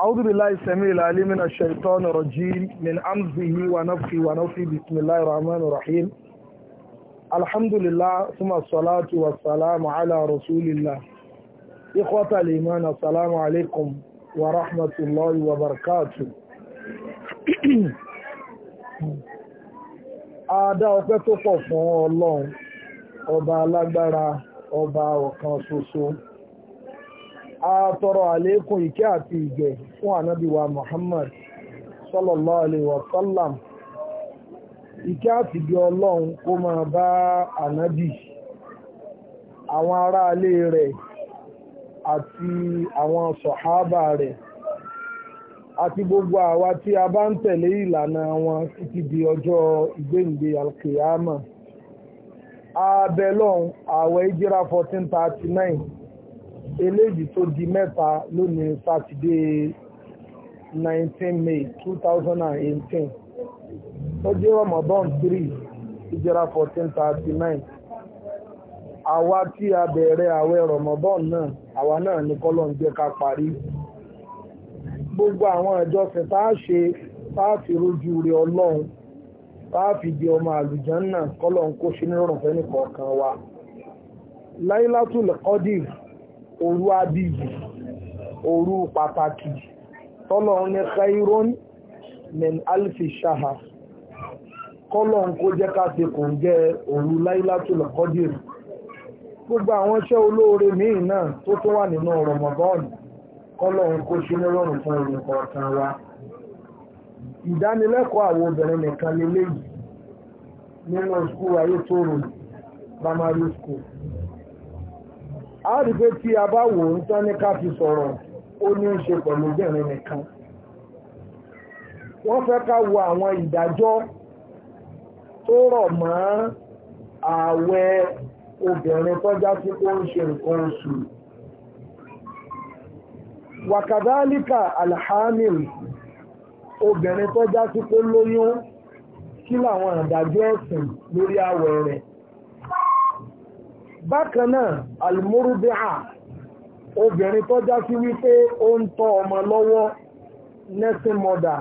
أعوذ بالله السميع العليم من الشيطان الرجيم من أمزه ونفخه ونفخه بسم الله الرحمن الرحيم الحمد لله ثم الصلاة والسلام على رسول الله إخوة الإيمان السلام عليكم ورحمة الله وبركاته Adá ọpẹ́ tó pọ̀ fún Ọlọ́run, ọba alágbára, ọba ọ̀kan ṣoṣo. àtọrọ àlékún ìkẹ́ àti ìgẹ̀ fún ànábíwa Muhammad sallallahu alaihi wa sallam ìkẹ́ àti ìgẹ̀ ọlọ́run kó Anabi. bá ànábì àwọn aráalé rẹ̀ àti àwọn sọ̀hábà rẹ̀ àti gbogbo àwa tí a bá ń tẹ̀lé ìlànà wọn títí di ọjọ́ ìgbéǹde alkiyama abẹ́lọ́hún ààwẹ̀ ìjírá 1439 eléyìí tó di mẹ́ta lónìí sátidé 19 May 2018 ó jẹ́ Ramadan 3 ìjọra 1439 àwa tí a bẹ̀rẹ̀ àwẹ̀ Ramadan náà àwa náà ní kọ́lọ̀ ń jẹ́ ká parí gbogbo àwọn ìjọsìn tá a ṣe tá a fi rójú rẹ Ọlọ́run tá a fi di ọmọ àlùjànnà kọ́lọ̀ ń kó ṣe nírọ̀rùn fẹ́ nìkọ̀ọ̀kan wa láìlátùlẹ̀ kọ́dìrì Oru abiyì Oru pàtàkì tọ́lọ̀ ní kairon min alfi shaha kọ́lọ̀ ń kó jẹ́ ká kò ń jẹ́ kọ́dìrì gbogbo àwọn iṣẹ́ olóore míì náà tó tún wà nínú Ramadan kọ́lọ̀ ń kó ṣe fún kọ̀ọ̀kan wa ìdánilẹ́kọ̀ọ́ àwọn obìnrin nìkan lélẹ́yìí nínú skul ayétòrò primary school a rí pé tí a bá wò ń tán ní ká fi sọ̀rọ̀ ó ní í ṣe pẹ̀lú obìnrin nìkan wọ́n fẹ́ ká wo àwọn ìdájọ́ tó rọ̀ mọ́ ààwẹ̀ obìnrin tọ́já sí pé ń ṣe nǹkan oṣù wàkàdálíkà alhamil obìnrin tọ́já sí pé lóyún kí làwọn ìdájọ́ ẹ̀sìn lórí ààwẹ̀ rẹ̀ bákanáà náà obìnrin tó já sí wípé ó ń tọ́ ọmọ lọ́wọ́ nursing mother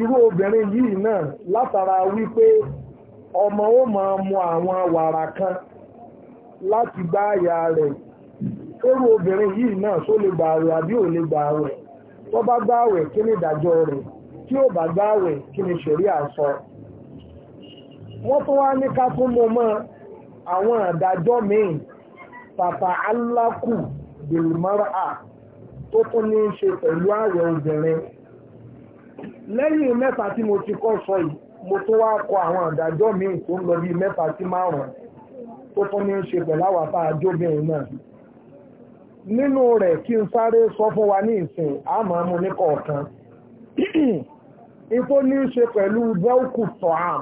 irú obìnrin yìí náà látara wípé ọmọ ó máa mu àwọn wàrà kan láti gbá àyà rẹ̀ irú obìnrin yìí náà só lè gbààwẹ̀ àbí ò lè tó bá kí ni ìdájọ́ rẹ̀ tí ò bá kí ni ṣẹ̀rí àsọ wọ́n wá ní ká tún àwọn àdájọ́ míì tàtà alákù bèlmọ́ra tó tún ní í ṣe pẹ̀lú ààrẹ obìnrin lẹ́yìn mẹ́ta tí mo ti kọ́ sọ yìí mo tó wá kọ àwọn àdájọ́ míì tó ń lọ bí mẹ́ta sí márùn-ún tó tún ní ṣe pẹ̀lú àwàfà àjọbìnrin náà nínú rẹ̀ kí n sáré sọ fún wa ní ìsìn àmọ́ mo ní kọ̀ọ̀kan ìtò ní í ṣe pẹ̀lú bẹ́ẹ̀kù tọ̀hán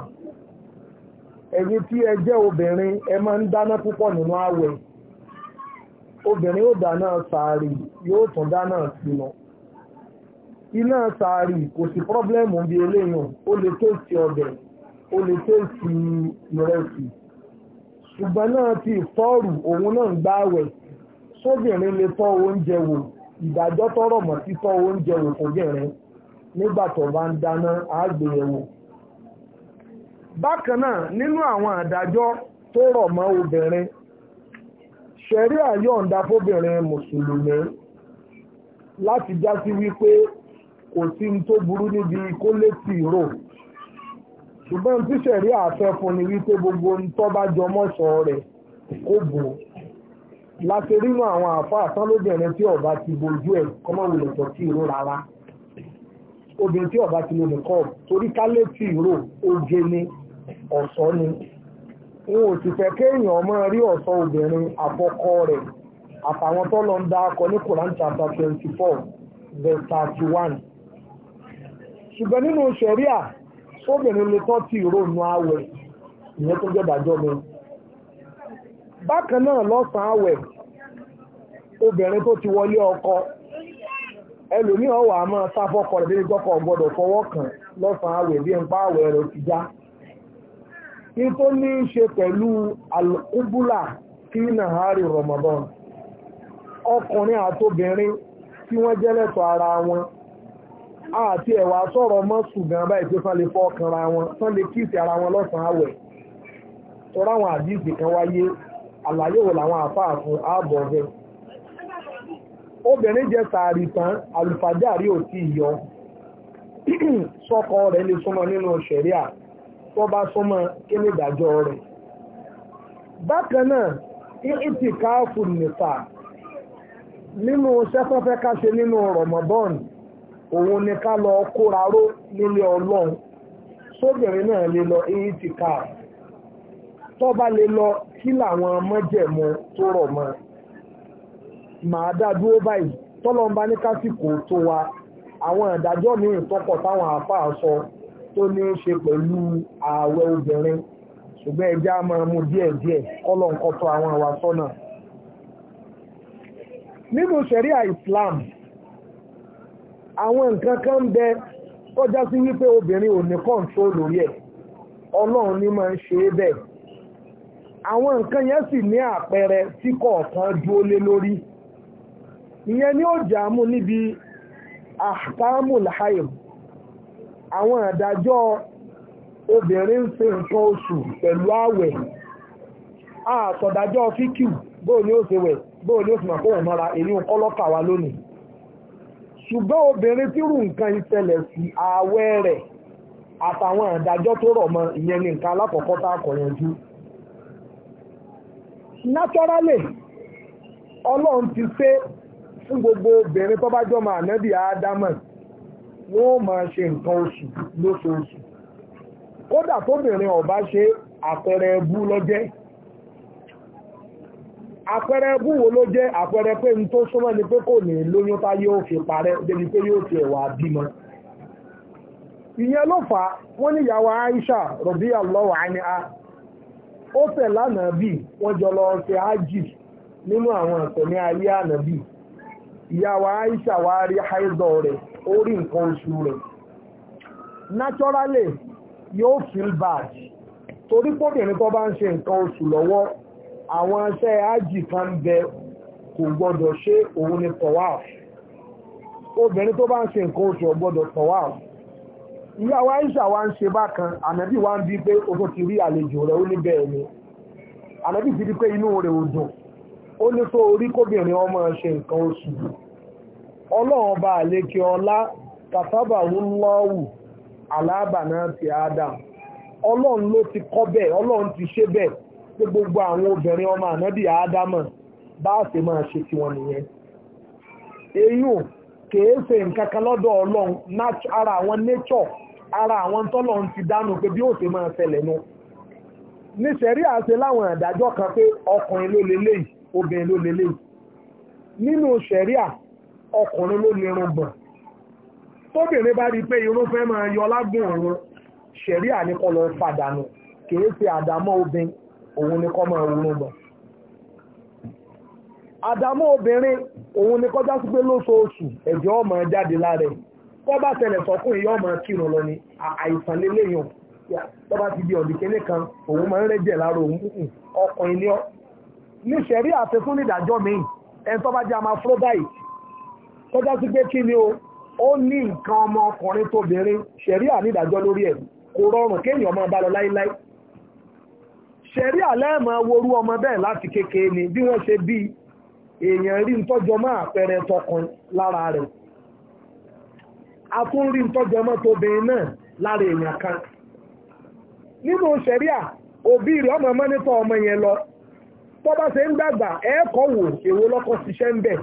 ẹ̀yin tí ẹ jẹ́ obìnrin ẹ máa ń dáná púpọ̀ nínú ààwẹ̀ obìnrin yóò dáná sàárì yóò tún dáná sínú iná sàárì kò sí pọ́blẹ́mù bíi eléyìn ó lè tèsì ọbẹ̀ ó lè tèsì ìrẹsì ṣùgbọ́n náà ti tọ́ọ̀rù òun náà ń gbá ààwẹ̀ sóbìnrin lè tọ́ oúnjẹ wò ìdájọ́ tọ́rọ̀ mọ́ tọ́ oúnjẹ wò kò bìnrin nígbà tó bá ń dáná àgbèyẹ̀wò bákan náà nínú àwọn àdájọ́ tó rọ̀ mọ́ obìnrin ṣẹ̀rí àyọ̀ǹda fóbìnrin mùsùlùmí láti já sí wípé kò sí tó burú níbi kó létí ìró ṣùgbọ́n tí ṣẹ̀rí àfẹ́ fún ni wípé gbogbo ń tọ́ bá jọmọ́ sọ rẹ̀ kó bò ó láti rínú àwọn àfá àtánlóbìnrin tí ọba ti bojú ẹ̀ kọ́mọ̀wùlẹ̀ tọ́ tí ìró rárá obìnrin tí ọba ti lo nìkan torí ká létí ìró oge ni. ọ̀sọ́ ni n ò sì fẹ́ kéèyàn ọmọ rí ọ̀ṣọ́ obìnrin àfọkọ rẹ̀ àtàwọn tó lọ ń akọ ní Quran chapter twenty four verse thirty one ṣùgbọ́n nínú ṣẹ̀ríà obìnrin lè tọ́ ti ìrònú àwẹ̀ ìyẹn tó mi ti wọlé ọkọ sáfọ́kọ rẹ̀ débi fọwọ́ kàn lọ́sàn-án àwẹ̀ bí pa ti já ní tó ní í ṣe pẹ̀lú alùbúlà kí nàhárì Ramadan ọkùnrin àtobìnrin tí wọ́n jẹ́ lẹ́tọ̀ ara wọn àti ẹ̀wà sọ̀rọ̀ mọ́ ṣùgbọ́n báyìí pé sán lè fọ́ ọkàn ra wọn sán lè kíìsì ara wọn lọ́sàn-án àwẹ̀ tọ́rọ àwọn àdíìsì kan wáyé àlàyé wò làwọn àfáà fún ààbọ̀ ọ̀fẹ́ obìnrin jẹ sàárì tán àlùfàjáàrí ò tí ì sọ́kọ rẹ̀ lè súnmọ́ nínú ṣẹ̀ríà tó bá súnmọ́ kí ni ìdájọ́ rẹ̀ bákan náà ìtì káàfù nìfà nínú sẹ́fẹ́fẹ́ ká ṣe nínú rọ̀mọ́bọ́n òun ni ká lọ kóra ró nílé ọlọ́run sóbìnrin náà lè lọ ìtì káàfù tó bá lè lọ kí làwọn mọ́jẹ̀mú tó rọ̀ mọ́ màá dá dúró báyìí tọ́lọ́mbá ní kásìkò tó wa àwọn ìdájọ́ mìíràn tọ́pọ̀ táwọn àáfàá sọ tó ní ṣe pẹ̀lú ààwẹ̀ obìnrin ṣùgbọ́n ẹjẹ́ a máa mú díẹ̀ díẹ̀ kọ́lọ̀ nǹkan tó àwọn àwa sọ́nà. nínú ṣẹ̀ríà Islam àwọn nǹkan kan ń bẹ tó sí wípé obìnrin ò ní kọ́ńtró lórí ọlọ́run ní máa ń ṣe é àwọn nǹkan yẹn sì ní àpẹẹrẹ tí kọ̀ọ̀kan lé lórí ìyẹn ni ó jà mú níbi àwọn àdájọ́ obìnrin ń ṣe nǹkan oṣù pẹ̀lú àwẹ̀ àtọ̀dájọ́ fíkìú bóò ni ó ṣe wẹ̀ bóò ni ó sì máa kó wọn mọ́ra èyí ń kọ́ lọ́kà wa lónìí ṣùgbọ́n obìnrin tí rù nǹkan ìṣẹ̀lẹ̀ sí ààwẹ̀ rẹ̀ àtàwọn àdájọ́ tó rọ̀ mọ́ ìyẹn ní nǹkan alákọ̀ọ́kọ́ tá a kọ̀ yanjú. naturally ọlọ́run ti ṣe fún gbogbo obìnrin tó bá jọ máa nẹ́bí àádámọ̀ wọ́n máa ṣe nǹkan oṣù lóṣooṣù kódà tóbìnrin ọ̀bá ṣe àpẹẹrẹ ẹbú lọ́jẹ́ àpẹẹrẹ ẹbú wo ló jẹ́ àpẹẹrẹ pé n tó súnmọ́ ni pé kò ní lóyún tá yóò fi parẹ́ débi pé yóò ti ẹ̀wà bímọ ìyẹn ló fà á wọ́n ní ìyàwó Aisha radiyallahu anha ó fẹ̀ lánàá bì wọ́n jọ lọ ṣe ájì nínú àwọn ìpẹ̀lẹ́ ayé ànàbì ìyàwó Aisha wá rí haidọ̀ rẹ̀ orí nǹkan oṣù rẹ̀ naturally yóò feel bad torí pọ́bìnrin tó bá ń ṣe nǹkan oṣù lọ́wọ́ àwọn iṣẹ́ ájì kan bẹ kò gbọ́dọ̀ ṣe òun ni tọ̀wáf obìnrin tó bá ń ṣe nǹkan oṣù ọgbọ́dọ̀ tọ̀wáf ìyá wa Aisha wa ń ṣe bákan ànábì wa ń bí pé o tó ti rí àlejò rẹ̀ ó ní bẹ́ẹ̀ ni ànábì ti rí pé inú rẹ̀ ò dùn ó ní tó orí kóbìnrin ọmọ ṣe nǹkan oṣù ọlọ́run ọba àlékè ọlá ọwụ wúlọ́wù alábànà ti adam ọlọ́run ló ti kọ́ bẹ́ẹ̀ ọlọ́run ti ṣe bẹ́ẹ̀ pé gbogbo àwọn obìnrin ọmọ ànábì ádámọ̀ bá a ṣe máa ṣe tiwọn nìyẹn eyín kèé ṣe nǹkan kan lọ́dọ̀ ọlọ́run ara àwọn nature ara àwọn tọ́lọ́run ti dánú pé bí máa ṣẹlẹ̀ nu àṣẹ láwọn àdájọ́ kan pé ọkùnrin ló lélẹ́yìí obìnrin ọkùnrin ló lè rún bọ̀n tóbìnrin bá rí pé irun fẹ́ máa yọ lágùn ọ̀run ṣẹ̀rí àníkọ́ lọ fàdánù kìí ṣe àdámọ́ obìnrin òun ni kọ́ máa rún bọ̀n àdámọ́ obìnrin òun ni kọjá sí pé lóṣooṣù ẹ̀jẹ̀ ọmọ jáde lára ẹ̀ kọ́ bá tẹ̀lẹ̀ sọ́kùn ìyá ọmọ kírun lọ ni àìsàn lélẹ́yìn tọ́ba ti di ọ̀dìkẹ́lẹ́ kan òun máa ń rẹ́jẹ̀ lára òun ọkùnrin ní ọ ní ṣẹ̀rí àfẹ́fún ìdájọ́ mi ẹ̀ tọ́ba jẹ́ àmà fúrọ́báyìí tọ́já sí pé kí ni o ó ní nǹkan ọmọ ọkùnrin tóbìnrin ṣẹ̀rí ànídàjọ́ lórí ẹ̀ kò rọrùn kéèyàn máa bá lọ láíláí ṣẹ̀rí àlẹ́ẹ̀mọ̀ worú ọmọ bẹ́ẹ̀ láti kékeré ni bí wọ́n ṣe bí èèyàn rí ntọ́jọ́ máa pẹ̀rẹ̀ tọkùn lára rẹ̀ a tún rí ntọ́jọ́ mọ́ tóbìnrin náà lára èèyàn kan nínú ṣẹ̀rí à òbí rẹ̀ ọmọ mọ́nítọ́ ọmọ yẹn lọ tọ́ bá ṣe ń dàgbà ẹ̀ẹ́kọ́ wò èwo lọ́kọ̀ ṣiṣẹ́ ń bẹ̀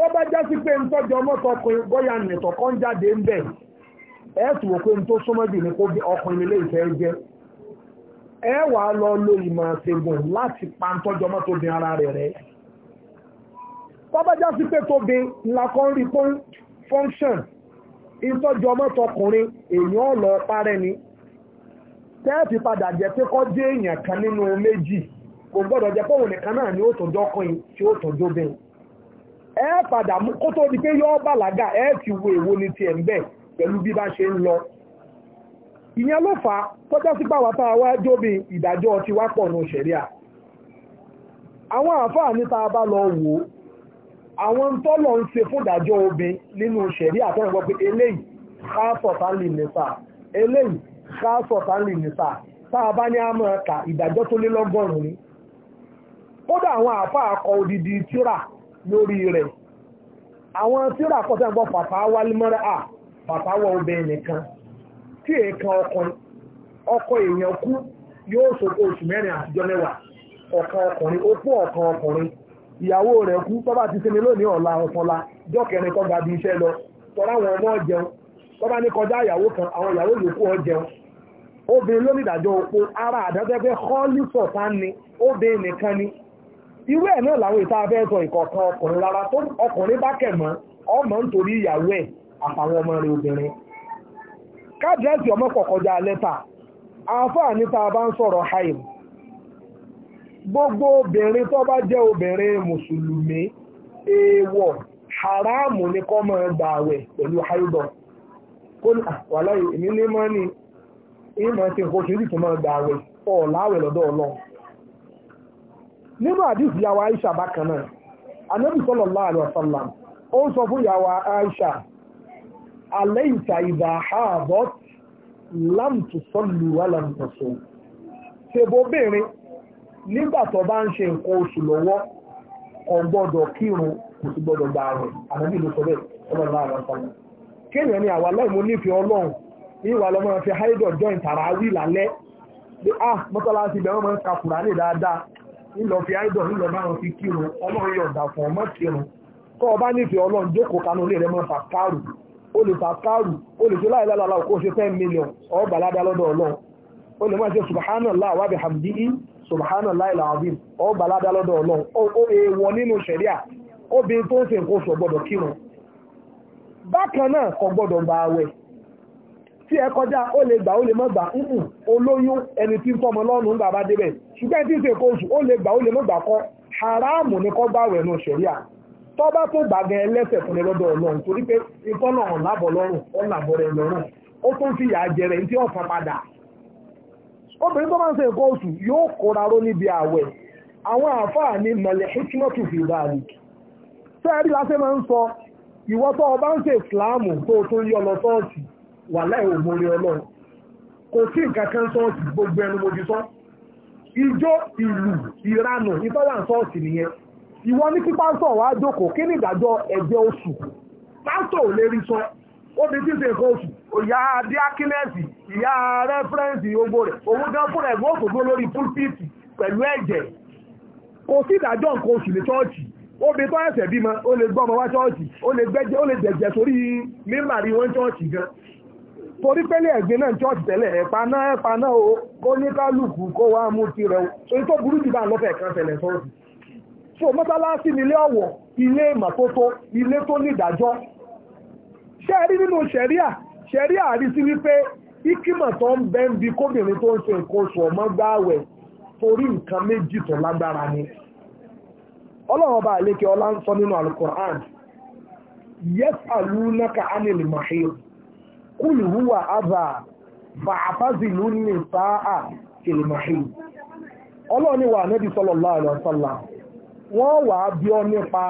tó bá já sí pé ń tọ́jọ mọ́tọkùnrin bóyá nìtọ̀kọ́ ń jáde ń bẹ̀ ẹ̀ẹ́sù wò pé ń tó súnmọ́ jù ní kó ọkùnrin ilé ìfẹ́ jẹ́ ẹ wà lọ lo ìmọ̀ àṣegùn láti pa ń tọ́jọ mọ́tòbin ara rẹ̀ rẹ̀ tó bá já sí pé tóbi ńlá kan rí fọ́nṣọ̀n ìtọ́jọ mọ́tọkùnrin èèyàn lọ parẹ́ ni tẹ́ẹ̀tì padà jẹ́ pé kọ́ jẹ́ èèyàn kan nínú méjì kò gbọ́dọ̀ jẹ́ pé òun nìkan náà ni ó tọ́jọ́ kan tí ó tọ́jọ́ bẹ́ẹ̀ ẹ padà mú kó tó di pé yọ bàlágà ẹ ti wo èwo ni tiẹ̀ ń bẹ̀ pẹ̀lú bí bá ṣe ń lọ ìyẹn ló fà á tọ́jọ́ sí ti wá pọ̀ nù à. àwọn àfáà ní bá lọ wò ó àwọn tọ́lọ̀ ń ṣe fún ìdájọ́ obìn nínú gbọ́ pé eléyìí ká eléyìí odidi tíra lórí rẹ̀ àwọn tíra àkọ́tẹ́ ń bọ́ pàpà wálímọ́rẹ́ à pàpà wọ obìnrin nìkan tí èèkan ọkùnrin ọkọ èèyàn kú yóò sòkò oṣù mẹ́rin àtijọ́ mẹ́wàá ọ̀kan ọkùnrin ó ọ̀kan ọkùnrin ìyàwó rẹ̀ kú ti sinmi lónìí ọ̀la lọ ọmọ ní kọjá ìyàwó kan àwọn ìyàwó obìnrin lónìí ara àdájọ́ pé sọ̀tán ni obìnrin nìkan ni irú ẹ̀ náà làwọn ìta abẹ́ sọ ìkọ̀kan ọkùnrin rárá tó ọkùnrin bá kẹ̀mọ́ ọmọ nítorí ìyàwó ẹ̀ àtàwọn ọmọ rẹ̀ obìnrin káàdìrẹ́sì ọmọ kọ̀kọ̀já lẹ́tà níta bá ń sọ̀rọ̀ haim gbogbo obìnrin tó bá jẹ́ obìnrin mùsùlùmí èèwọ̀ haramu ní kọ́ máa gbà àwẹ̀ pẹ̀lú haidọ̀ kó ní àwàláyé ah, èmi ìmọ̀ kò sí àwẹ̀ nínú àdìsí yàwó Aisha bákan náà anábì sallallahu alaihi wasallam ó ń sọ fún yàwó Aisha alẹ́ ìta ìdá ààbọ̀ láǹtù sọ́lù wà láǹtù sọ ṣèbóbìnrin nígbà tó bá ń ṣe nǹkan oṣù lọ́wọ́ kò gbọ́dọ̀ kírun kò sì gbọ́dọ̀ gba ààrẹ ànábì ló sọ bẹ́ẹ̀ sallallahu join tàràwí lálẹ́ bí ah mọ́tọ́lá ti bẹ̀rẹ̀ mọ́ ka Kùránì dáadáa ńlọ fi áìdọ̀ ńlọ bá wọn fi kírun ọlọ́run fún ọmọ kírun kọ́ ọba nífẹ̀ẹ́ ọlọ́run jókòó kanú ilé rẹ̀ mọ́ fàkárù o lè fàkárù o tó láì lálàlá kó ṣe ten million ọgbà ládàá lọ́dọ̀ ọlọ́run máa ṣe subhanallah subhanallah ọgbà ládàá lọ́dọ̀ ọlọ́run èèwọ̀ nínú obìnrin tó ń tí ẹ kọjá ó lè gbà ó lè má gbà olóyún ẹni tí ń tọ́mọ lọ́rùn nígbà bá débẹ̀ ṣùgbọ́n tí ń ṣe kóòsù ó lè gbà ó lè ni kọ́ gbà wẹ̀ nù ṣẹ̀ríà tọ́ba tó gbàgẹ́ ẹlẹ́sẹ̀ fún ni lọ́dọ̀ ọlọ́run torí pé ìtọ́nà ọ̀làbọ̀ lọ́rùn lọ́rùn ó tún fi yà jẹrẹ ní tí fa padà obìnrin tó wà láì òmòrí ọlọ́run kò sí nǹkan kan sọ́ọ̀sì gbogbo ẹnu mojú sọ́ ijó ìlú ìranù ìtọ́wà sọ́ọ̀sì nìyẹn ìwọ ní kí pásítọ̀ wá jókòó kí ní ìdájọ́ ẹgbẹ́ oṣù pásítọ̀ ò lè rí sọ ó fi tí ń ṣe nǹkan oṣù ìyá diakinesi ìyá rẹfúrẹ́ǹsì ogbó rẹ̀ òun gan fún rẹ̀ wọ́n fòfó lórí púlpìtì pẹ̀lú ẹ̀jẹ̀ kò sí ìdájọ́ nǹkan oṣù ní ṣọ́ọ̀ṣì obìnrin tó ẹ̀sẹ̀ bímọ ó lè gbọ́ ọmọ wá ṣọ́ọ̀ṣì ó lè jẹ̀jẹ̀ sórí mímàrí wọn ṣọ́ọ̀ṣì gan torí pẹ́lẹ́ ẹ̀gbẹ́ náà church tẹ́lẹ̀ ẹ̀pa náà náà o kó ní kálukú kó wá mú o èyí tó burú jù bá lọ́fẹ̀ kan tẹ̀lẹ̀ sọ́ọ̀sì so mọ́sálásí nílé ọ̀wọ̀ ilé ìmọ́tótó ilé tó ní ìdájọ́ ṣé ẹ rí nínú ṣẹ̀ríà ṣẹ̀ríà rí sí wípé ikímọ̀ tó ń bẹ́ ń bi kóbìnrin tó ń ṣe nǹkan oṣù ọmọ gbáwẹ̀ torí nǹkan méjì tó lágbára ni ọlọ́run bá kúlù húwà àbà fàáfázìlú ní sáà kìlìmọ̀ṣì ọlọ́ni wà níbi sallallahu alaihi wasallam wọ́n wà bí ọ nípa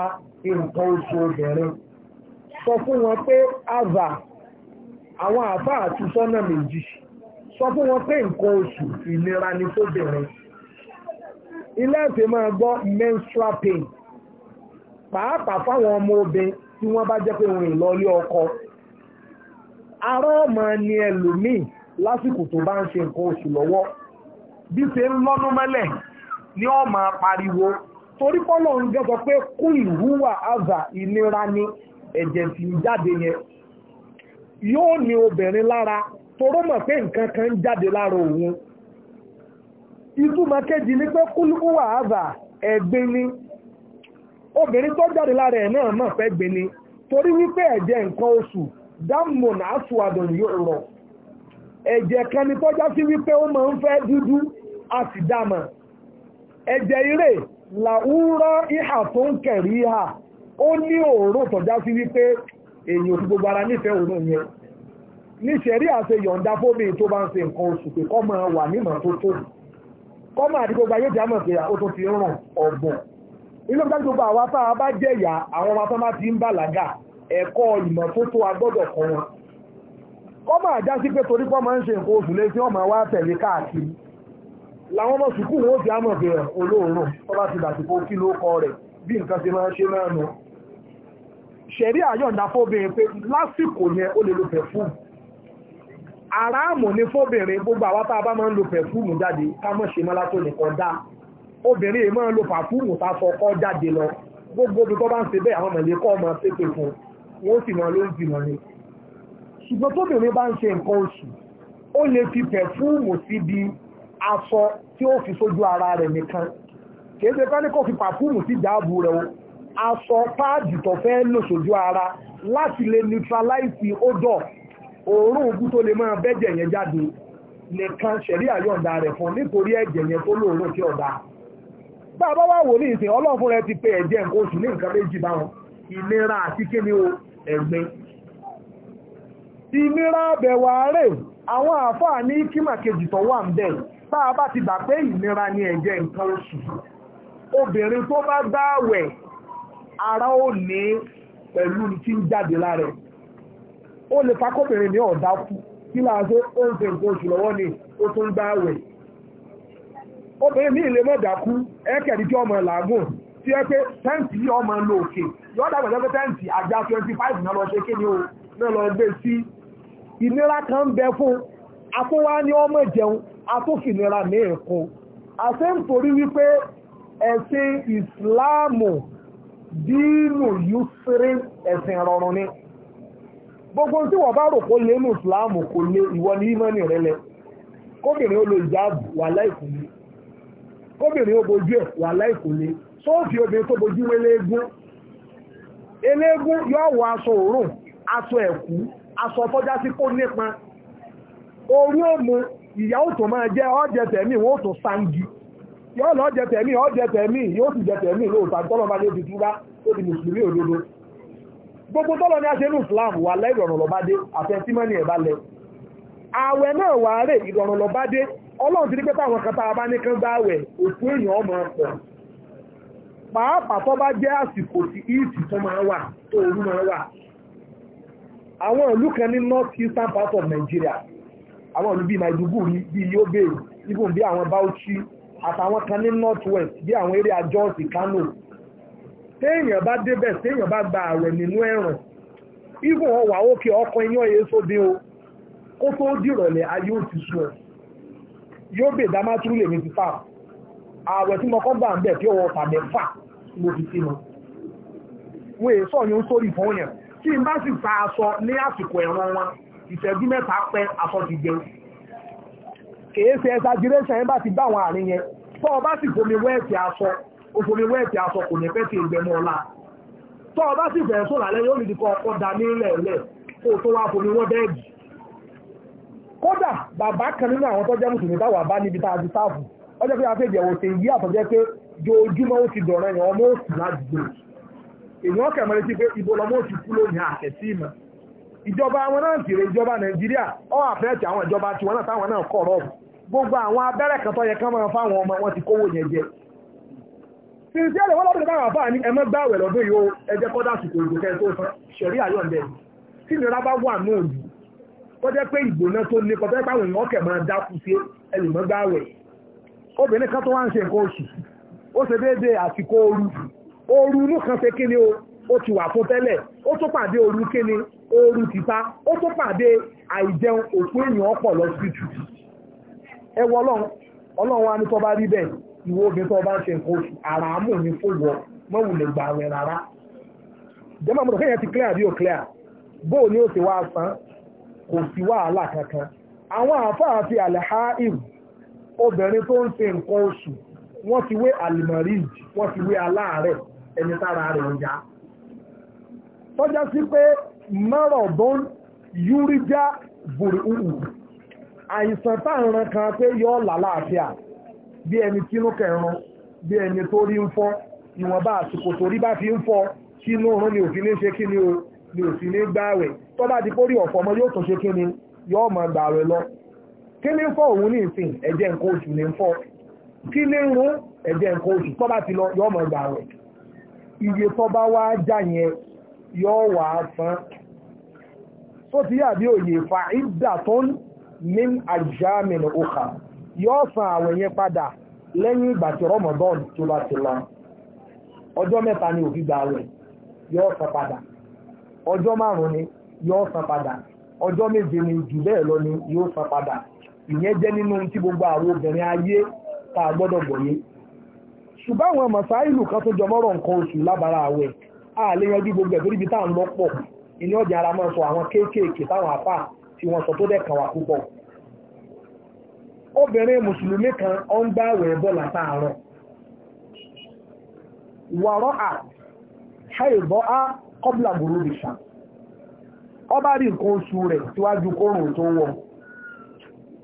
nǹkan oṣù obìnrin sọ fún wọn pé àbà àwọn àbá àti sọ́nà méjì sọ fún wọn pé nǹkan oṣù ìlera ni fóbìnrin ilé ẹ̀fẹ̀ máa gbọ́ menstrual pain pàápàá fáwọn ọmọ obìnrin tí wọ́n bá jẹ́ pé wọn ì lọ ilé ọkọ ara ọmọ ni ẹlòmíì lásìkò tó bá ń ṣe nǹkan oṣù lọ́wọ́ bí ṣe ń lọ́nú ni ọ máa pariwo torí pọ́lọ̀ ń gẹ́sọ pé kú ìhùwà àzà ìnira ni ẹ̀jẹ̀ ń jáde yẹn yóò ní obìnrin lára toró mọ̀ pé nǹkan kan ń jáde lára òun ìtumọ̀ kejì ni pé kú lára ẹ̀ mọ̀ pé gbin ni torí wípé ẹ̀jẹ̀ dámùn àtúwàdùn yóò rọ kan ni tọ́já sí wípé ó máa ń fẹ́ a sì dámà ẹ̀jẹ̀ ire làwúrọ́ ìhà tó ń kẹ̀rí ìhà ó ní òórùn tọ́já sí wípé èyàn òfin bara nífẹ̀ẹ́ òórùn yẹn níṣẹ̀rí àṣẹ yọ̀ǹda fóbi tó bá ń se nǹkan oṣù pé kọ́ máa wà nímọ̀ tó tó kọ́ máa dí gbogbo ayé ti àmọ̀ pé ó ti ọ̀gbọ̀n ilé àwa tá ti ń bàlágà ẹ̀kọ́ ìmọ̀tótó agbọ́dọ̀ kọ́ wọn kọ́ máa já sí pé torí pọ́ máa ń ṣe nǹkan oṣù lé tí wọ́n máa wá tẹ̀lé káàkiri làwọn ọmọ sùkúù wọn ó fi àmọ̀ bẹ̀rẹ̀ olóòórùn tó bá ti dàsìkò kí ló kọ rẹ̀ bí nǹkan ṣe máa ń ṣe náà nù ṣẹ̀rí àyọ̀ǹda fóbìnrin pé lásìkò yẹn ó lè lo pẹ̀fúùmù àràmù ní fóbìnrin gbogbo àwọn tá a bá máa ń lo pẹ̀fúùmù jáde ká mọ̀ ṣe mọ́lá tó nìkan dá obìnrin yìí máa ń lo pàfúùmù tá a fọkọ́ jáde lọ gbogbo obìnrin tó bá ń ṣe bẹ́ẹ̀ àwọn mẹ̀lẹ́kọ́ ọmọ ṣépè fún un wọ́n sì mọ̀ ló ń jìnà ni ṣùgbọ́n tóbìnrin bá ń ṣe nǹkan oṣù ó lè fi pẹ̀fúùmù síbi aṣọ tí ó fi sójú ara rẹ̀ nìkan kìí ṣe kán ní kó fi pàfúùmù sí ìjáàbù rẹ̀ o aṣọ páàdì tó fẹ́ lò sójú ara láti lè neutralize odor òórùn ogun tó lè máa bẹ́jẹ̀ yẹn jáde nìkan ṣẹ̀rí àyọ̀ǹda rẹ̀ fún nítorí ẹ̀jẹ̀ yẹn tó lóòórùn tí ọ̀dà bá a bá wà wò ní ìsìn ọlọ́run fúnra ti pe ẹ̀jẹ̀ nǹkan oṣù ní nǹkan méjì báwọn ìlera àti kíni o ẹ̀gbin ìnira àbẹ̀wò ààrẹ àwọn àáfàá ní kímàkejì tó wà ń bẹ̀ tá a bá ti gbà pé ìnira ni ẹ̀jẹ̀ nǹkan oṣù obìnrin tó bá gbààwẹ̀ ara ó ní pẹ̀lú tí ń jáde lára ẹ̀ ó lè fakóbìnrin ní ọ̀dá kú kí láà tó ó ń fi nǹkan oṣù lọ́wọ́ ni ó tún gbààwẹ̀ obìnrin ní ilé mọ́dà kú ẹ̀kẹ̀rí tí ọmọ tí ẹ pé tẹ́ǹtì yìí ọmọ ń lo òkè yọ́ dàgbà jẹ́ pé tẹ́ǹtì àjà twenty five náà lọ ṣe kí ni o náà lọ gbé sí ìnira kan bẹ fún akówá ní ọmọ jẹun atúfìnira ní èkó àṣẹ nítorí wípé ẹ̀sìn ìsìláàmù dínú yusrin ẹ̀sìn rọrùn ni gbogbo tí wọ́n bá rò kó lé ní ìsìláàmù kò lé ìwọ ní ìmọ̀nì rẹ lẹ kóbìnrin ó lo ìjáàbù wà láìkò lé kóbìnrin ó bojú ẹ̀ wà láìkò lé sóòfì obìnrin tó bojú eléégún eléégún yóò wọ aṣọ òórùn aṣọ ẹ̀kú aṣọ tọ́já sí kó nípa orí òmù ìyàwó tó máa jẹ́ ọ́jẹ tẹ̀mí wọ́n tó sangi yóò lọ jẹ tẹ̀mí ọ́jẹ tẹ̀mí yóò sì jẹ tẹ̀mí lóòótọ́ túbá gbogbo tọ́lọ́ ní Islam wà lọ́bádé àfẹ́símọ́nì lẹ náà wà ìrọ̀rùn lọ́bádé Ọlọ́run ti pé táwọn kan tá a bá ní pàápàá tó bá jẹ́ àsìkò tí ìtì tó máa wà tó òru máa wà àwọn ìlú kan ní north eastern part of Nigeria àwọn ìlú bíi Maiduguri bíi Yobe ibùn bíi àwọn Bauchi àtàwọn kan ní north west bíi àwọn eré ajọ́ọ̀sì Kano téèyàn bá débẹ̀ téèyàn bá gba ààwẹ̀ nínú ẹ̀rùn ibùn ọwà òkè ọkọ̀ iyán èso bí o kó tó dìrọ̀lẹ́ ayé òtítù ẹ̀ Yobe Damaturu lèmi ti fà á ààwẹ̀ tí mo kọ́ gbà ń bẹ̀ tí ọwọ́ tàbí fà mo fi sínú wọ́n èso ọ̀yàn sórí fún yẹn tí n bá sì ta aṣọ ní àsìkò ẹ̀wọ̀n wọn ìṣẹ́jú mẹ́ta pẹ́ aṣọ ti jẹun kìí ṣe exaggeration yẹn bá ti bá àwọn àárín yẹn tọ́ ọ bá sì fomi wẹ́ẹ̀tì aṣọ o fomi wẹ́ẹ̀tì aṣọ kò ní pẹ́ ti ìgbẹ́mọ́ ọ̀la tọ́ ọ bá sì fẹ̀ẹ́ sọ lálẹ́ yóò nídìí kọ́ ọkọ̀ dá nílẹ̀ lẹ̀ kó o tó wá fomi wọ́n bẹ́ẹ̀gì kódà a ti ọjọ́ pé afẹ́ ìbẹ̀wò ṣe yí àtọ̀jẹ́ pé jojúmọ́ ó ti dọ̀rọ̀ ẹ̀yàn ọmọ òsì ládùúgbò èèyàn o sí pé ibo lọmọ òsì kú lónìí àkẹ́sí ìmọ̀ ìjọba àwọn náà kéré ìjọba nàìjíríà ọ àfẹ́ẹ̀tì àwọn ìjọba tiwọn náà táwọn náà kọ̀ rọ̀bù gbogbo àwọn kan máa fáwọn ọmọ wọn ti kówó yẹn jẹ sinisi ẹ̀rọ ní ẹmọ gbàwẹ̀ yìí sùkò ìgbò tó san náà kọjá pé tó àwọn èèyàn obìnrin kan tó wá ń ṣe nǹkan oṣù ó ṣe déédéé àsìkò ooru ooru inú kan ṣe kíni o ó ti wà fún tẹ́lẹ̀ ó tó pàdé ooru kíni ooru tìta ó tó pàdé àìjẹun òkú èèyàn ọ̀pọ̀ lọ sí jù ẹ wọ ọlọ́run ọlọ́run wa ní tó bá rí bẹ́ẹ̀ ìwọ obìnrin tó bá ń ṣe nǹkan oṣù ara àmú ni fún wọ mọ́wùlẹ̀ gbà wẹ̀ rárá jẹ́mọ̀ mọ́tò kẹ́yìn ti clear bí ó clear bóò ni ó ti wá san kò sí wàhálà kankan àwọn àáfàá fi àlẹ́ ha ìrù obìnrin tó ń ṣe nǹkan oṣù wọ́n ti wé àlìmọ̀ríj wọ́n ti wé aláàárẹ̀ ẹni tára rẹ̀ ń yá tọ́já sí pé mẹ́rọ̀dún yúríjá bùrùkù àìsàn táàrán kan pé yọ́ làlàáfíà bí ẹni tínú kẹrùn bí ẹni tó rí ń fọ́ ìwọ̀nba àsìkò torí bá fi ń fọ́ sínú òun ni òfin ní ṣe kí ni o ni òfin ní gbààwẹ̀ tó bá di pórí ọ̀fọ́ ọmọ yóò tún ṣe kí ni yọ́ mọ̀ gbààwẹ̀ lọ kí ní fọ́ òun ní ìsìn ẹ̀jẹ̀ nǹkan oṣù ní fọ́ kí ní rún ẹ̀jẹ̀ nǹkan oṣù tó bá ti lọ yọ ọmọ ìgbà rẹ̀ iye tó bá wá já yẹn yọ wà á san tó ti yàbí òye fa ìdà tó ń ní àjámìnà òkà yọ san àwẹ̀ yẹn padà lẹ́yìn ìgbà tí Ramadan tó bá ti lọ ọjọ́ mẹ́ta ni òfin gbà rẹ̀ yọ san padà ọjọ́ márùn-ún ni yọ san padà ọjọ́ méje ni jù bẹ́ẹ̀ lọ ni yóò san padà ìyẹn jẹ́ nínú tí gbogbo àwọn obìnrin ayé tá a gbọ́dọ̀ gbọ̀yé ṣùgbọ́n àwọn mọ̀sáìlù kan tó jọmọ́rọ̀ nǹkan oṣù lábára àwẹ̀ a lè yanjú gbogbo ẹ̀ torí ibi tá à ń lọ pọ̀ ìní ọ̀dẹ̀ ara máa sọ àwọn kéékèèké táwọn àpá tí wọ́n sọ tó dẹ̀ kàn wá púpọ̀ obìnrin mùsùlùmí kan ọ ń gbá àwẹ̀ bọ́ látàárọ̀ wàrọ́ à ṣàìbọ́ á kọ́bùlà gbòrò bìṣà ọ bá rí nǹkan oṣù rẹ̀ síwájú kórùn tó wọ̀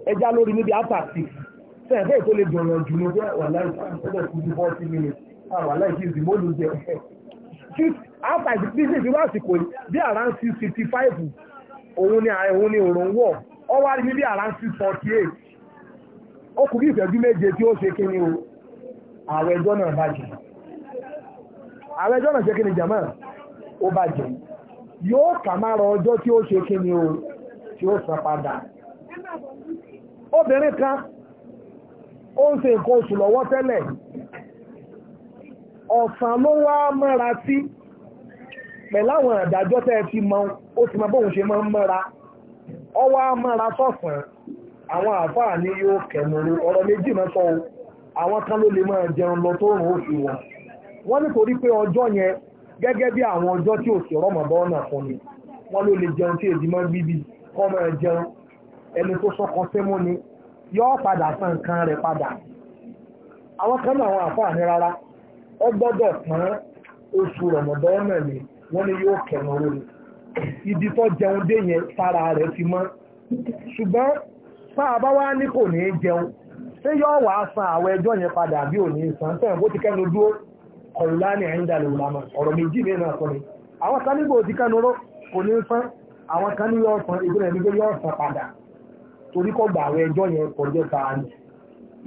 ẹja lórí níbi after six sẹ́yìn fẹ́ẹ̀ tó jù ní ọjọ́ wà láì ọjọ́ kú forty minutes wà láì kí n sì mọ́lù ààrẹ ẹjọ́ náà bàjẹ́ ààrẹ ẹjọ́ náà ṣe kí ni ó bàjẹ́ yóò kà má rọ ọjọ́ tí ó ṣe kí o tí ó san padà obìnrin kan ó ń ṣe nǹkan oṣù lọ́wọ́ tẹ́lẹ̀ ọ̀sán ló wá mọ́ra sí pẹ̀láwọn àdájọ́ tẹ́ ti mọ ó ti mọ bóun ṣe máa ń mọ́ra ọ wá mọ́ra sọ̀sán àwọn àfáà ní yóò kẹ̀mùrú ọ̀rọ̀ méjì máa sọ àwọn kan ló lè máa jẹun lọ tó rùn òfin wọn wọ́n nítorí pé ọjọ́ yẹn gẹ́gẹ́ bí àwọn ọjọ́ tí ò sí rọ́mọ̀bọ́ náà fún ni wọ́n ló lè jẹun tí èdè máa ń kọ́ máa jẹun ẹni tó sọ́kọ sẹ́mú ni yọ́ padà san nǹkan rẹ̀ padà àwọn kan náà àwọn àfáàní rárá ọ gbọ́dọ̀ tán oṣù rọ̀mọ̀dọ́nà ni wọ́n ní yóò kẹ̀rùn oró ni ibi tó jẹun dé yẹn sára rẹ̀ ti mọ́ ṣùgbọ́n sáà bá wá ní kò ní jẹun ṣé yóò wá san àwọn ẹjọ́ yẹn padà bí ò ní san tẹ̀wọ̀n bó ti kẹ́nu dúró kọ̀ọ̀lá ní àyíndà lè wùlámà ọ̀rọ̀ méjì ní ìrìnà sọ́ni àwọn kan nígbò ti kẹ́nu ró kò ní san àwọn kan ní yóò san ìgbìnà ìgbìnà yóò san padà torí kọ́ gbà àwẹ̀ ẹjọ́ yẹn kọjọ́ ta ni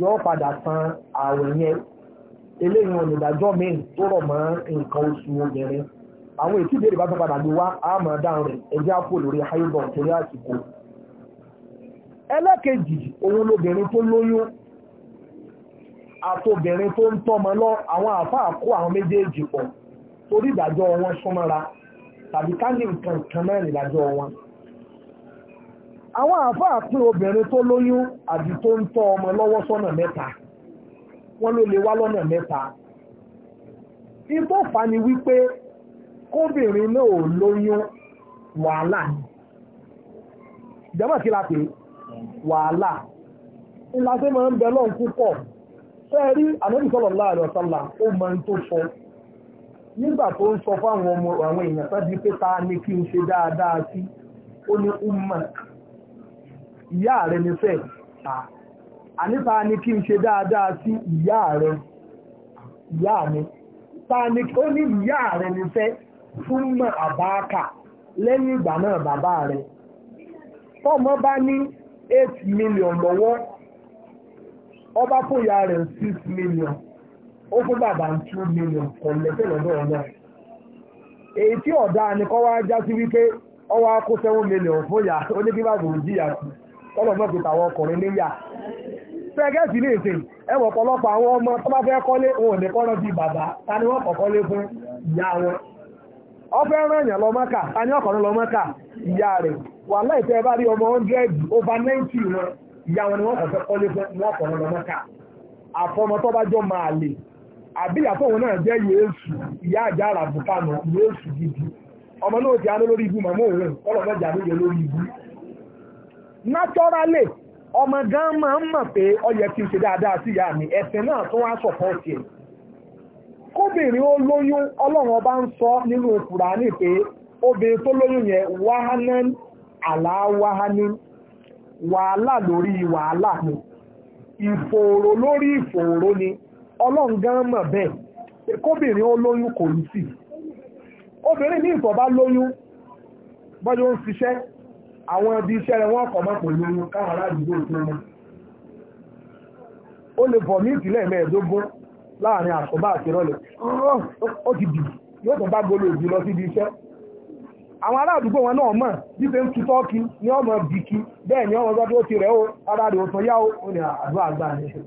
yọ padà san àwẹ̀ yẹn eléyìí wọn ìdájọ́ míì tó rọ̀ mọ́ nǹkan oṣù obìnrin àwọn ètí ìbéèrè bá tún padà gbé wá àmọ́ dáhùn rẹ̀ ẹjẹ́ àpò lórí ayébọ̀ torí àsìkò ẹlẹ́kejì òun lobìnrin tó lóyún àtobìnrin tó ń tọ́mọ lọ àwọn àfáà kó àwọn méjèèjì pọ̀ torí ìdájọ́ wọn súnmọ́ra tàbí ká ní nǹkan kan náà ìdájọ́ wọn àwọn àáfàá pín obìnrin tó lóyún àbí tó ń tọ́ ọmọ lọ́wọ́ sọ́nà mẹ́ta wọ́n ló lè wá lọ́nà mẹ́ta ìtọ́fà ni wípé kóbìnrin náà ò lóyún wàhálà ni ìjọba kí la pè wàhálà ńlá tó máa ń bẹ lọ́n púpọ̀ fẹ́ rí ànábì sallallahu alaihi wasallam ó máa ń tó sọ nígbà tó ń sọ fáwọn ọmọ àwọn èèyàn tó di pé ta ni kí n ṣe dáadáa sí ó ní ummak ìyá rẹ ní fẹ́ ta ni kí n ṣe dáadáa sí ìyá rẹ ìyá mi ta ó ní ìyá rẹ fẹ́ fún àbáàkà lẹ́yìn ìgbà náà bàbá rẹ̀ tọ́mọ bá ní eight million lọ́wọ́ ọba rẹ̀ six million ó fún bàbá two million kò lẹ́sẹ̀ lọ́dọ̀ èyí tí ọ̀dà ni kọ́ wá já ọlọ́gbọ́n ti tàwọn ọkùnrin níyà fẹ́gẹ́sì ní èsè ẹwọ̀ ọ̀pọ̀lọpọ̀ àwọn ọmọ tó bá fẹ́ kọ́lé òun ní bíi ta ni wọ́n kọ́kọ́lé fún ìyá wọn lọ ta ni lọ ìyá rẹ̀ wà láìpẹ́ bá rí ọmọ hundred over ninety wọn ìyá wọn ni wọ́n kọ́lé lọ àfọmọ tó bá jọ máa lè òun náà jẹ́ yéésù ìyá àjà yéésù gidi ọmọ náà ti á lórí ibú naturally ọmọ gan máa ń mọ̀ pé ó ya kí n ṣe dáadáa sí ìyá mi ẹ̀sìn náà tún wá kóbìnrin ó lóyún ọba ń sọ nínú Kùránì pé obìnrin tó lóyún yẹn wa àláwáhání wàhálà lórí wàhálà ni ìfòòró lórí ìfòòró ni ọlọ́run gan mọ̀ bẹ́ẹ̀ kóbìnrin ó lóyún kò ní sí àwọn ibi iṣẹ́ rẹ̀ wọ́n kọ̀ mọ́ pẹ̀lú káwọn aládùúgbò ìpinnu ó lè bọ̀ ní ìpínlẹ̀ mẹ́ẹ̀ẹ́dógún láàrin àkọ́bá àti ìrọ̀lẹ̀ ó ti dì yóò tún bá gbolo òbí lọ síbi iṣẹ́ àwọn aládùúgbò wọn náà mọ̀ wípé ń tu tọ́kì ní ọmọ bìkì bẹ́ẹ̀ ni ọmọ gbọ́dọ̀ ti rẹ̀ ó ara rẹ̀ òtún yá ó ní àdúrà àgbà ní ṣe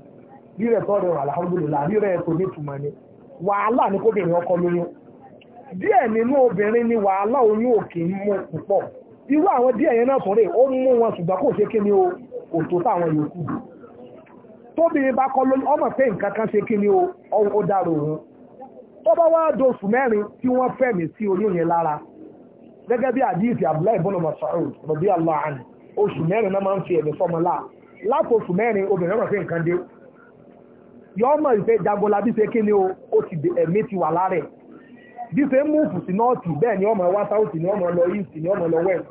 rírẹ̀ tọ́rẹ̀ alhamdulillah rírẹ̀ kò ní ìtumọ̀ ni wàhálà ni kóbìnrin ọkọ lóyún díẹ̀ nínú obìnrin ni wàhálà oyún òkè ń mú púpọ̀ irú àwọn díẹ̀ yẹn náà sọ̀rọ̀ ó mú wọn ṣùgbọ́n kò ṣe kí o òtò táwọn yòókù tóbìnrin bá kọ́ lóyún ọmọ pé nǹkan kan ṣe kí ni ó dára òun tó bá wá dosù mẹ́rin tí wọ́n fẹ̀mí sí oyún yẹn lára gẹ́gẹ́ bí àdíìsì Abdullahi ibn Mas'ud rọ̀bí aláàánì oṣù mẹ́rin náà máa ń fi ẹ̀mí sọmọ láti oṣù mẹ́rin obìnrin ọmọ pé nǹkan dé mọ̀ ìfẹ́ ṣe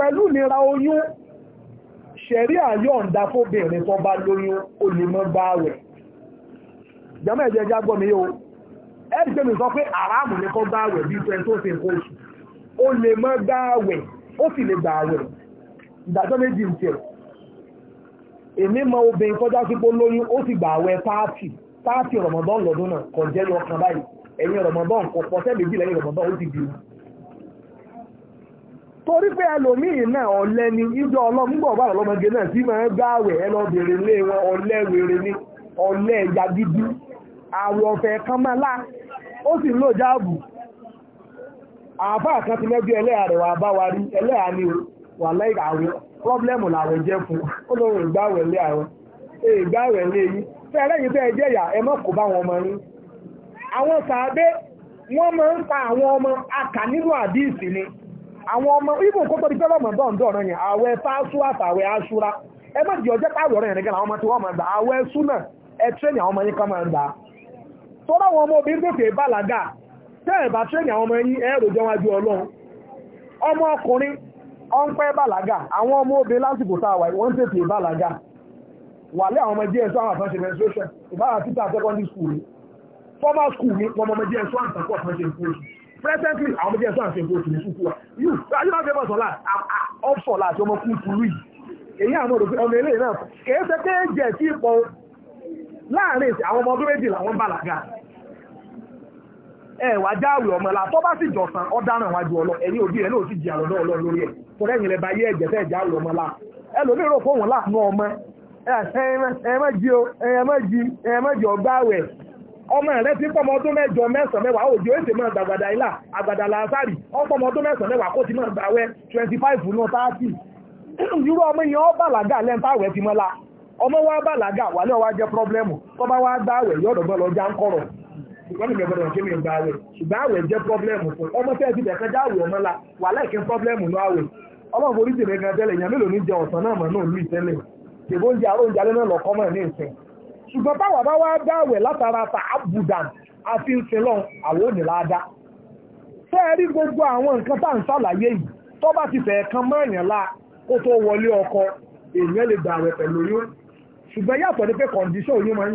pẹ̀lú ìnira oyún ṣẹ̀rí àyọ̀ǹda fóbìnrin tó bá lóyún ó lè mọ́ bá rẹ̀ jẹ́mọ́ ẹ̀jẹ̀ ẹja gbọ́ mi yóò ẹ̀rì pé mi sọ pé àràmù ní kọ́ bá rẹ̀ bí tẹ́ tó ṣe nǹkan oṣù ó lè mọ́ bá rẹ̀ ó sì lè gbà rẹ̀ ìdájọ́ méjì ń tiẹ̀ èmi mọ obìnrin kọjá sípò lóyún ó sì gbà rẹ̀ páàtì páàtì ramadan lọ́dún náà kọjẹ́ yọ báyìí ẹ̀yìn rọ̀mọdán kọ̀ọ̀pọ̀ sẹ́ẹ̀mẹ́jì lẹ́yìn torí pé ẹlòmíì náà ọ̀lẹ́ ni ìjọ ọlọ́mùgbọ̀ náà tí máa ń gbààwẹ̀ ẹ lé wọn ọ̀lẹ́ wèrè ni ọ̀lẹ ẹ̀yà dídú àwọ̀ ọ̀fẹ́ kan máa ó sì ń lò jáàbù àáfà kan ti wà bá wa rí ẹlẹ́yà ni wà lẹ́yìn pọ́blẹ́mù jẹ́ fún àwọn ọmọ ibùn kó tóbi tẹ́lọ̀ mọ̀ dọ́ǹdọ́ ọ̀rọ̀ yẹn àwẹ̀ fású àtàwẹ̀ aṣúra ẹ má jẹ́ ọjọ́ pàrọ̀ ọ̀rọ̀ yẹn nìkan àwọn ọmọ tí wọ́n máa gbà àwẹ̀ súnà ẹ tírẹ́nì àwọn ọmọ yín máa gbà tọ́lá àwọn ọmọ obìnrin tó fèé bàlágà tẹ́ ẹ̀ bá tírẹ́nì àwọn ọmọ yín ẹ rojọ́ wájú ọmọ ọkùnrin bàlágà àwọn ọmọ obìnrin a ebe presently àwọn méjì ẹ̀sán àti ìbòtù ní wa ṣáájú náà fẹ́bọ̀ ọ̀fọ̀lá àti ọmọ èyí àwọn ọmọ náà ṣe ipò láàrin àwọn ọmọ ọdún méjì làwọn ẹ ọmọ ẹlà tó bá sì jọ̀sán ọlọ ẹ̀yìn òbí náà jìyà lọ́dọ̀ lórí ẹ̀ tó bá yé ẹ̀jẹ̀ fẹ́ ọmọ ẹlà láàánú ọmọ ọmọ rẹ ti pọ́mọ ọdún mẹ́jọ mẹ́sàn-án mẹ́wàá òjò èsè máa gbàgbàdà ilà àgbàdà làásàrì ọpọmọ ọdún mẹsàn án mẹ́wàá ti máa gbàwẹ̀ twenty five irú ọmọ ọ balaga lẹ́ntàwẹ̀ ti mọ́lá ọmọ wa wà ní pọ́blẹ́mù wa gbá àwẹ̀ lọ já ń kọ̀rọ̀ gbẹ̀gbẹ̀rẹ̀ kí mi àwẹ̀ ṣùgbọ́n àwẹ̀ jẹ́ pọ́blẹ́mù ọmọ ṣùgbọ́n táwa bá wá dáwẹ̀ látara ta abudan àti ìṣẹ̀lọ àwọn oníláàdá fẹ́ rí gbogbo àwọn nǹkan tá à ń ṣàlàyé yìí tó ti kan mọ́ọ̀yàn kó tó wọlé ọkọ èèyàn lè rẹ̀ pẹ̀lú oyún ṣùgbọ́n yàtọ̀ ni pé kọ̀ǹdíṣọ́ oyún máa ń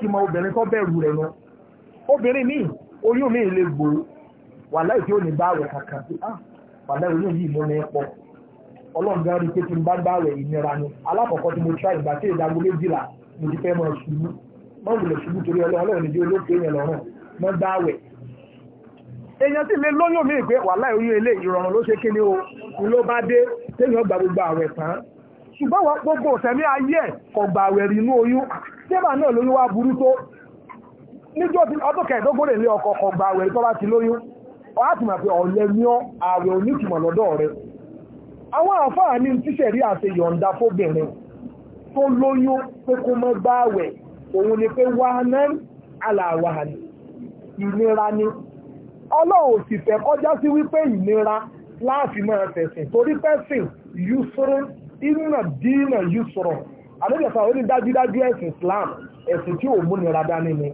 ti mọ obìnrin tó bẹ̀rù rẹ̀ lọ obìnrin míì oyún míì lè gbòó ọlọ́run gan rí pé kí n bá gbà rẹ̀ ìnira ni alákọ̀ọ́kọ́ tí mo tíra ìgbà tí ìdágo méjìlá mo ti fẹ́ mọ ṣubú mọ́ wulẹ̀ ṣubú torí ọlọ́run ìdí olóòkè yẹn lọ́rùn mọ́ gbà rẹ̀. èèyàn sì lè lóyún mi pé wàhálà oyún ilé ìrọ̀rùn ló ṣe kí ni o ló bá dé téèyàn gba gbogbo àwẹ̀ tán ṣùgbọ́n gbogbo ọ̀sẹ̀mí ayé ẹ̀ kò gbà àwẹ̀ rí inú oyún tẹ́bà àwọn àfáà ní tíṣẹ̀rí àti yọ̀ǹda fóbìnrin tó lóyún pé kó bá wẹ̀ òun ni pé wàhánán aláwàhánì ìnira ni ọlọ́run sì fẹ́ kọjá sí wípé ìnira láàfin máa tẹ̀sìn torí pẹ́sìn yusoro ìnà dínà yusoro ẹ̀sìn Islam ẹ̀sìn tí ò múnira dání ni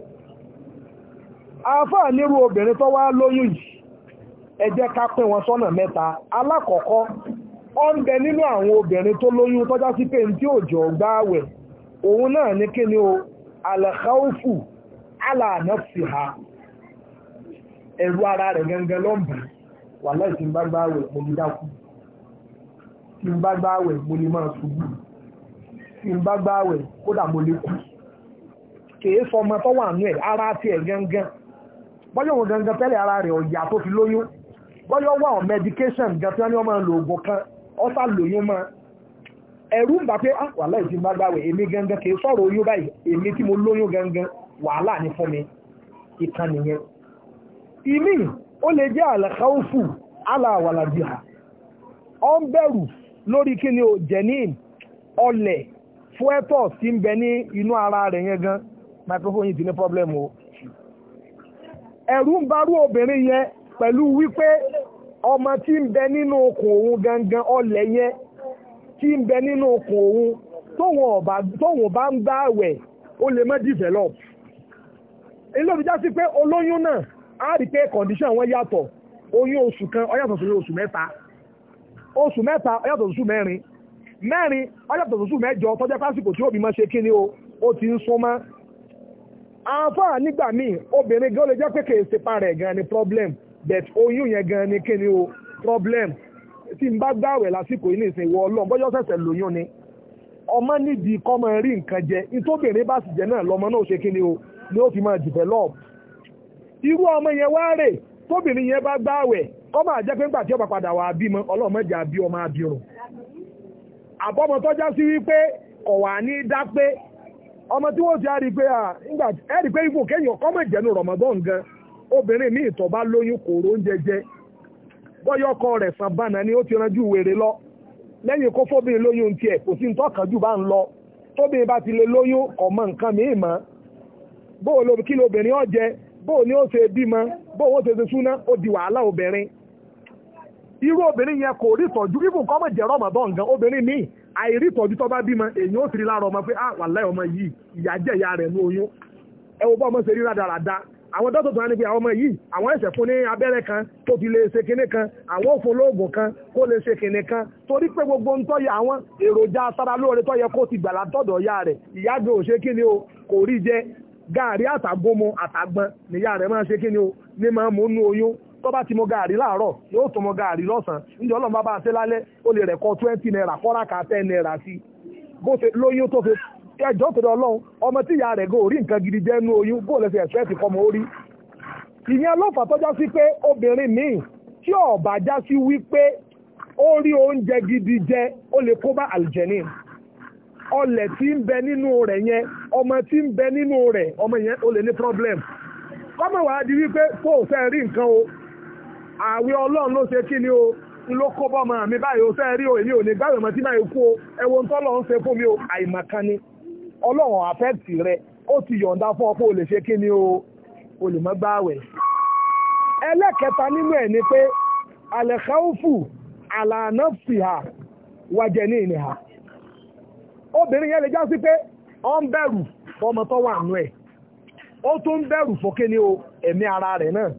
àfáà nírú obìnrin tó wá lóyún yìí ẹ jẹ́ wọn sọ́nà mẹ́ta alákọ̀ọ́kọ́ ó nínú àwọn obìnrin tó lóyún tọ́já sí pé tí òjò gbáwẹ̀ òun náà ní kí ni o alàkáófù alànàfìhà ẹ̀rù ara rẹ̀ gẹ́gẹ́ lọ́mbà wà láì tí ń bá gbáwẹ̀ mo ní dákú tí ń bá gbáwẹ̀ mo ní máa ṣubú tí ń bá gbáwẹ̀ kódà mo lè kú kèé fọmọ tó wà nú ẹ̀ ara ti ẹ̀ gẹ́gẹ́ bọ́yọ̀ òun gẹ́gẹ́ tẹ́lẹ̀ ara rẹ̀ ọ̀yà tó fi lóyún bọ́yọ̀ wà on medication gẹ́gẹ́ tí wọ́n ní wọ́n máa lo kan ọ́sà lóyún mọ́ ẹ̀rú ń bà pé ah, wàhálà ìdí bá gbàwẹ̀ èmi gangan kì í oyún báyìí èmi tí mo lóyún gangan wàhálà ní fún mi ìkan nìyẹn ìmí ó lè jẹ́ àlàkáwùfù aláwàlàbíà ọ ń bẹ̀rù lórí kí ni ò jẹ̀nín ọlẹ̀ fúẹ́tọ̀ sí ń bẹ ní inú ara rẹ̀ yẹn gan microphone yìí ti ní problem o ẹ̀rú ń barú obìnrin yẹn pẹ̀lú wípé ọmọ tí ń bẹ nínú okùn òun gangan ọlẹ yẹn tí ń bẹ nínú okùn òun tóun bá ń bá àwẹ̀ ó lè má develop ilé sí pé olóyún náà á rí pé condition wọn yàtọ̀ oyún oṣù kan oya sí oṣù mẹ́ta oṣù mẹ́ta ó sí oṣù mẹ́rin mẹ́rin ó sí oṣù mẹ́jọ tọ́jọ́ pásìkò tí o ó ti ń súnmọ́ àǹfààní nígbà míì obìnrin gan lè jẹ́ pé kèé sepa rẹ̀ gan ni but oyún yẹn gan ni o problem tí n bá gbàwẹ̀ lásìkò yìí nìsín ni ọmọ nídìí kọ́mọ rí nǹkan jẹ nítòbìnrin bá sì jẹ náà lọ́mọ náà ṣe o ni ó fi máa develop irú ọmọ yẹn wá rè tóbìnrin yẹn bá gbàwẹ̀ kọ́mọ àjẹ́ pé ńgbà tí ọba padà wà á ọmọ abirùn àbọ̀mọ tọ́já sí wípé ọ̀wà ní dá ọmọ tí wọ́n ti á rí pé à ń gbà ẹ́ rí gan obìnrin míì tó bá lóyún kò róúnjẹ jẹ bọ́yọ̀ ọkọ rẹ̀ sàbànà ni ó ti ranjú wèrè lọ lẹ́yìn kó fóbìnrin lóyún tiẹ̀ kò sí jù bá ń lọ tóbìnrin bá ti lè lóyún ọmọ nǹkan míì mọ́ bóò lóbi kí lóbìnrin jẹ ni ó ṣe bímọ bóò ó ṣe ṣe di wàhálà obìnrin irú obìnrin yẹn kò rí ìtọ́jú ibùn kọ́ mọ̀ jẹ̀rọ ọmọ bọ́ǹgàn obìnrin míì àìrí ìtọ́jú tó bá bímọ ó sì rí lára ọmọ pé ah, ọmọ yìí ìyá rẹ̀ oyún ẹ wo ọmọ ṣe rí àwọn dọ́tò tó wá níbi àwọn ọmọ yìí àwọn ẹ̀sẹ̀ fún ní abẹ́rẹ́ kan tó fi lè ṣe kan àwọn òfin kan kó lè ṣe kan torí pé gbogbo ń tọ́yẹ àwọn èròjà sára tọ́yẹ kó ti gbà látọ̀dọ̀ ya rẹ̀ ò ṣe o gaari àtàgbọmọ àtàgbọn níyà máa ṣe o ní oyún tó gaari yóò gaari án a naira ẹjọ́ tòdọ̀ ọlọ́run ọmọ tí ìyá rẹ̀ gò rí nǹkan gidi jẹ́ oyún bó lẹ́sẹ̀ ẹ̀sẹ̀ ti kọ́mọ orí ìyẹn lọ́fà tó sí pé obìnrin míì tí já wípé ó oúnjẹ gidi jẹ ó lè kó bá àlùjẹ̀nì ọlẹ̀ tí ń ọmọ tí ń bẹ nínú ọmọ yẹn ó lè problem kọ́mọ̀ wàá di wípé o fẹ́ rí nǹkan o àwẹ̀ ọlọ́run ló ṣe ló kó bọ́ ọmọ mi báyìí o fẹ́ o tí o ẹ̀wọ̀n fún mi o ọlọ́run àfẹ́ẹ̀tì rẹ ó ti yọ̀ǹda fún ọ pé o lè ṣe kí ni o o lè má gbààwẹ̀ ẹlẹ́kẹta nínú ẹ̀ ni pé alẹ́kẹ́ọ́fù àlànàfìhà wàjẹ̀ ní ìnìhà obìnrin yẹn lè já sí pé ó ń bẹ̀rù fọmọ tó wà nù ẹ̀ ó tún ń bẹ̀rù fókè ní o ẹ̀mí ara rẹ̀ náà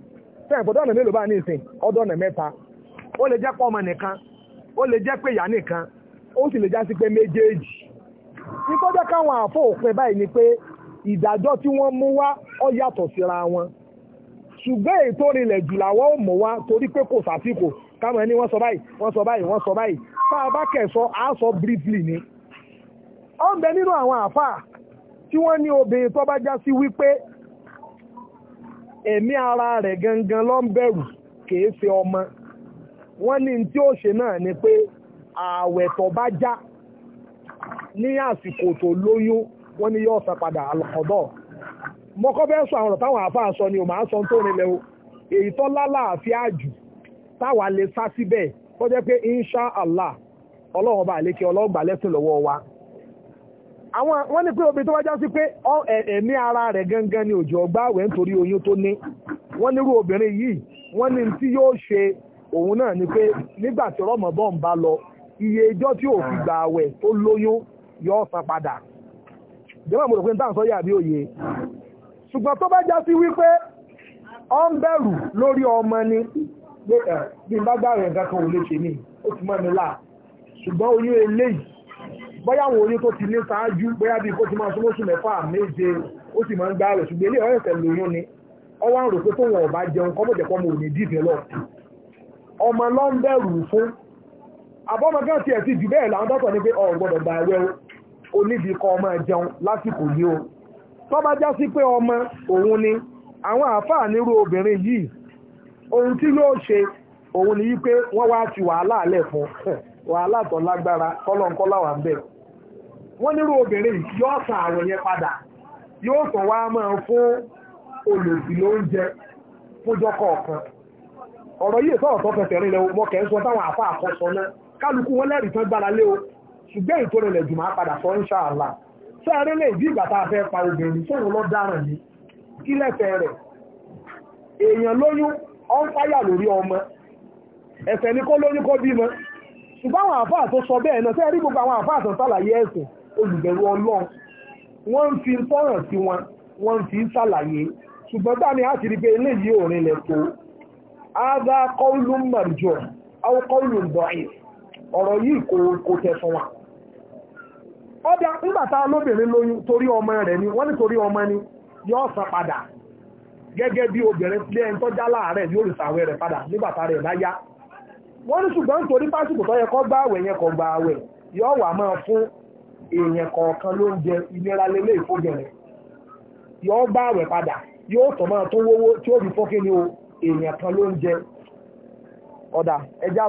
fẹ́ẹ̀ kó dọ́nà mélòó bá ní ìsìn ọdọ́nà mẹ́ta ó lè jẹ́ pọ́ ọmọ nìkan ó lè jẹ́ pé ìyá nìkan ó sì lè já sí pé méjèèjì ìtọ́jẹ́ káwọn àfọ òpin báyìí ni pé ìdájọ́ tí wọ́n mú wá ó yàtọ̀ síra wọn ṣùgbọ́n èyí tó rinlẹ̀ jù làwọn ò mọ̀ wá torí pé kò sásìkò káwọn ẹni wọ́n sọ báyìí wọ́n sọ báyìí wọ́n sọ báyìí tá a bá kẹsọ á sọ briefly ni. ó ń bẹ nínú àwọn àfáà tí wọ́n ní obìnrin tó bá já sí wípé ẹ̀mí ara rẹ̀ gangan ló ń bẹ̀rù kìí ṣe ọmọ wọ́n ní tí ó ṣe náà ni pé ààwẹ̀ tó bá já ní àsìkò tó lóyún wọ́n ní yóò san padà alùpọ̀dọ̀ mọ́kọ́ bẹ́ẹ̀ sọ àwọn ọ̀rọ̀ táwọn àáfàá sọ ni ò máa ń tó nílẹ̀ o èyí tó lálàáfíà jù táwa lè sá síbẹ̀ tó jẹ́ pé insha allah ọlọ́run ọba àlékè ọlọ́gbà lẹ́sìn lọ́wọ́ wa àwọn wọ́n ní pé obì tó wá já sí pé ẹ̀mí ara rẹ̀ gangan ni òjò ọgbà àwẹ̀ nítorí oyún tó ní wọ́n nírú obìnrin yìí wọ́n ní tí yóò ṣe òun náà ni pé nígbà tí rọ́mọ̀bọ́n bá lọ iye ìjọ́ tí ò fi gbà àwẹ̀ tó lóyún yọọ san padà jẹ́mọ̀ mo rò pé sọ yà bí òye tó bá já wípé ọ ń bẹ̀rù lórí ọmọ ni bí bá ti ma láà ṣùgbọ́n oyún eléyìí bóyá àwọn oyún tó ti ní ṣáájú bóyá bí ti máa súnmọ́ mẹ́fà méje ó sì máa ń ṣùgbọ́n eléyìí ọ̀rẹ́ ìṣẹ̀lẹ̀ oyún ni ń rò pé jẹun kọ́ ọmọ fún tiẹ̀ jù bẹ́ẹ̀ làwọn ní pé onídìí ọmọ ọmọ ẹ̀jẹun lásìkò yìí o tó bá pé ọmọ òun ni àwọn àáfàá nírú obìnrin yìí ohun tí yóò ṣe òun ni pé wọ́n wá ti wàhálà alẹ̀ fún wàhálà tó lágbára wà ń bẹ̀ wọ́n nírú obìnrin san yẹn padà fún lóúnjẹ kọ̀ọ̀kan ọ̀rọ̀ yìí sọ̀rọ̀ tó fẹsẹ̀ rìn mọ́kẹ́ ń sọ táwọn àáfàá ṣùgbọ́n ìtòrò ilẹ̀ jùmọ̀ padà sọ inshallah ṣé eré lè bí ìgbà tá a fẹ́ pa obìnrin sóhun lọ dáràn ní rẹ̀ èèyàn lóyún ọ́n fáyà lórí ọmọ ẹ̀fẹ́ ni kó lóyún kó bímọ ṣùgbọ́n àwọn àfáà tó sọ bẹ́ẹ̀ náà ṣé rí gbogbo àwọn àfáà tó sàlàyé ẹ̀sìn olùbẹ̀rù ọlọ́run wọ́n fi sí wọn wọ́n fi ọbẹ̀ nígbàtà lóbìnrin lóyún torí ọmọ rẹ̀ ni wọ́n ni yóò san padà gẹ́gẹ́ bí obìnrin lé ẹni tọ́já láàárẹ̀ yóò lè rẹ̀ padà nígbàtà rẹ̀ bá wọ́n ní ṣùgbọ́n torí pásìkò tó yẹ àwẹ̀ yẹn àwẹ̀ yóò wà máa fún èèyàn kọ̀ọ̀kan ló ń jẹ ìnira lélẹ̀ padà yóò tọ̀ máa ni èèyàn kan ló ń jẹ ọ̀dà ẹja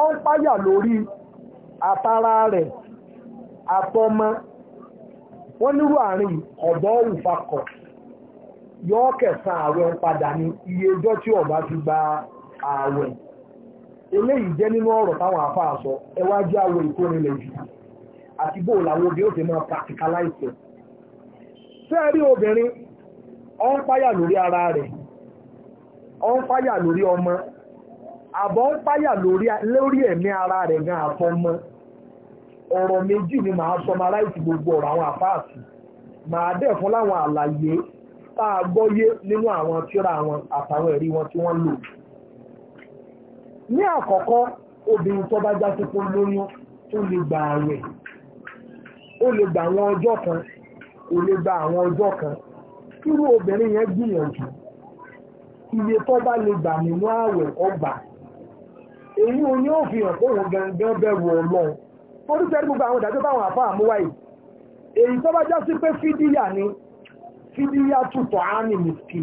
ọ ń páyà lórí àtàrà rẹ̀ àtọmọ wọ́n nírú àárín ọ̀dọ́ òǹfakọ̀ yọ kẹsàn ààwẹ̀ padà ní iye tí ọba ti gba ààwẹ̀ eléyìí jẹ́ nínú ọ̀rọ̀ táwọn àfáà sọ ẹwájú àwọ̀ ìkórinlẹ̀ jù àti bó làwọn obìnrin ó ti máa ọ ń páyà ara rẹ̀ ọ ń páyà ọmọ àbọ̀ ń páyà lórí ẹ̀mí ara rẹ̀ gan àfọmọ́ ọ̀rọ̀ méjì ni màá sọmaráìtì gbogbo ọ̀rọ̀ àwọn àpáàtì màá dẹ̀ fún láwọn àlàyé tá a gbọ́yé nínú àwọn tíra wọn àtàwọn ẹ̀rí wọn tí wọ́n lò ní àkọ́kọ́ obìnrin tó bá já sí fún lóyún ó lè gba ààwẹ̀ ó lè gba àwọn ọjọ́ kan ó lè gba àwọn ọjọ́ kan kírú obìnrin yẹn gbìyànjú iye tó bá lè gbà nínú ààwẹ̀ ọgbà èyí ni ó fi hàn gangan bẹ̀rù ọlọ́run torí gbogbo àwọn ìdájọ́ táwọn àfáà àmúwá yìí èyí tó bá já sí pé fídíyà ni fídíyà tutọ̀ ánì mìsíkì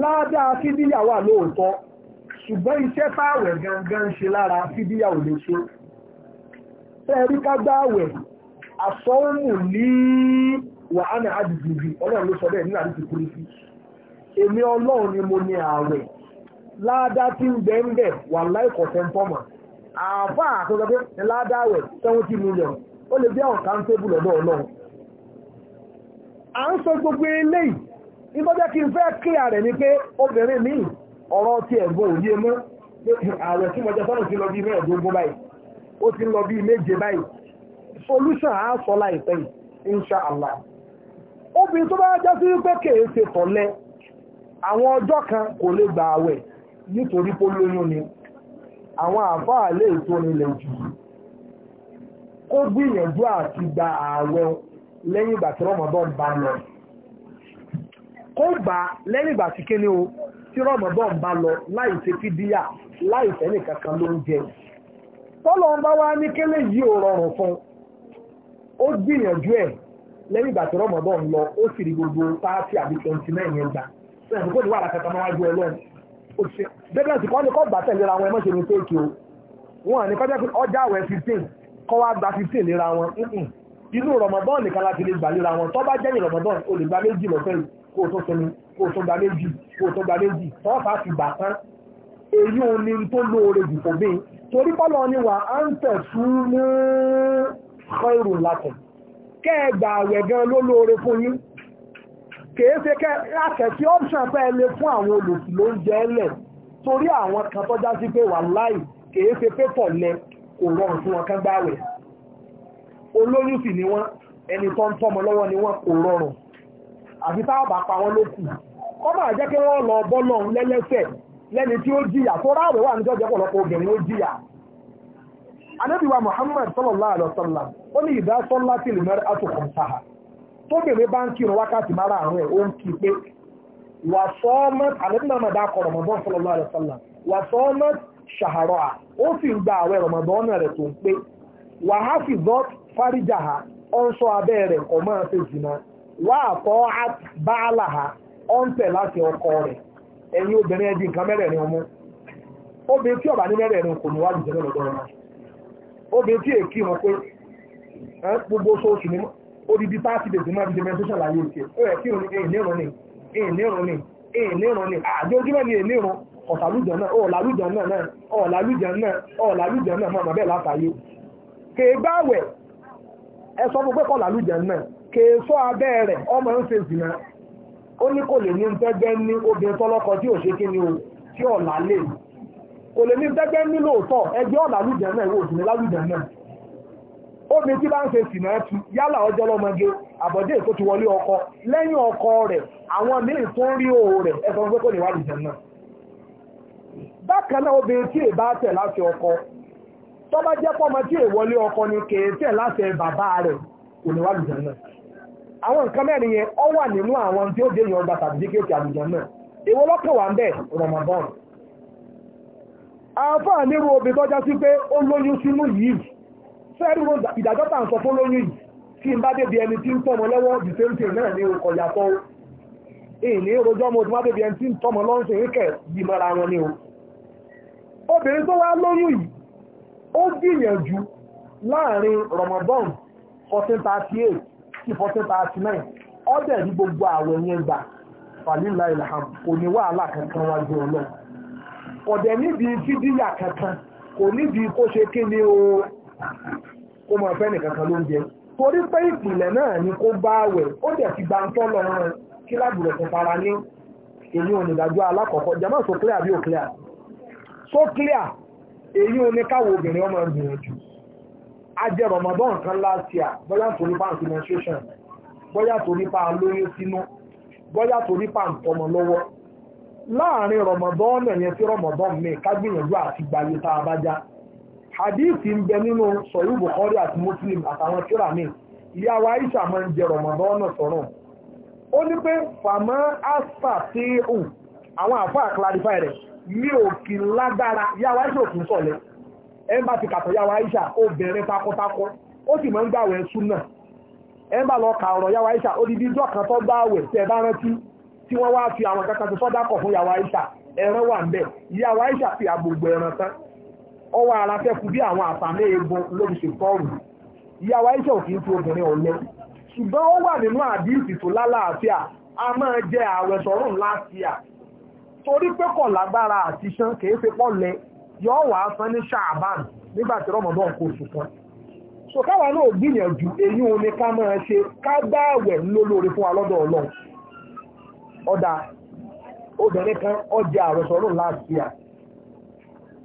ládàá fídíyà wà lóòótọ́ ṣùgbọ́n iṣẹ́ gangan ṣe lára fídíyà ò lè ṣe tẹ́ẹ̀rí ká gbáwẹ̀ àsọ́ọ̀mù ní wàhánà àdìgbìgbì ọlọ́run ló sọ bẹ́ẹ̀ ti kúrú sí èmi ọlọ́run ni mo ní ààwẹ̀ ládá tí ń bẹ̀ ń bẹ̀ wà láìkọ̀ tẹ́ńtọ́mà àfà àtọ́jọ́ pé ládá rẹ̀ seventy million ó lè jẹ́ ọ̀kántébù lọ́dọ̀ ọlọ́run à ń sọ gbogbo eléyìí ìbọ́jẹ́ kí n fẹ́ kíyà rẹ̀ ni pé obìnrin mi ọ̀rọ̀ ti ẹ̀gbọ́n òye mú ààrẹ tí mo jẹ sọ́nà ti lọ bí mẹ́ẹ̀ẹ́dógún báyìí ó ti lọ bí méje báyìí solution á sọ láìpẹ́ yìí insha allah obìnrin tó bá jásí wípé kèé ṣe tọ̀lẹ àwọn ọjọ́ kan kò lè gbà àwẹ̀ nítorí pó lóyún ni àwọn àfáà lè tó nílẹ̀ jù kó gbìyànjú àti gba ààwẹ̀ lẹ́yìn ìgbà tí rọmọdún bá lọ kó gbà lẹ́yìn ìgbà tí kíní o tí rọmọdún bá lọ láì ṣe fídíà láì fẹ́ni kankan ló ń jẹ tọ́lọ́ ń bá wá ní kélé yìí ò rọrùn fún ó gbìyànjú ẹ̀ lẹ́yìn ìgbà tí rọmọdún lọ ó sì rí gbogbo pàápàá àbí twenty nine yẹn sẹ́yìn tó kó ní wàhálà kankan máa wájú ọlọ́run dẹ́gbẹ̀sì kọ́ ní kọ́ gbà tẹ̀lé ra wọn ẹmọ́ ṣe ní tóòkì o wọn ní kọjá pé ọjà àwẹ̀ 15 kọ́ wá gba 15 lera wọn inú rọmọdán nìkan láti lè gbà lera wọn tó bá jẹ́yìn rọmọdán o lè gba méjì lọ́fẹ́ yìí kó o tó sinmi kó o tó gba méjì kó o tó gba méjì tó fà á ti gbà tán èyí ò ní tó lóore jù kò bí torí pọ́lọ́ ni wà á ń tẹ̀ fún kọ́ ìrù látẹ̀ kẹ́ẹ̀gbà àwẹ̀ gan ló lóore fún yín kèé ṣe kẹ́kẹ́ option pẹ́ lè fún àwọn olùsí ló ń jẹ́ awon torí àwọn kan tọ́já sí pé wà láì kèé ṣe lẹ kò rọrùn fún wọn kán olóyún sì ni wọ́n ẹni tó ń tọ́mọ lọ́wọ́ ni wọ́n kò rọrùn àfi táàbà pa wọ́n lókù ọmọ àjẹ́ kí wọ́n lọ bọ́ lọ́hùn lẹ́lẹ́sẹ̀ lẹ́ni tí ó jìyà tó ráàwẹ̀ wà níjọ́ jẹ́ pọ̀lọpọ̀ obìnrin ó jìyà anábìwa Muhammad sallallahu alaihi ó ní ìdá tóbìnrin bá ń kírun wákàtí mara àrùn ẹ̀ ó ń kí pé wà sọ́ọ́mọ́ àlẹ́bínàmọ̀dá kọ rọ̀mọ̀dán sallallahu alaihi wasallam wà ṣàhàrọ̀ à ó sì ń gba àwẹ̀ rọ̀mọ̀dán rẹ̀ tó ń pé wà á sì zọ́ fáríjà ha ó ń sọ wà á tọ́ ha ó ń tẹ̀ láti ọkọ rẹ̀ ẹ̀yin obìnrin ẹ̀dín nǹkan mẹ́rẹ̀ẹ̀rin ọmọ obìnrin tí ọ̀bà ní mẹ́rẹ̀ẹ̀rin kò ní wájú jẹ́ odidi thirty days máa fi dementation láyé òkè ó yẹ kí ènìrún ni ni ènìrún ni ni ènìrún ọ̀tàlújọ náà ọ̀làlújọ náà náà ọ̀làlújọ náà ọ̀làlújọ náà máa bẹ́ẹ̀ látàyé kèébáwẹ̀ ẹ sọ fún pé kọ́ làlújọ náà kèésọ́ abẹ́ rẹ̀ ọmọ ń ṣe zìnà ó ní kò lè ní tẹ́gbẹ́ ní obìnrin tọ́lọ́kọ tí ò ṣe kí ni o tí kò lè ní ní lóòótọ́ ẹgbẹ́ náà náà omi tí bá ń ṣe sìnà ẹtù yálà ọjọ́ lọ́mọge àbọ̀dé tó ti wọlé ọkọ lẹ́yìn ọkọ rẹ̀ àwọn míì tó ń rí òwò rẹ̀ ẹ̀sọ́ pé kò ní wà lùjẹ̀ náà bákan náà obìnrin tí èbá tẹ̀ láti ọkọ tó bá jẹ́ pọ́mọ tí èwọlé ọkọ ni kèé tẹ̀ láti bàbá rẹ̀ kò ní wà lùjẹ̀ náà àwọn nǹkan mẹ́rin yẹn ọ wà nínú àwọn tí ó dé yan ọgbà tàbí kéèkì àlùjẹ̀ náà èwo wà ń bẹ̀ rọmọbọ́n àǹfààní ru obìnrin tó já pé ó lóyún sínú yìí fẹ́ẹ̀rù ìdájọ́ tà ń sọ fún lóyún yìí kí n bá débi ẹni tí ń tọ́mọ lọ́wọ́ the same thing náà ní ọkọ̀ yàtọ̀ ìní rojọ́ mo ti wá débi ẹni tí ń tọ́mọ lọ́nṣẹ̀ ń kẹ̀ yìí mọ́ra wọn ni o obìnrin tó wá lóyún yìí ó gbìyànjú láàrin Ramadan 1438 sí 1439 ọdẹ ní gbogbo àwẹ̀ yẹn gbà fàlílà ìlàhàm kò ní wàhálà kankan wájú ọlọ́run ọ̀dẹ̀ níbi fídíyà kankan kò níbi kó ṣe kí ni o kó máa fẹ́ nìkan kan ló ń jẹ torí pé ìpìlẹ̀ náà ni kó bá wẹ̀ ó dẹ̀ ti gba ntọ́ lọ rán kí lábùrẹ̀ tó fara ní èyí onídàájọ́ alákọ̀ọ́kọ́ jama so clear bí o clear so clear èyí oní káwọ́ obìnrin ọmọ ìgbìyànjú ajẹ́ Ramadan kan last year bóyá torí pa menstruation bóyá torí pa lóyún sínú bóyá torí pa ntọ́mọ lọ́wọ́ láàrin Ramadan náà yẹn sí Ramadan mi ká gbìyànjú àti gbàyè tá a bá já. hadithi ń bẹ nínú sọ̀rọ̀ bukhari àti muslim àtàwọn tíra míì ìyá wa aisha máa ń jẹ rọmọdọ́ ọ̀nà sọ̀rọ̀ ó ní pé fàmọ́ aspa tí ò àwọn àfáà clarify rẹ̀ mi ò kì lágbára ìyá wa aisha ò kì ń sọ̀lẹ̀ ẹ̀ ń bá ti kàtọ̀ ìyá wa aisha ó bẹ̀rẹ̀ takọtakọ ó sì máa ń gbàwẹ̀ súnà ẹ̀ ń bá lọ ka ọ̀rọ̀ ìyá wa aisha odidi ìjọ kan tó gbàwẹ̀ tẹ̀ bá rántí tí wọ́n wá fi àwọn kankan tó sọ́dá kọ̀ fún ìyá wa aisha ẹran wà ń bẹ̀ ìyá wa aisha fi àgbògbò ẹran tán ọwọ́ ara fẹ́kù bí àwọn àtàmé egun lórí ṣètọ́rù ìyàwó iṣẹ́ òfin tí obìnrin ọ̀lẹ́ ṣùgbọ́n ó wà nínú àdíìsì tó lálàáfíà a máa jẹ ààrẹ sọ̀rùn láti à torí pé kọ̀ lágbára àti ṣán kìí ṣe pọ̀ lẹ yọ wà á san ní ṣàbán nígbà tí rọmọdún kò sùkan so káwa náà gbìyànjú èyí òun ni ká máa ṣe ká gbá ẹ̀wẹ̀ lólórí fún wa lọ́dọ̀ ọlọ́run ọ̀dà obìnrin kan ọjà ààrẹ sọ̀rùn láti à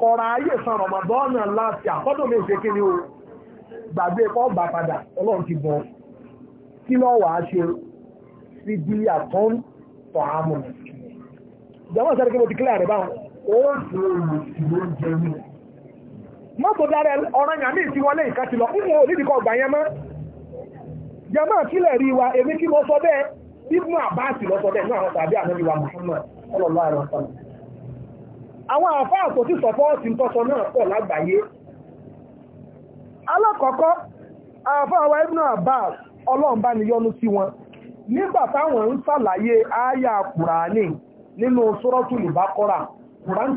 kọ̀ọ̀rọ̀ ayé san rọ̀mọ̀dọ́nà láti àkọ́dọ̀ mi ṣe kí ni o gbàgbé pọ́ gbà padà ọlọ́run ti bọ̀ kí lọ́ ṣe sí di àtọ́n tọ̀ ìjọba kí mo ti kílẹ̀ rẹ̀ báwọn ó ń òòlù sí oúnjẹ mi mọ́tò dára ọ̀ràn yàn ní ìtiwọlé lọ yẹn mọ́ àkílẹ̀ rí wa èmi kí mo sọ bẹ́ẹ̀ ibùn lọ sọ bẹ́ẹ̀ ní àwọn tàbí àwọn àfáà tó sì ń tọ́sọ náà pọ̀ lágbàáyé alákọ̀ọ́kọ́ àfáà wa Ibn Abbas ọlọ́ọ̀bá wọn nígbà táwọn ń sàlàyé àyà kùránì nínú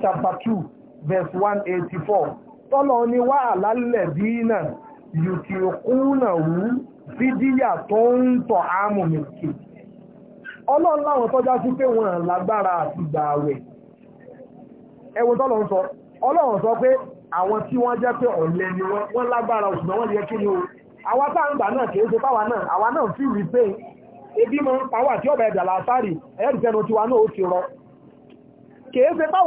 chapter 2 verse 184 tọ́lọ ni àlálẹ̀ yùtì fídíyà tó wọn lágbára àti gbààwẹ̀ ẹwọ tọ́lọ̀ ń sọ ọlọ́run sọ pé àwọn tí wọ́n jẹ́ pé ọ̀lẹ ni wọ́n wọ́n lágbára òṣùgbọ́n wọ́n lè kí ni o àwa tá ń gbà náà kìí ṣe náà àwa náà fi rí pé ebi mọ pàwà tí ọ̀bẹ̀ ìdàlà sáré ẹ̀rù tẹnu náà ó ti rọ kìí ṣe náà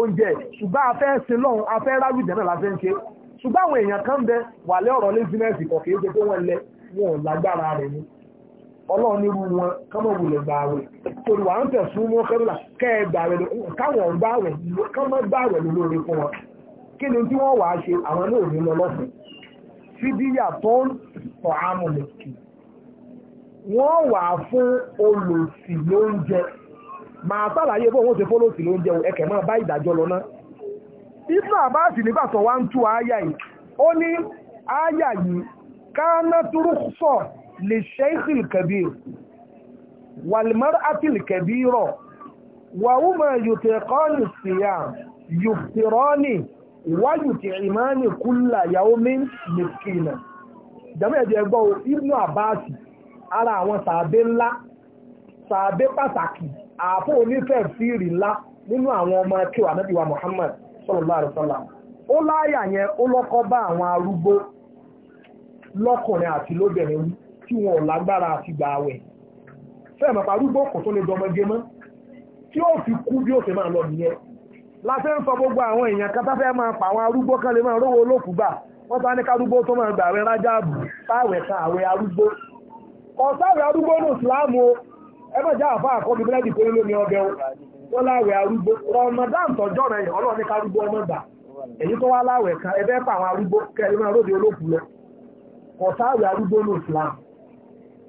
oúnjẹ ṣùgbọ́n afẹ́ sin afẹ́ náà ń ṣe ṣùgbọ́n àwọn èèyàn kan bẹ ọlọ́ọ̀nirú wọn kọ́mọ̀ wulẹ̀ gbààwẹ̀ torí wà ń tẹ̀sùn mọ́ kẹ́rìlà kẹ́ẹ̀gbààwẹ̀ káwọn gbààwẹ̀ kọ́mọ̀ gbààwẹ̀ lórí fún wọn kí ni tí wọ́n wàá ṣe àwọn náà ní lọ lọ́sùn fídíyà tó ń tọ̀ amúlẹ̀kì wọ́n wà fún olòṣì lóúnjẹ màá sàlàyé bó wọ́n ṣe fólòṣì lóúnjẹ ẹ̀kẹ́ máa bá ìdájọ́ lọ náà ibnu abbas nígbà tó wá ń tú àáyà yìí ó lè ṣẹ́ìkìl kẹbíir wàlmọ́r àtìl kẹbíirọ̀ wàhùmà yòtẹ̀kọ́nì síyà yòtẹ̀rọ́nì wáyòtẹ̀ìmánì kúlà yaomi mìskìnà jẹ́mọ́ ẹ̀jẹ̀ gbọ́ ibnu abasi ara àwọn sàbẹ ńlá sàbẹ pàtàkì àfọ onífẹ́ fìrì ńlá nínú àwọn ọmọ akíw anábìwá muhammad sallallahu alaihi wasallam ó láyà yẹn ó lọ́kọ́ bá àwọn arúgbó lọ́kùnrin àti lóbìnrin wí tí wọn ò lágbára àti gbà àwẹ̀ fẹ́ẹ̀ mọ̀ parúgbó kò tó lè dọmọge mọ́ tí ó fi ṣe máa lọ nìyẹn láfẹ́ ń sọ gbogbo àwọn èèyàn kan táfẹ́ máa pa àwọn arúgbó kan lè máa rówó olókùú gbà wọ́n ta ní kárúgbó tó máa gbà táwẹ̀ kan àwẹ̀ arúgbó arúgbó ní ìsìláàmù o àkọ́bí bílẹ́dì lómi ọbẹ̀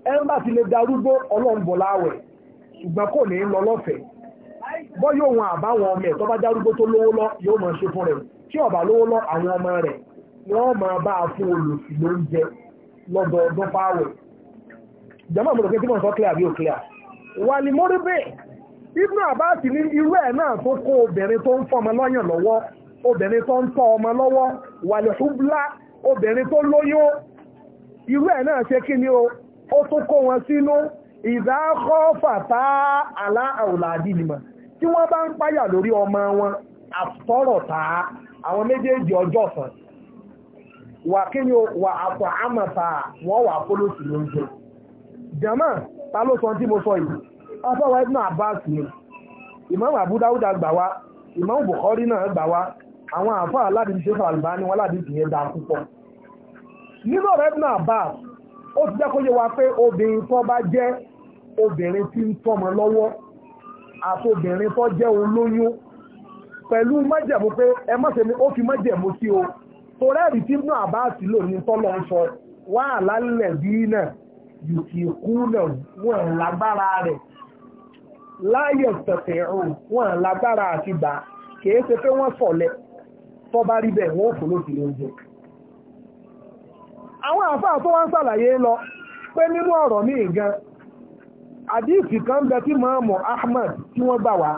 E ti lè darúgbó le láwẹ̀ ṣùgbọ́n kò ní lọ lọ́fẹ̀ẹ́ bọ́ yóò wọn àbáwọn ọmọ ẹ̀ tó bá darúgbó tó lówó lọ yóò máa ṣe fún rẹ̀ tí ó bá lówó lọ àwọn ọmọ rẹ̀ wọ́n máa bá a fún olùsí lóúnjẹ lọ́dọọdún fáwẹ̀ clear bí o clear Ibn Abbas ní irú ẹ̀ náà tó kó obìnrin tó ń fọmọ lọ́yàn lọ́wọ́ obìnrin tó ń tọ́ ọmọ lọ́wọ́ obìnrin tó lóyún ó tún kó wọn sínú ìdákọ́ fàtà àlá àwòlàdì nìmọ̀ tí wọ́n bá ń páyà lórí ọmọ wọn àtọ́rọ̀ tá àwọn méjèèjì ọjọ́ wà kí ni wà àpọ̀ àmàta wọ́n wà fólósì lóúnjẹ ta ló sọ tí mo sọ yìí afọwọ́ abbas ni imam abu gbà imam bukhari náà gbà wá àwọn àfọ wọn púpọ̀ nínú ó ti jẹ́ kó yé wa pé obìnrin tó bá jẹ́ obìnrin tí ń tọ́mọ lọ́wọ́ àti obìnrin tó jẹ́ olóyún pẹ̀lú májẹ̀mú pé ẹ má ṣe ni ó fi májẹ̀mú sí o torí ẹ̀rí tí náà àbáàsì lò ní tọ́lọ́ ń sọ wá àlálẹ̀ bí náà yùkì kú náà wọ́n lágbára rẹ̀ láyé tẹ̀tẹ̀ ọ̀hún wọ́n lágbára àti gbà kìí ṣe pé wọ́n sọ̀lẹ̀ tó bá rí bẹ́ẹ̀ wọ́n fò lóṣìlẹ̀ oúnjẹ àwọn àfáà tó wá ń sàlàyé lọ pé nínú ọ̀rọ̀ ní ìgan àdíìsì kan bẹ tí mọ́ọ̀mọ̀ Ahmad tí wọ́n gbà wá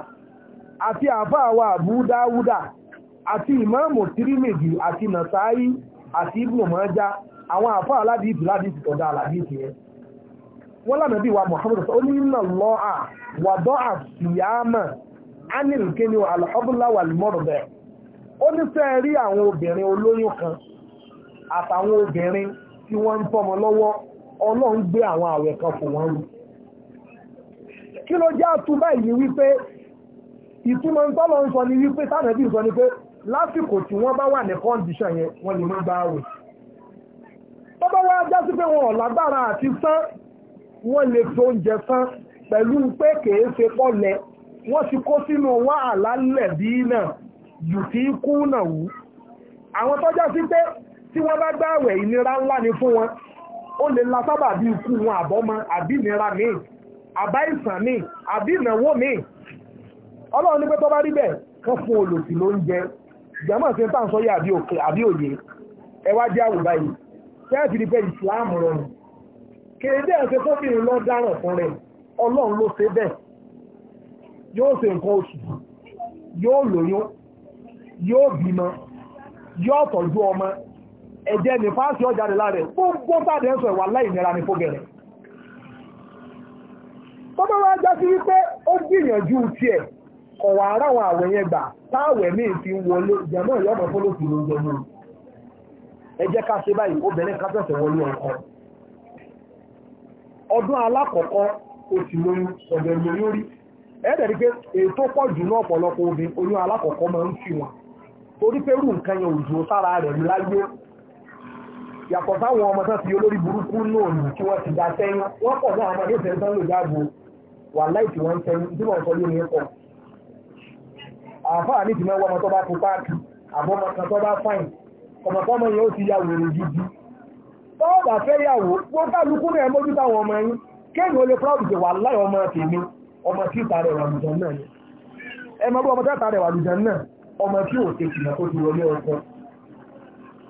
àti àfáà wa Abu Dáwúdà àti ìmáàmù Tírímìdì àti Nàsáyí àti Ibnu àwọn àfáà aládìísì ládìísì tọ́dá aládìísì yẹn wọ́n lànà bí wa Muhammad sọ wàdọ́ ó ní sẹ́ẹ̀rí àwọn obìnrin olóyún kan àtàwọn obìnrin tí wọ́n ń tọ́mọ lọ́wọ́ ọlọ́run gbé àwọn àwẹ̀ kan fò wọ́n rú kí ló jẹ́ àtúbà yìí wípé ìtumọ̀ ń tọ́lọ ń sọ ni wípé sánàbí sọ ni pé lásìkò tí wọ́n bá wà ní kọ́ndíṣàn yẹn wọ́n lè mú gbá àwẹ̀ tó bá wá já sí pé wọn ò lágbára àti sán wọ́n lè fi oúnjẹ sán pẹ̀lú pé kèé ṣe pọ́lẹ̀ wọ́n ti kó sínú wàhálà lẹ̀bí náà yùtí kú náà wú àwọn tó já sí pé tí wọ́n bá gbá àwẹ̀ ìnira ńlá ni fún wọn ó lè la sábà bí ikú wọn àbọ́mọ àbí ìnira míì àbá ìsàn míì àbí ìnáwó míì ọlọ́run ní pé tó bá rí bẹ́ẹ̀ kán fún olòṣì lóúnjẹ ìjàmọ̀ sí tá à ń sọ yé àbí òkè àbí òye ẹ wá jẹ́ àwò báyìí fẹ́ẹ̀tì ní pé Islam rọrùn kéde ẹ̀sẹ̀ fọ́bìnrin lọ dáràn fún rẹ̀ ọlọ́run ló ṣe bẹ́ẹ̀ yóò ṣe nǹkan oṣù yóò lóyún yóò bímọ yóò tọ́jú ọmọ ẹ̀jẹ̀ ní fásitì ọjàdé láre gbogbo tàbí ẹ̀sọ̀ ìwà láìnira ní fóbẹ̀rẹ̀ tó bá wá wípé ó gbìyànjú tiẹ̀ ọ̀wà ara àwọn àwẹ̀ yẹn gbà táwẹ̀ míì fi ń wọlé ìyọ́mọ̀ ló ń ẹ jẹ́ ká obìnrin ká wọlé ọkọ ọdún alákọ̀ọ́kọ́ oṣù lóyún ètò pọ̀ ọ̀pọ̀lọpọ̀ obìnrin oyún alákọ̀ọ́kọ́ wọn torí pé rú nǹkan yẹn sára rẹ̀ láyé yàtọ̀ táwọn ọmọ tán ti olórí burúkú náà nù kí wọ́n ti dá sẹ́yìn wọ́n pọ̀ náà àwọn ọmọdé tán lò dáàbò wà láì tí wọ́n sẹ́yìn tí wọ́n sọ yé mi pọ̀ àfáà ní ti mẹ́wọ́ ọmọ tó bá fún páàkì àbọ̀ ọmọ kan tó bá fáìn ọmọ tó mọ yẹn ó ti ya wèrè gidi tọ́ọ̀bà fẹ́ yàwó wọ́n kálukú náà mójú táwọn ọmọ yín kéèyàn ó lè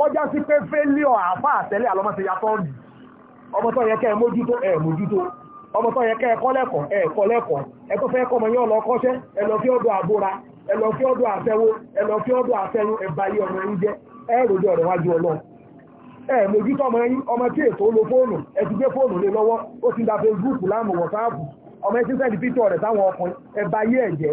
kọjá sí pé fẹ́líọ̀ àfá àtẹ́lẹ̀ àlọ́mọ́ ti yàtọ̀ rí ọmọ tó yẹ kẹ́ ẹ mójútó ẹ mójútó ọmọ tó yẹ kẹ́ ẹ kọ́ lẹ́kọ̀ọ́ ẹ kọ́ lẹ́kọ̀ọ́ ẹ tó fẹ́ kọ́mọ yín lọ kọ́ṣẹ́ ẹ lọ fi ọdọ̀ àbúra ẹ lọ fi ọdọ̀ àfẹ́wó ẹ lọ fi ọdọ̀ àfẹ́yún ẹ bá yí ọmọ yín jẹ́ ẹ ròjọ ọ̀rẹ́ wájú ọlọ́ ẹ mójútó ọmọ yín ọmọ tí ètò lo fóònù ẹ ti gbé fóònù lé lọ́wọ́ ó ti da Facebook láàmù wọ̀sáàpù ọmọ ẹ ti sẹ́ni pítọ̀ rẹ̀ sáwọn ọkùnrin ẹ bá yí ẹ̀jẹ̀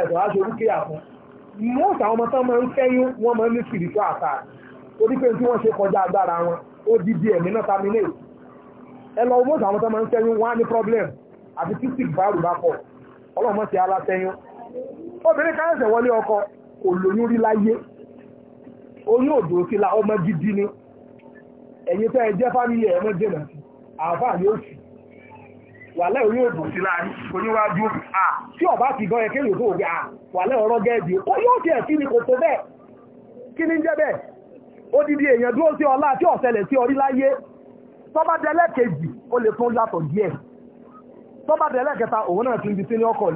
ẹ̀sọ̀ á ṣe rúkìá fún most àwọn ọmọ tán máa ń kẹ́yìn wọ́n máa ń ní spirito àtà torí pé tí wọ́n ṣe kọjá agbára wọn ó di bí ẹ̀mí náà terminate ẹ lọ most àwọn tán máa ń kẹ́yìn wọ́n á ní problem àti cystic bárù bá pọ̀ ọlọ́mọ ti alátẹ́yìn obìnrin kan ṣẹ̀ wọlé ọkọ kò lóyún rí láyé oyún òdò sí la ọmọ gidi ni ẹ̀yin tẹ́ ẹ jẹ́ fámìlì ẹ̀ mọ́ jìnnà àáfàá ni ó sì wàlẹ́ orí òdùn sí láàrin oníwájú à tí ọba ti gan ẹkẹ́ yóò à wàlẹ́ ọ̀rọ̀ gẹ́ẹ̀dì ó yóò tiẹ̀ sí ni kò tó bẹ́ẹ̀ kí ní jẹ́ bẹ́ẹ̀ odidi èèyàn dúró sí ọlá tí ọ̀sẹ̀lẹ̀ sí orí láyé tọ́ba ó lè tún yàtọ̀ díẹ̀ tọ́ba òun náà ti ń di ọkọ̀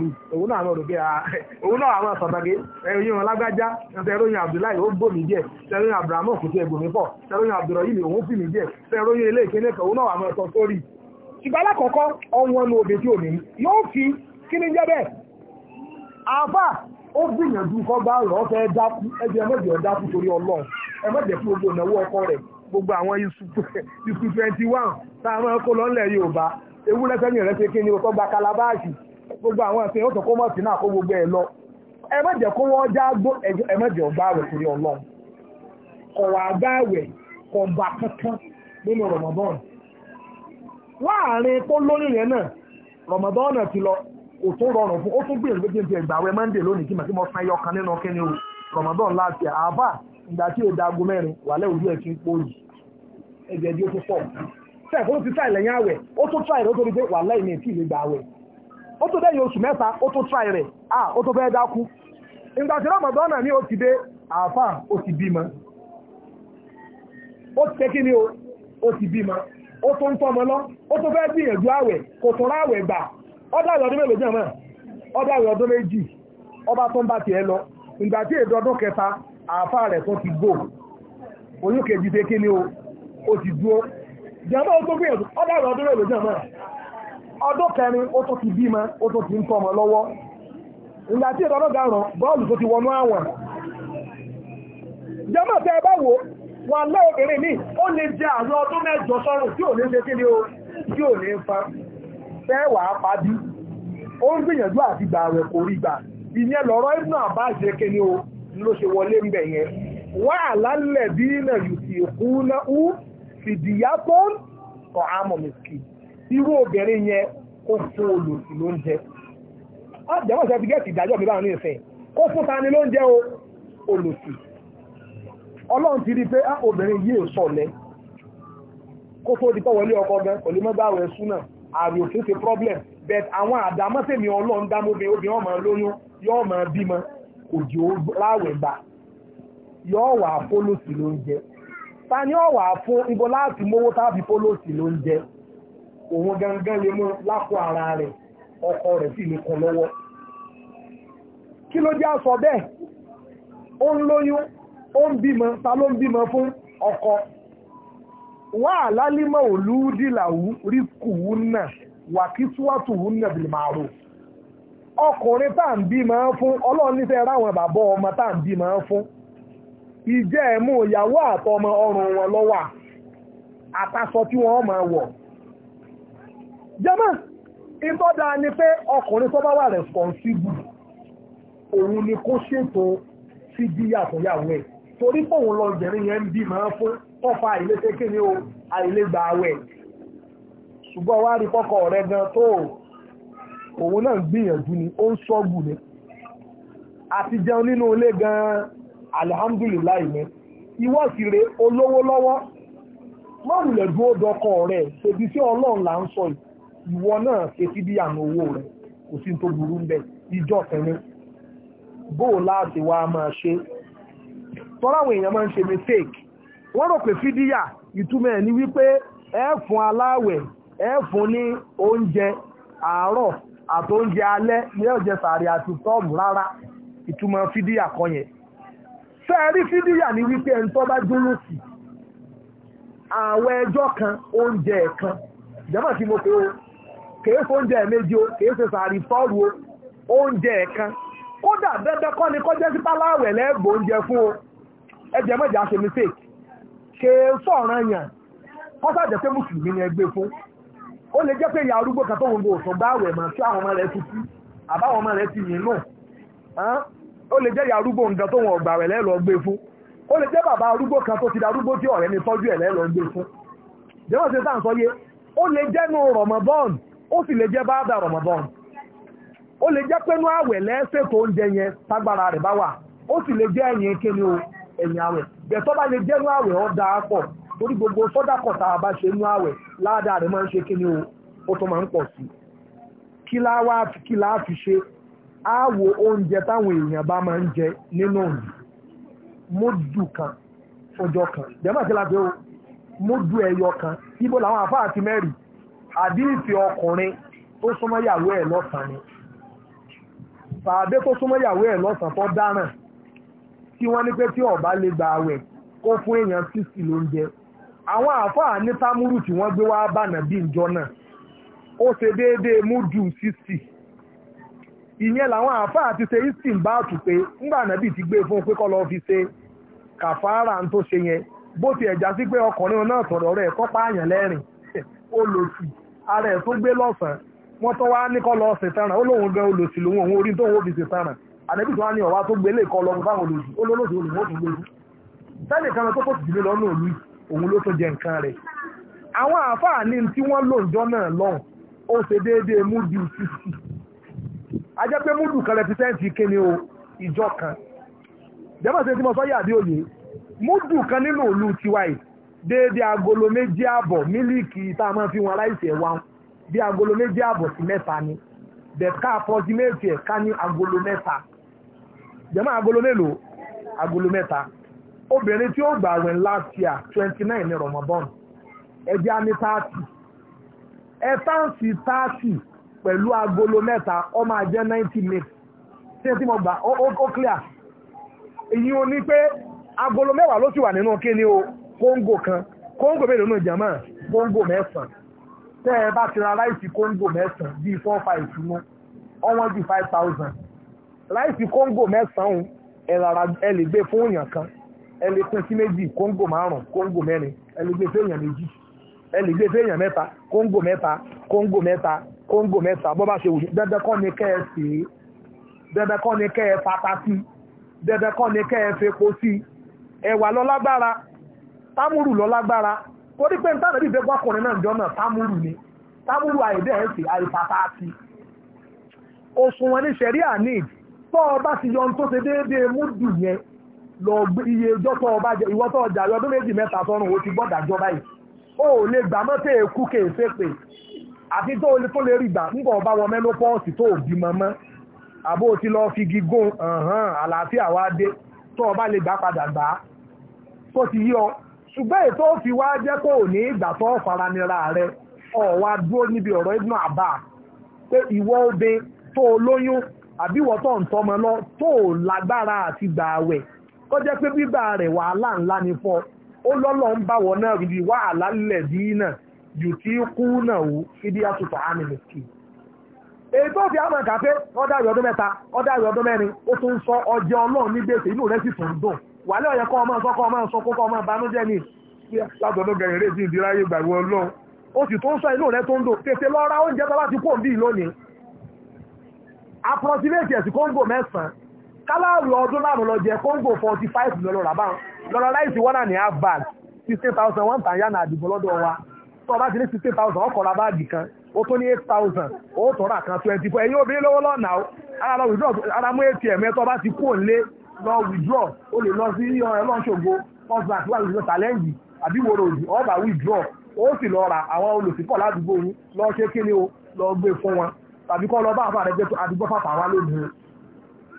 ni ìgbà alákọ̀ọ́kọ́ ọ̀wọ́n ní òde tí òní yóò fi kí ni jẹ́ bẹ́ẹ̀ àfà ó gbìyànjú kọ́ bá rọ̀ fẹ́ dákú ẹbí ẹmọ́jẹ̀ ọ̀ dákú torí ọlọ́run ẹmọ́jẹ̀ fún gbogbo ìnáwó ọkọ rẹ̀ gbogbo àwọn isu twenty one tá a máa kó lọ́nlẹ̀ Yorùbá ewúrẹ́ sẹ́yìn rẹ̀ kí ni ọkọ̀ gba kalabaasi gbogbo àwọn ẹ̀sìn yóò tó kó mọ̀ sí náà kó gbogbo ẹ̀ lọ ẹmọ́jẹ̀ kó wọ́n já gbó ẹmọ́jẹ̀ ọ̀gbá rẹ̀ torí ọlọ́run kọ̀wà àgbáwẹ̀ kọ̀ọ̀bà kankan nínú Ramadan láàrin tó lóyún rẹ̀ náà rọmọdọ́nà ti lọ kò tó rọrùn fún ó tún gbìyànjú pé kí n ti ẹgbà wẹ mọ́ndé lónìí kí màá san nínú o rọmọdọ́n láti àbá ìgbà tí o da mẹ́rin wàlẹ́ òjú ẹ̀ ń yìí bí ó tún pọ̀ fẹ́ẹ̀ kó ti lẹ́yìn ó tún ó tó pé wàlẹ́ tí gbà o ti dé ó ti bímọ ó ti ni o ó ti bímọ ó tó ń tọ́mọ lọ ó tó fẹ́ gbìyànjú àwẹ̀ kò tó àwẹ̀ gbà ọdọ àwẹ̀ ọdún mélòó jẹ́mọ́ àwẹ̀ ọdún ọba tó ń bá tiẹ̀ lọ ìgbà tí èdè ọdún kẹta àáfà rẹ̀ tó ti o ó ti dúó jẹ́mọ́ ó tó gbìyànjú àwẹ̀ ọdún jẹ́mọ́ ọdún kẹrin ó tó ti bímọ ó tó ti ń tọ́mọ lọ́wọ́ ìgbà tí èdè ọdún wà lọ́ọ̀bìnrin ní ó lè jẹ àrùn ọdún mẹ́jọ sọ́rùn tí ò ní ṣe kí ni o tí ò ní fa fẹ́wàá pàdí ó ń gbìyànjú àti gbà rẹ̀ kò rí gbà ìyẹn lọ́rọ̀ ìbùnà àbá ìṣẹ́kẹ́ ni o ló ṣe wọlé ń bẹ̀ yẹn wà lálẹ̀ bí nà yùtì kú ná ú fìdíyà tó ń tọ̀ àmọ̀ irú obìnrin yẹn kó fún olùsì ló ń jẹ ọ̀dẹ̀wọ̀n sẹ́fìgẹ́tì ìdájọ́ mi báwọn ní ìfẹ́ kó fún ta ni ló o olùsì ọlọ́run ti rí pé á ah, obìnrin yíò ò lẹ kó tó di pé wọlé ọkọ gan kò lè mọ́ gbàwẹ̀ òfin ṣe problem but àwọn àdámọ́sẹ̀mí ọlọ́run dámóbin obìnrin ọmọ lóyún yóò máa bímọ kò jí ó láwẹ̀ gbà yóò wà fólòsì lóúnjẹ ta ni ọ̀wà fún ibo láti mówó tàbí fólòsì lóúnjẹ òun gangan lè mú lápò ara rẹ̀ ọkọ rẹ̀ sì lè kàn lọ́wọ́ kí ló jẹ́ àsọ bẹ́ẹ̀ ó ń lóyún ó ń bímọ ta ló ń bímọ fún ọkọ wà lálímọ̀ òlúdìláwú rí kùwú náà wà kí túwàtù wú náà bìlì máa rò ọkùnrin tá ń bímọ fún ọlọ́run nífẹ̀ẹ́ ráwọn bàbá ọmọ tá ń bímọ fún ìjẹ́ ẹ̀mú ìyàwó àtọmọ ọrùn wọn lọ́wà àtàṣọ tí wọ́n máa wọ̀ jẹ́mọ́ ìtọ́dá ni pé ọkùnrin tó bá wà responsible òun ni kó ṣètò sí bíyà ẹ̀ torí pòun lọ jẹ̀rin yẹn ń bí máa fún ọfà àìlété kí ni o àìlégbà awẹ̀ ṣùgbọ́n wá rí kọ́kọ́ rẹ gan tó òun náà gbìyànjú ni ó ń sọ́gù ni àti jẹun nínú ilé gan alihamdulilayi ni ìwọ sì rè olówó lọ́wọ́ mọ́rùlẹ̀ dúró dọkọ rẹ̀ ṣèbí sí ọlọ́run là ń sọ ìwọ náà ṣe sí bí àmì owó rẹ̀ kò sí tó burú ń bẹ ìjọ kẹrin bóò láti wá máa ṣe é tọ́láwọn èèyàn máa ń ṣe mistake wọ́n rò pé fídíyà ìtumọ̀ ẹ̀ ni wípé ẹ fún aláwẹ̀ ẹ fún ní oúnjẹ àárọ̀ àtóúnjẹ alẹ́ ní ọ̀jẹ̀ sàárì àti tọ́ọ̀mù rárá ìtumọ̀ fídíyà kan yẹn fẹ́ẹ̀rí fídíyà ni wípé ẹni tó bá dúró sí àwọn ẹjọ́ kan oúnjẹ kan jẹ́mọ̀ tí mo pé o kèé fóúnjẹ méjì o kèé ṣe sàárì tọ́ọ̀rù o oúnjẹ kan kódà bẹ́ẹ̀ bẹ́ẹ̀ kọ́ ni kọjá sí páláwẹ̀ lẹ́gbọ̀n ẹjẹ mẹ́jẹ aṣe fake ṣe sọ̀ràn yàn pé mùsùlùmí ni ẹgbẹ́ fún ó lè jẹ́ pé ìyá arúgbó kan tó bá àwọn ọmọ rẹ̀ ti sí àbáwọn ọmọ rẹ̀ ti yìn ó lè jẹ́ ìyá arúgbó nǹkan tó ọgbà rẹ̀ lẹ́lọ gbé fún ó lè jẹ́ bàbá arúgbó kan tó ti da arúgbó tí ọ̀rẹ́ ni tọ́jú ẹ̀ lẹ́lọ gbé fún ó sì lè jẹ́ ẹ̀yìn àwẹ̀ bẹ̀ tó bá lè jẹ́nu àwẹ̀ ọ́ dáa pọ̀ torí gbogbo sọ́dà kọ̀tà àbá ṣe nú àwẹ̀ ládàá rẹ̀ máa ń ṣe kí ni ó tó máa ń pọ̀ sí kí láwá kí láá fi ṣe àwo oúnjẹ táwọn èèyàn bá máa ń jẹ nínú òní mójú kan fọjọ́ kan jẹ́mọ̀ sí láti ó mójú ẹyọ kan ibo làwọn àfáà àti mẹ́rin àdírífì ọkùnrin tó súnmọ́ yàwó ẹ̀ lọ́sàn-án ni fàdé tó súnmọ́ yàwó ẹ̀ lọ́sàn-án tó dáràn tí wọ́n ní pé tí ọ̀bá lè gba àwẹ̀ kó fún èèyàn sixty lóúnjẹ àwọn àáfàá ní támúrù tí wọ́n gbé wá bànà bí ìjọ náà ó ṣe déédéé múdù sixty ìyẹn làwọn àáfàá ti ṣe istin bá tù pé ńgbà ti gbé fún pé kọ́ lọ́ọ́ fi ṣe kàfàárà ń àdébí tó wá ní ọ̀wá tó gbélé kọ lọ fáwọn olójú olólóṣù olùmọ́tò lójú sẹ́nì kan tó kòtù dìbò lọ́nà òní òun ló tó jẹ nǹkan rẹ̀ àwọn àáfàá ní tí wọ́n lò náà lọ́hùn ó ṣe déédéé múdù sísì a pé múdù kan rẹpítẹ́ǹtì kíni o ìjọ kan jẹ́mọ̀ sí tí mo sọ yà bí òye múdù kan nínú òlu tiwa yìí déédéé agolo méjì àbọ̀ mílíìkì tá a máa fi wọn aláìsẹ̀ wa bí agolo méjì àbọ̀ sí mẹ́ta ni bẹ̀ká apọ́símẹ́ẹ̀tì ẹ̀ ká ní agolo mẹ́ta jẹ́mọ́ agolo mélòó agolo mẹ́ta obìnrin tí ó gbà wẹ̀ last year twenty nine ní Ramadan ẹ̀jẹ̀ á ní thirty ẹ̀tàǹsì thirty pẹ̀lú agolo mẹ́ta ó máa jẹ́ ninety mix ṣé tí mo gbà ó clear èyí o ní pé agolo mẹ́wàá ló sì wà nínú kíni o kóńgò kan kóńgò mélòó nù jẹ́mọ́ kóńgò mẹ́sàn-án tẹ́ ẹ bá ti ra ráìsì kóńgò mẹ́sàn-án bíi four five nù ọ̀wọ́n bíi five thousand láìsí kóńgò mẹ́sàn-án ẹ lè gbé fún èèyàn kan ẹ lè pín sí méjì kóńgò márùn kóńgò mẹ́rin ẹ lè gbé fún èèyàn méjì ẹ lè gbé fẹ́yàn mẹ́ta kóńgò mẹ́ta kóńgò mẹ́ta kóńgò mẹ́ta bọ́ bá ṣe wù dandan kọ́ ni kẹ́ ẹ sè é dandan kọ́ ni kẹ́ ẹ fata sí dandan kọ́ ni kẹ́ ẹ fepo sí ẹ̀wà lọ lágbára támúrù lọ lágbára torí pé nítorí bí ìfẹ́gbọ́ ọkùnrin náà jọ náà támúrù ni támúrù àìdẹ́ ẹ̀ sì àìfata sí òṣùwọ̀n tọ́ ọba sì yọ tó ṣe déédéé múdù yẹn lọ gbé iye ọjọ́ tọ́ ọba jẹ ìwọ tọ́ ọjà ọdún méjì mẹ́ta tọ́run ó ti gbọ́dà jọba yìí ó lè gbà mọ́tẹ́ èkú kèéfé pé àti tó lè tó lè rí gbà ńgbà ọba wọn mẹ́nu pọ́ọ̀sì tó bí mọ́mọ́ àbó ti lọ fi gígùn hàn àlàáfíà wá dé tọ́ ọba lè gbà padà gbà á tó ti yí ọ ṣùgbọ́n ètò òfin wá jẹ́ kó ò ní ìgbà tó faranira rẹ ọ̀wá dúró níbi ọ̀rọ̀ Ibn Abbas pé ìwọ obìnrin tó olóyún àbí wọ́tọ̀ ń tọmọ lọ tó lágbára àti gbà àwẹ̀ kó jẹ́ pé gbígbà rẹ̀ wàhálà ńlá ni fọ́ ó lọ́lọ́ ń báwọ̀ náà rí wàhálà lẹ̀ dínà jù tí kú náà wú fídí àtúntò ánìmẹ̀kì èyí tó fi àmọ̀ kàfé ọ̀dàrí ọdún mẹ́ta ọ̀dàrí ọdún mẹ́rin ó tún sọ ọjẹ́ ọlọ́run ní gbèsè inú rẹ̀ sì tún dùn wàlẹ́ ọ̀yẹ́ kọ́ ọmọ sọ kọ́ ọmọ sọ kókọ́ ọmọ banújẹ́ ni látọ̀dọ̀ gẹ̀rẹ̀ rẹ̀ sí ìdíráyé gbàgbọ́ ọlọ́run ó sì tún sọ inú rẹ̀ tó ń dùn tètè lọ ra oúnjẹ tó bá ti kó òǹbí lónìí approximate ẹ̀sìn kóńgò mẹ́sàn-án kálárù ọdún márùn lọ jẹ kóńgò forty five lọ́lọ́ ràbá lọ́lọ́ láìsí one and a half bag sixteen thousand one tàn yánà àdìgbò lọ́dọ̀ wa tó o bá ti ní sixteen thousand ọkọ̀ ra báàgì kan ó tó ní eight thousand ó tọ́ra kan twenty four ẹ̀yin obìnrin lọ́wọ́ lọ́nà o ara lọ withdraw ara mú atm ẹ̀ tó o bá ti kó lé lọ withdraw o lè lọ sí ẹlọ́nṣogo first bank wà lóṣù tàlẹ́ǹgì àbí wo ròdì ọba withdraw ó sì lọ ra àwọn olùsìnkọ̀ ládùúgbò yín lọ ṣe kíni o lọ gbé fún wọn tàbí kọ́ lọ bá àfà rẹ̀ jẹ́ àdúgbò fàtà wá lónìí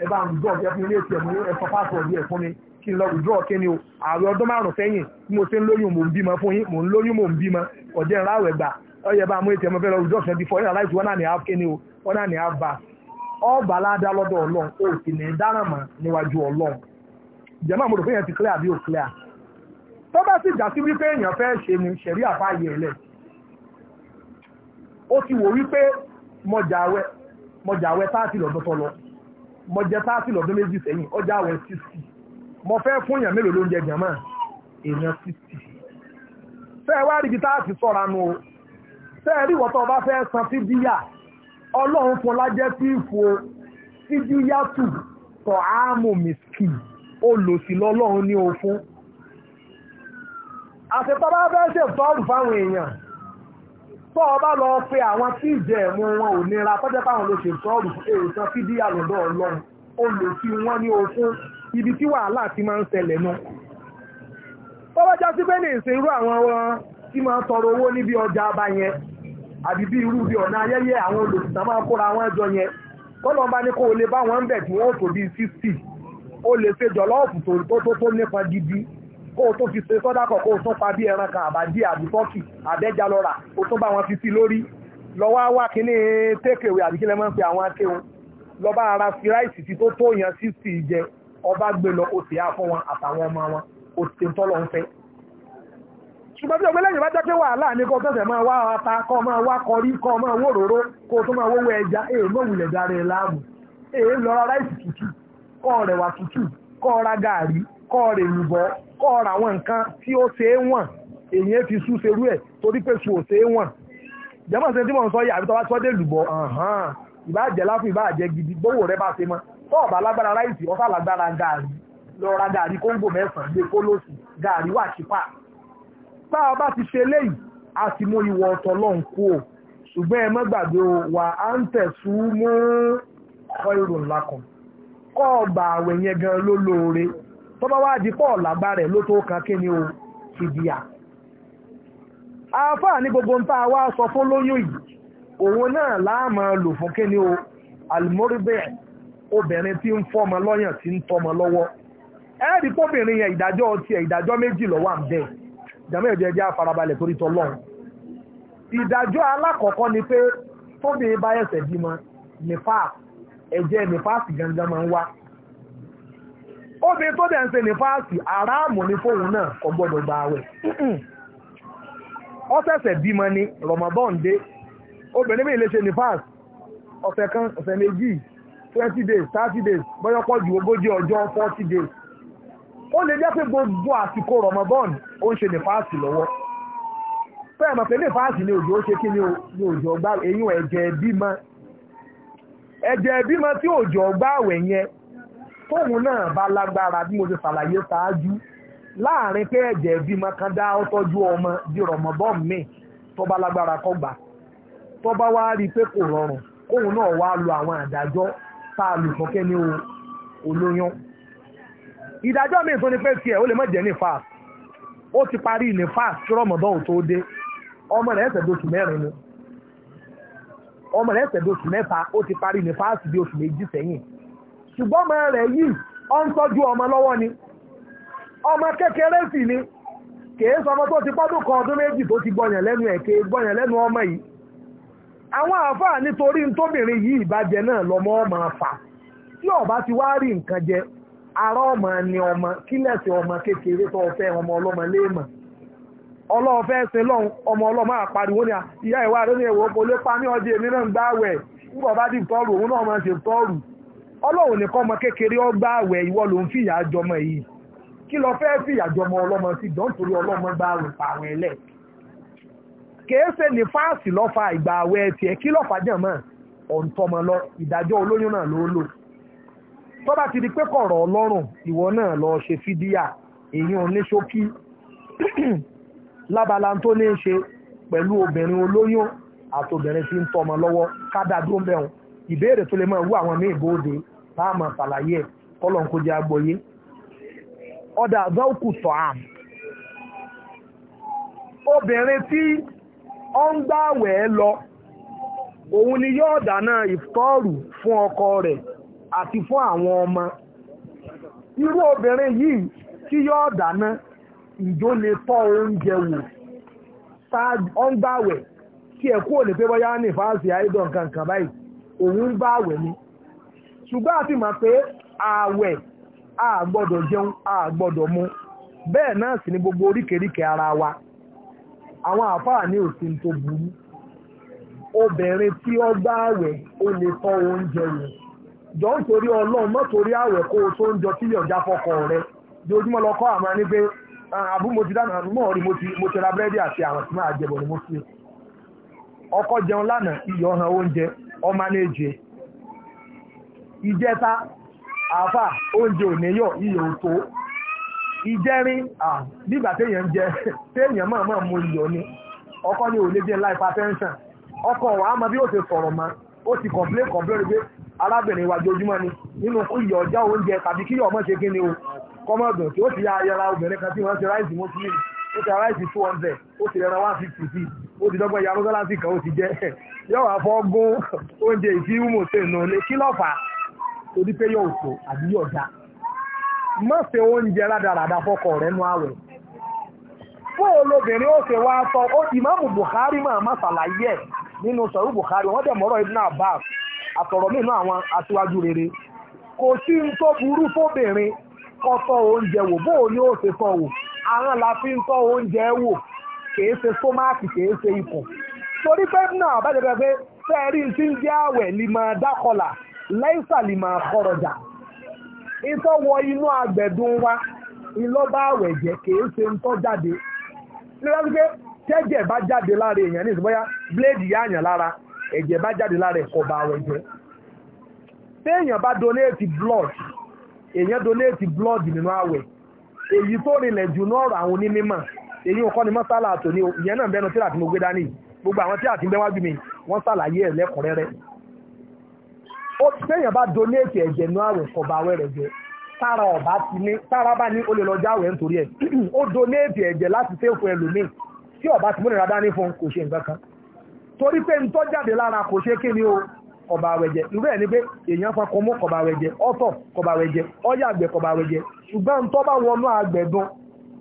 ẹ bá ń dọ̀ ẹ fún ilé ìtì ẹ̀mú ẹ sọ pásọ̀dì ẹ̀ fún mi kí n lọ wùdúrọ̀ kí ni o ààrẹ ọdún márùn sẹ́yìn bí mo ṣe ń lóyún mò ń bímọ fún yín mò ń lóyún mò ń bímọ ọ̀jẹ̀ ńlá rẹ̀ gbà ọyẹ bá mú ètò ẹ̀mọ́ fẹ́ lọ wùdúrọ̀ sẹ́yìn bífọ́ yín aláìsí wọn náà ní á kí ni o wọn náà ní á bá ọba clear àbí clear tó bá sì jà sí wípé èèyàn fẹ́ ṣe ni ṣẹ̀rí àfáàyè ẹ̀lẹ̀ ó ti mọ́jàwẹ́ mọ́jàwẹ́ táàtì lọ́dún tó lọ mọ́jẹ táàtì lọ́dún méjì sẹ́yìn ọjà àwẹ̀ sixty mo fẹ́ fún èèyàn mélòó lóúnjẹ jẹ̀mọ́ èèyàn sixty ṣé ẹ wá rí ibi táàtì sọ̀ra nu o ṣé ẹ rí ìwọ́tọ̀ bá fẹ́ san fídíyà ọlọ́run fún lájẹ́ tí ìfò fídíyà tù tọ̀ áàmù mìsíkì olòsì lọ́lọ́run ní o fún àṣetọ́ bá fẹ́ ṣètọ́rù fáwọn èèyàn tó o bá lọ pe àwọn tí ìjẹ ẹ̀mú wọn ò nira tọ́jẹ́ táwọn ló ṣe sọ́ọ̀rù èèṣàn fídíà lọ́dọ̀ ọlọ́run ó lò sí wọn ní okun ibi tí wàhálà ti máa ń ṣẹlẹ̀ nu. tó bá já sí pé ní ìsìn irú àwọn wọn tí máa ń tọrọ owó níbi ọjà ọba yẹn àbí bí irú bí ọ̀nà ayẹyẹ àwọn olùsìtà máa kóra wọn jọ yẹn kọ́lọ́n bá ní kó o lè bá wọn bẹ̀ tí wọ́n tó bíi sixty o lè ṣe jọ̀lọ́ọ̀fù tó tó tó nípa gidi kó o tún fi ṣe sọ́dá kọ̀ọ̀kọ́ o tún pa bí ẹran kan àbájí àbífọ́kì àbẹ́jà lọ́ra o tún bá wọn fi sí lórí lọ́wọ́ wá kíní tékèwé àbí kílẹ̀ máa ń pe àwọn akéwọn lọ́ba ara fi ráìsì tí tó tó yàn sísì jẹ ọba gbé lọ o sì á fún wọn àtàwọn ọmọ wọn o sì ń tọ́lọ̀ ń fẹ́. ṣùgbọ́n tí o gbẹ́lẹ́yìn bá jẹ́ wàhálà ní kó tẹ̀sẹ̀ máa wá ata kọ́ máa wá kọrí kọ́ máa wó òróró kó o tún máa wówó ẹja èè mọ̀ wulẹ̀ dáre láàmú èè lọ́ra ráìsì tútù kọ́ rẹwà tútù kọ́ ra gàárì kọ́ ọ̀rẹ́ ìlúbọ̀ kọ́ ọ̀rọ̀ àwọn nǹkan tí ó ṣe é wọ̀n èyí fi sú serú ẹ̀ torí pé su ò ṣe é wọ̀n jẹ́mọ̀ sí tí mò ń sọ yìí àbí tọ́wá sọ́dẹ̀ lùbọ̀ ìbáàjẹ́ láfún ìbáàjẹ́ gidi gbówó rẹ bá ṣe mọ́ tọ́ọ̀bà lágbára ráìsì ọ̀sà lágbára gààrí lọ ra gààrí kóńgò mẹ́sàn-án gbé kólóòsì gààrí wà sípà bá a bá ti ṣe léyìí a ti mú ìwọ ọ̀tọ̀ lọ́n kú o ṣùgbọ́n ẹ má gbàgbé o wà á ń tẹ̀sù mú kọ́ ìrò ńlá kan kọ́ ọ̀bà àwẹ̀ yẹn gan lólóore tọ́bá wá di pọ̀ làgbà rẹ̀ ló tó kan kí ni o fìdíà àáfà ní gbogbo ń tá a wá sọ fún lóyún yìí òun náà láàmà lò fún kí ni o almoribẹ̀ obìnrin tí ń fọmọ lọ́yàn tí ń tọmọ lọ́wọ́ ẹ́ẹ̀dì pọ́bìnrin yẹn ìdájọ́ ti ẹ̀ ìdájọ́ méjì lọ́wọ́ à ń bẹ̀ ìjàmẹ́ ìjọ ẹjẹ́ àfarabalẹ̀ torí tọlọ́run ìdájọ́ alákọ̀ọ́kọ́ ni pé tóbi bá ẹsẹ̀ bímọ nípa ẹ̀jẹ̀ nípa sì gangan máa ń wá obìnrin tó dẹ̀ ń ṣe ní fáàsì aráàmù ní fóun náà kò gbọ́dọ̀ gba àwẹ̀ ó ṣẹ̀ṣẹ̀ bímọ ni Ramadan dé obìnrin mi lè ṣe ní fáàsì ọ̀sẹ̀ kan ọ̀sẹ̀ méjì twenty days thirty days bọ́yọ́ pọ̀ ju ogójì ọjọ́ forty days ó lè jẹ́ pé gbogbo àsìkò Ramadan ó ń ṣe ní fáàsì lọ́wọ́ fẹ́ẹ̀ mọ̀ pé ní fáàsì ni òjò ó ṣe kí ni òjò gbá eyín ẹ̀jẹ̀ bímọ ẹ̀jẹ̀ bímọ tí òjò gbá àwẹ̀ yẹn tóun náà bá lágbára bí mo ti ṣàlàyé ṣáájú láàrin pé ẹ̀jẹ̀ ìbímọ kan dá ó tọ́jú ọmọ di rọ̀mọ́bọ́n mi tó bá lágbára kó gbà tó bá wá rí i pé kò rọrùn kóun náà wá lo àwọn àdájọ́ tá a lò fún kẹ́ni olóyún ìdájọ́ mi tó ni pé tiẹ̀ ó lè má jẹ́ ní fast ó ti parí ní fast kí rọ̀mọ́bọ́n tó dé ọmọ rẹ̀ ẹ̀sẹ̀ dosù mẹ́rin ni ọmọ rẹ̀ ẹ̀sẹ̀ dosù mẹ́ta ó ti parí ní fast bí oṣù méjì sẹ́yìn ṣùgbọ́n ọmọ rẹ̀ yìí ọ ń tọ́jú ọmọ lọ́wọ́ ni ọmọ kékeré sì ni kèé sọmọ tó ti pọ́dún kan ọdún méjì tó ti gbọ̀yàn lẹ́nu ẹ̀ kèé gbọ̀yàn lẹ́nu ọmọ yìí àwọn àáfàá nítorí tóbìnrin yìí ìbàjẹ́ náà ọmọ fà tí ọba ti wá rí nǹkan jẹ ara ọmọ ni ọmọ kílẹ̀sì ọmọ kékeré tó ọmọ ọlọ́run nìkan ọmọ kékeré ọgbà àwẹ̀ ìwọ ló ń fìyà jọmọ yìí kí lọ fẹ́ fìyà jọmọ ọlọ́mọ sí dán torí ọlọ́mọ gba àwẹ̀ pààwẹ̀ lẹ̀ kèése ní fáàsì lọ́fà ìgbà àwẹ̀ tiẹ̀ kí lọ́fà jẹ̀ mọ́ ọ̀ǹtọ́mọ lọ ìdájọ́ olóyún náà ló lò tó bá ti di pé kọ̀rọ̀ ọlọ́run ìwọ náà lọ ṣe fídíà èyí ò ní ṣókí lábala tó ní ṣe pẹ̀lú obìnrin olóyún àtobìnrin tí ń tọmọ lọ́wọ́ kádàdúró bẹ́ẹ̀ ìbéèrè tó lè máa wú àwọn míì bóde táàmù àṣàlàyé ẹ̀ kọ́lọ̀ ń kó jẹ́ agbóyé obìnrin tí ó ń lọ òun ni yóò dáná fún ọkọ rẹ̀ àti fún àwọn ọmọ irú obìnrin yìí tí yóò dáná ìjó lè tọ́ oúnjẹ wò ń kí ẹ̀kú ò lè pé bọ́yá ní àìdọ̀ òun ń bá àwẹ̀ ni ṣùgbọ́n àti mà pé ààwẹ̀ a gbọ́dọ̀ jẹun a gbọ́dọ̀ mu bẹ́ẹ̀ náà ni gbogbo rike ara wa àwọn àfáà ní òsín tó burú obìnrin tí ó bá àwẹ̀ ó lè tọ́ oúnjẹ rẹ̀ jọ ń torí o tó ń jọ kílẹ̀ ọjà fọkọ rẹ jojúmọ́ àmọ́ pé ah, ti dáná mọ́ rí mo ti ra búrẹ́dì àti àwọn tí máa ni ọkọ jẹun lánàá iyọ̀ oúnjẹ ọmọ ijeta afa àfà oúnjẹ òníyọ̀ iyọ̀ tó a nígbà téèyàn jẹ téèyàn máa máa mu iyọ̀ ni ọkọ ni ò lè jẹ pa ọkọ wa ama bí ó ti sọ̀rọ̀ mọ́ ó ti kọ̀m̀plé kọ̀m̀plé rẹ̀ pé arábìnrin wa jojúmọ́ ni nínú iyọ̀ ọjọ́ oúnjẹ tàbí kí ọmọ ṣe kí ni o kọ́mọ̀dùn tí ó ti yára obìnrin kan tí wọ́n ti ráìsì mọ́tìlì ó ti ráìsì two ó ti ó ti dọ́gbọ́n ìyá mọ́sálásí kan ó ti jẹ́ yọ̀wá fọ́gún oúnjẹ ìtí wúmọ̀ sí ìnà olè kí lọ́fà torí pé yọ̀ òtò àbí yọ̀ da má ṣe oúnjẹ fọkọ rẹ nú àwẹ̀ fóònù obìnrin ó ṣe wá sọ ìmáàmù buhari máa má ṣàlàyé ẹ̀ nínú sọ̀rọ̀ buhari wọ́n dẹ̀ mọ́rọ̀ àwọn aṣíwájú rere kò sí ń tó burú fóbìnrin kọ́ tọ́ oúnjẹ wò ó ṣe la fi ń tọ́ oúnjẹ wò kìí ṣe stomach kìí ṣe ikùn torí pé náà bàjẹ́ pé sẹ́ẹ̀rí ti ń awẹ li ma dákọlà lẹ́sà li ma ìtọ́wọ inú àgbẹ̀dùn wa ìlọ́ba àwẹ̀ jẹ́ kìí ṣe ń tọ́ jáde nígbà pé tẹ́jẹ̀ bá jáde lára èèyàn ní ìsìnbọ́yá bléèdì lára bá jáde lára bá téèyàn bá donate blood èyí tó jù náà èyí ò kọ́ ni mọ́sálà àtò ni ìyẹn náà bẹnu tíra tí mo gbé dání gbogbo àwọn tíra tí ń bẹ wájú mi wọ́n ṣàlàyé ẹ̀ lẹ́kùnrẹ́rẹ́ ó téèyàn bá donate ẹ̀jẹ̀ nú àwẹ̀ kọba àwẹ̀ rẹ̀ jẹ tára ọ̀bá ti ní tára bá ní ó lè lọ jáwẹ̀ nítorí ẹ̀ ó donate ẹ̀jẹ̀ láti sèfù ẹlòmíì tí ọ̀bá ti múnira dání fún kò ṣe nǹkan kan torí pé ntọ́ jáde lára kò ṣe kí ni o kọba àwẹ̀ jẹ irú ẹ̀ ni pé èèyàn fakọ mú kọba àwẹ̀ jẹ ọ̀tọ̀ kọba àwẹ̀ jẹ ọ̀yà àgbẹ̀ kọba àwẹ̀ jẹ ṣùgbọ́n ntọ́ bá wọnú àgbẹ̀ gan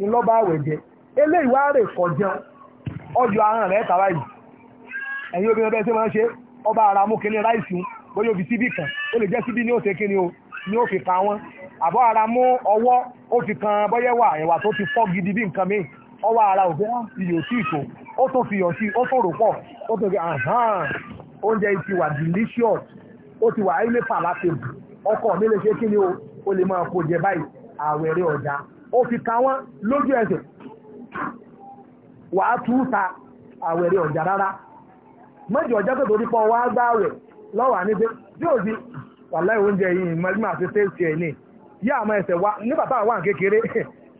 ńlọ́ba àwẹ̀ jẹ eléyìí wá rè kọjá ọjọ́ ahọ́n rẹ̀ tàwa yìí ẹ̀yin obìnrin bẹ́ẹ̀ ṣe máa ń ṣe ọba ara mú kíní ráìsì bóyá òbí síbì kan ó lè jẹ́ síbì ní òsè kíní o ní ó fi kan wọn àbọ̀ ara mú ọwọ́ ó fi kan bọ́yẹ́wà ẹ̀wà tó ti fọ́ gidi bí nǹkan mi ọwọ́ ara òbí iyò sí ìtò ó tó fi yọ̀ sí ó tó rò pọ̀ ó tó fi ahàn oúnjẹ yìí ti wà delicious ó ti wà ilé palatable ọkọ mi lè ṣe kíní o ó lè máa kó jẹ báyìí àwẹ̀rẹ̀ ọ̀dà ó fi kan wọn lójú ẹsẹ̀ wàá túta àwẹ̀rẹ̀ ọjà rárá mọ́jì ọjọ́ tó torí pọ̀ wá gbáwẹ̀ lọ́wọ́ ní bí ò sí oúnjẹ yìí mọ́límọ̀ àti ẹ̀ ní yí àmọ́ ẹsẹ̀ wá nígbà táwọn wà kékeré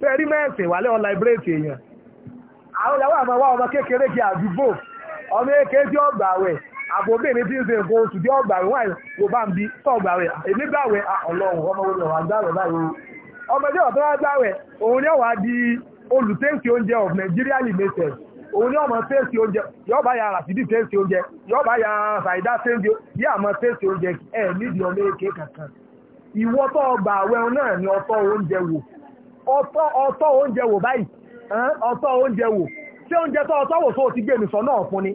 fẹ́ rí mẹ́ẹ̀sìn wà lẹ́wọ̀n láìbírèsì èèyàn àwọn ìyàwó àmọ́ wá ọmọ kékeré kí àdúgbò ọmọ èké tí ó gbàwẹ̀ àbò tí ń ṣe nǹkan oṣù tí ó gbàwẹ̀ wáyé kò bá ń bi tó gbàwẹ̀ èmi gbàwẹ̀ ah, olùtẹ́sì oúnjẹ of Nigeria limited òun ni ọmọ tẹ́sì oúnjẹ yóò bá ya rasidi tẹ́sì oúnjẹ yóò bá ya saida tẹ́sì yóò ounje tẹ́sì oúnjẹ ẹ̀ nídìí ọmọ èké kankan ìwọ tó ọgbà náà ni ọtọ oúnjẹ wò ọtọ́ oúnjẹ wò báyìí ọtọ́ oúnjẹ wò ṣé oúnjẹ tó wò ti gbé mi sọ náà fún ni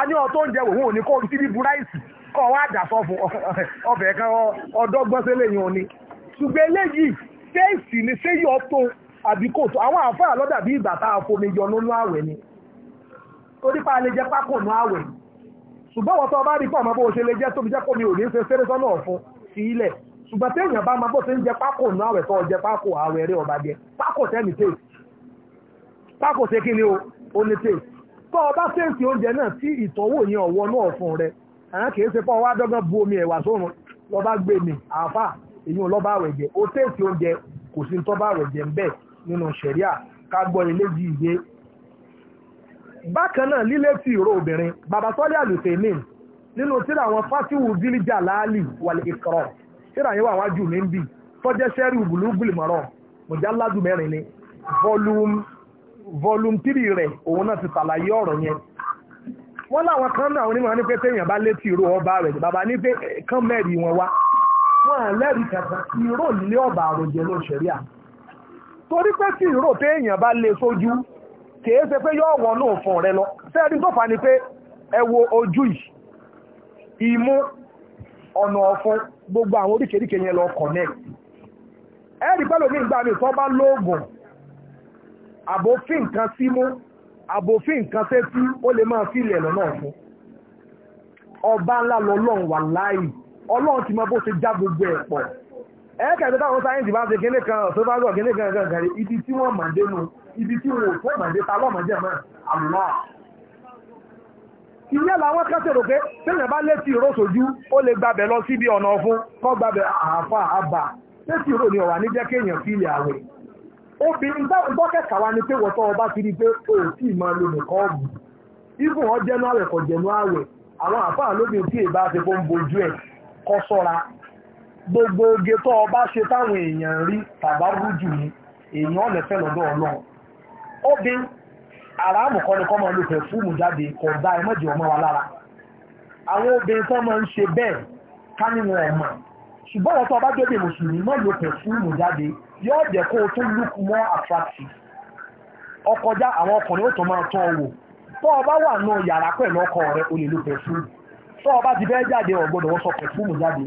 a ní oúnjẹ wò wọn ò àbí kò tó àwọn àfáà lọ́dà bí ìgbà tá a fomi yọ nínú àwẹ̀ ni torí pa lè jẹ pákó nínú àwẹ̀ ṣùgbọ́n wọ́n tó bá rí pọ̀ mọ́ bó ṣe lè jẹ́ tóbi jẹ́ kó mi ò ní ṣe ṣeré sọ́nà ọ̀fun sí ilẹ̀ ṣùgbọ́n tí èèyàn bá máa bó ṣe ń jẹ pákó nínú àwẹ̀ tó jẹ pákó àwẹ̀ rẹ̀ ọ̀bà jẹ pákó sẹ́ni tè pákó ṣe kí ni o ó ní tè tó o bá ṣèǹsì oúnjẹ náà tí ìtọ́wò yẹn ọ̀wọ́ náà ọ̀fun rẹ̀ àwọn kì í ṣe pọ́ wá dọ́gán bu omi ẹ̀wà sórun lọ́ba gbé mi àáfà èyí ò lọ́ba àwẹ̀ jẹ o ṣèǹsì oúnjẹ kò sí ní tọ́ba àwẹ̀ jẹ ń bẹ́ẹ̀ nínú ṣẹ̀ríà ká gbọ́ eléyìí yé bákan náà lílé tí ìró obìnrin bàbá sọ́lé àlùfẹ́mìn nínú tíra àwọn fásiwù dílíjà láàlì wàlẹ̀ ìkọ̀rọ̀ tíra yẹn wà wájú mi ń bì tọ́jẹ́ sẹ́rí ìbùlúgbìlì mọ́rọ̀ mọ̀jáládù mẹ́rin ni volume volume three rẹ̀ òun náà ti ṣàlàyé ọ̀rọ̀ yẹn wọ́n láwọn kan náà onímọ̀ ní pé téèyàn bá létí ìró ọba rẹ̀ bàbá ní pé kán mẹ́rin wọn wá wọn lẹ́rìí kàtà ìró ìlé ọba àròjẹ ló ṣẹ̀rí àná torí pé tí ìró téèyàn bá lè sójú kìí ṣe pé yóò wọnú òfin rẹ lọ sẹ́ẹ̀dì tó fà ní pé ẹ wo ojú yìí ìmú ọ̀nà ọ̀fun gbogbo àwọn oríkèéríkèé yẹn lọ connect ẹ̀rí pẹ́lú ní ìgbà mi tó bá lóògùn àbòfin nǹkan símú àbòfin nǹkan sétí ó lè máa fílẹ̀ lọ́nà ọ̀fun ọba ńlá lọ́lọ́run wà láàyè ọlọ́run ti mọ bó ṣe já gbogbo ẹ̀ pọ̀ ẹ̀ẹ́kẹ̀ẹ́dẹ́ táwọn sáyẹ́ǹsì bá ṣe kíní kan ọ̀sọ́fágọ̀ kíní kan ibi tí wọ́n màdé ibi tí wọ́n tó màdé ta lọ́mọdé mọ́ àlùmọ́ ìyẹ́ làwọn kẹ́sẹ̀rò pé bá létí ìró lè gbabẹ̀ lọ síbi ọ̀nà ọ̀fun kọ́ gbabẹ̀ àáfà àbà létí ìró ni ọ̀wà ní jẹ́ kéèyàn fi ilẹ̀ àwẹ̀ obìnrin gbogbo oge tó o bá ṣe táwọn èèyàn rí tàbárú jù ní èèyàn lẹ́fẹ́ lọ́dọ̀ ọlọ́run obìn àràmù kọ́ni kọ́ máa lo pẹ̀fúmù jáde kọ̀ọ̀dá ẹ mọ̀jẹ̀ ọmọ wa lára àwọn obìnrin tó máa ń ṣe bẹ́ẹ̀ ká nínú ọmọ ṣùgbọ́n wọn tó o bá gbé bèè mùsùlùmí máa lo pẹ̀fúmù jáde yóò jẹ́ kó o tún look more attractive ọkọjá àwọn ọkùnrin ó tó máa tán ọ wò tó o wà nù yàrá pẹ̀lú ọkọ rẹ o lè lo pẹ̀fúmù tó o ti fẹ́ jáde o wọ́n sọ pẹ̀fúmù jáde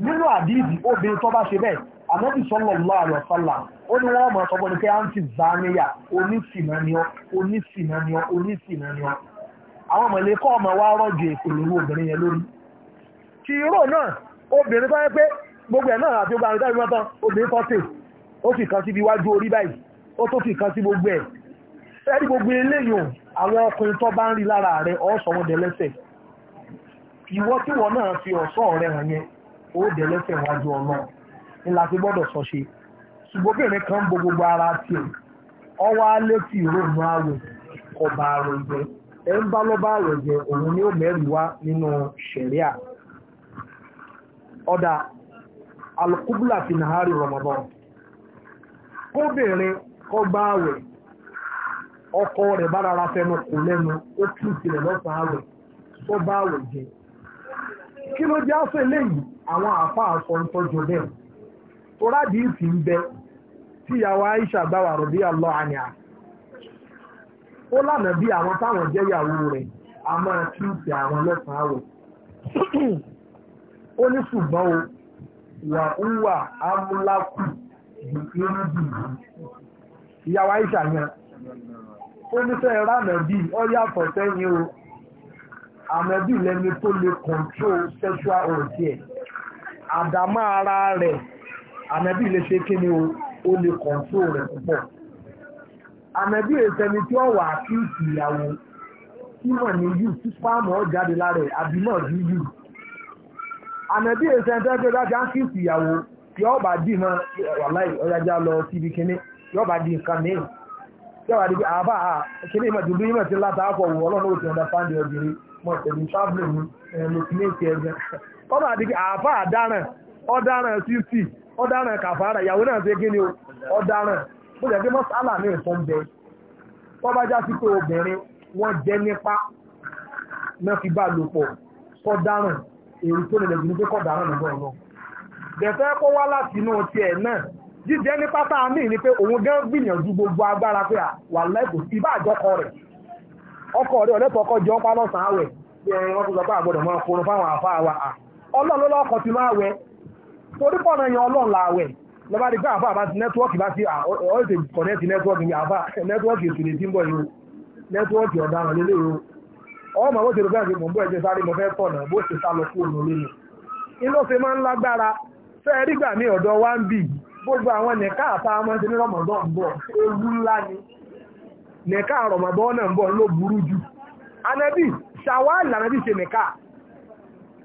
nínú àdíìdì obìnrin tó bá ṣe bẹ́ẹ̀ ànábì sallallahu alaihi wasallam ó ní wọ́n mọ̀ ọ́ sọ́gbọ́n ní pé àǹtí zaniya onísìnàníọ́ onísìnàníọ́ onísìnàníọ́ àwọn mọ̀lẹ́kọ́ ọmọ wa rọ̀jò èkó lórí obìnrin yẹn lórí kì í rò náà obìnrin tó yẹ pé gbogbo ẹ̀ náà àti gbàgbé tẹ́lẹ̀ mọ́tán obìnrin tó tè ó fi kan síbi iwájú orí báyìí ó tó fi kan sí gbogbo ẹ̀ o dẹ̀ lẹ́sẹ̀ wájú ọlọ́run ti gbọ́dọ̀ sọ ṣe ṣùgbọ́n kan bo gbogbo ara tiẹ̀ ọ alẹ́ tí ìrònú àwẹ̀ ọba àrùn jẹ ń bá lọ́ba òun ni ó mẹ́rin wá nínú ṣẹ̀ríà ọ̀dà alukubula fi nàárì kóbìnrin ọkọ rẹ̀ bá rárá fẹnu kò lẹ́nu ó tún tilẹ̀ lọ́sàn-án àwẹ̀ kí àwọn àáfàá sọ ń tọ́jú bẹ́ẹ̀ ìsì tí ìyàwó Aisha gbáwà rọ̀bí àlọ́ ó lànà bí àwọn táwọn jẹ́ ìyàwó rẹ̀ a máa tún o wà ń wà amúlákù ju irú bì í ìyàwó Aisha yẹn ó ní sẹ́yìn ránà bí o àmọ́ bí lẹ́ni tó lè control sexual àdámọ́ ara rẹ̀ ànábì lè ṣe kí ni o ó lè kọ̀ǹtò rẹ̀ púpọ̀ ànábì èsẹni tí ó wà kí ìyàwó tí wọ́n ní yù tí spam ọ̀ jáde lára ẹ̀ àbí náà bí yù ànábì èsẹni tí wọ́n ti rájà ń kí ìyàwó tí ó bá dì mọ́ wàláì ọ̀yájá lọ síbi kíní tí ó bá dì nǹkan mìíràn tí ó bá dì àbá ah, ah, kíní ìmọ̀ dùdú ìmọ̀ ti látàá pọ̀ wọ́n ọlọ́run ó ti ọ̀dà fáńdì ọ̀gbìn mọ̀ tẹ̀lé traveling ẹ̀rọ tọ́nà àdìgbì àbá àdáràn ọdara sísì ọdara kàfàrà ìyàwó náà ṣe kí ni o ọ̀dáràn jẹ́ pé ala ní nǹkan jẹ wọ́n bá já sí obìnrin wọ́n jẹ́ nípa náà fi tó lè lẹ́gbẹ̀ẹ́ dẹ̀fẹ́ kó wá láti inú tiẹ̀ náà ní ni pé òun gbìyànjú gbogbo ọkọ rẹ̀ jọ pa lọ́sàn-án bí ẹni wọ́n sọ pé ọlọ́run lọ́kọ̀ máa wẹ náà yan ọlọ́run lọ́ba di pé àbá àbá ti nẹ́tíwọ́ọ̀kì bá ti kọ̀nẹ́tì nẹ́tíwọ́ọ̀kì àbá nẹ́tíwọ́ọ̀kì ètò ìdí ń bọ̀ yìí nẹ́tíwọ́ọ̀kì ọ̀daràn lélẹ̀ yìí ọmọ bó ti rò bẹ́ẹ̀ mọ̀ ẹ̀jẹ̀ sáré mo fẹ́ bó ṣe sá lọ kúrò inú ṣe máa ń lágbára fẹ́ rí gbà mí wá ń bì gbogbo àwọn nẹ̀ka àta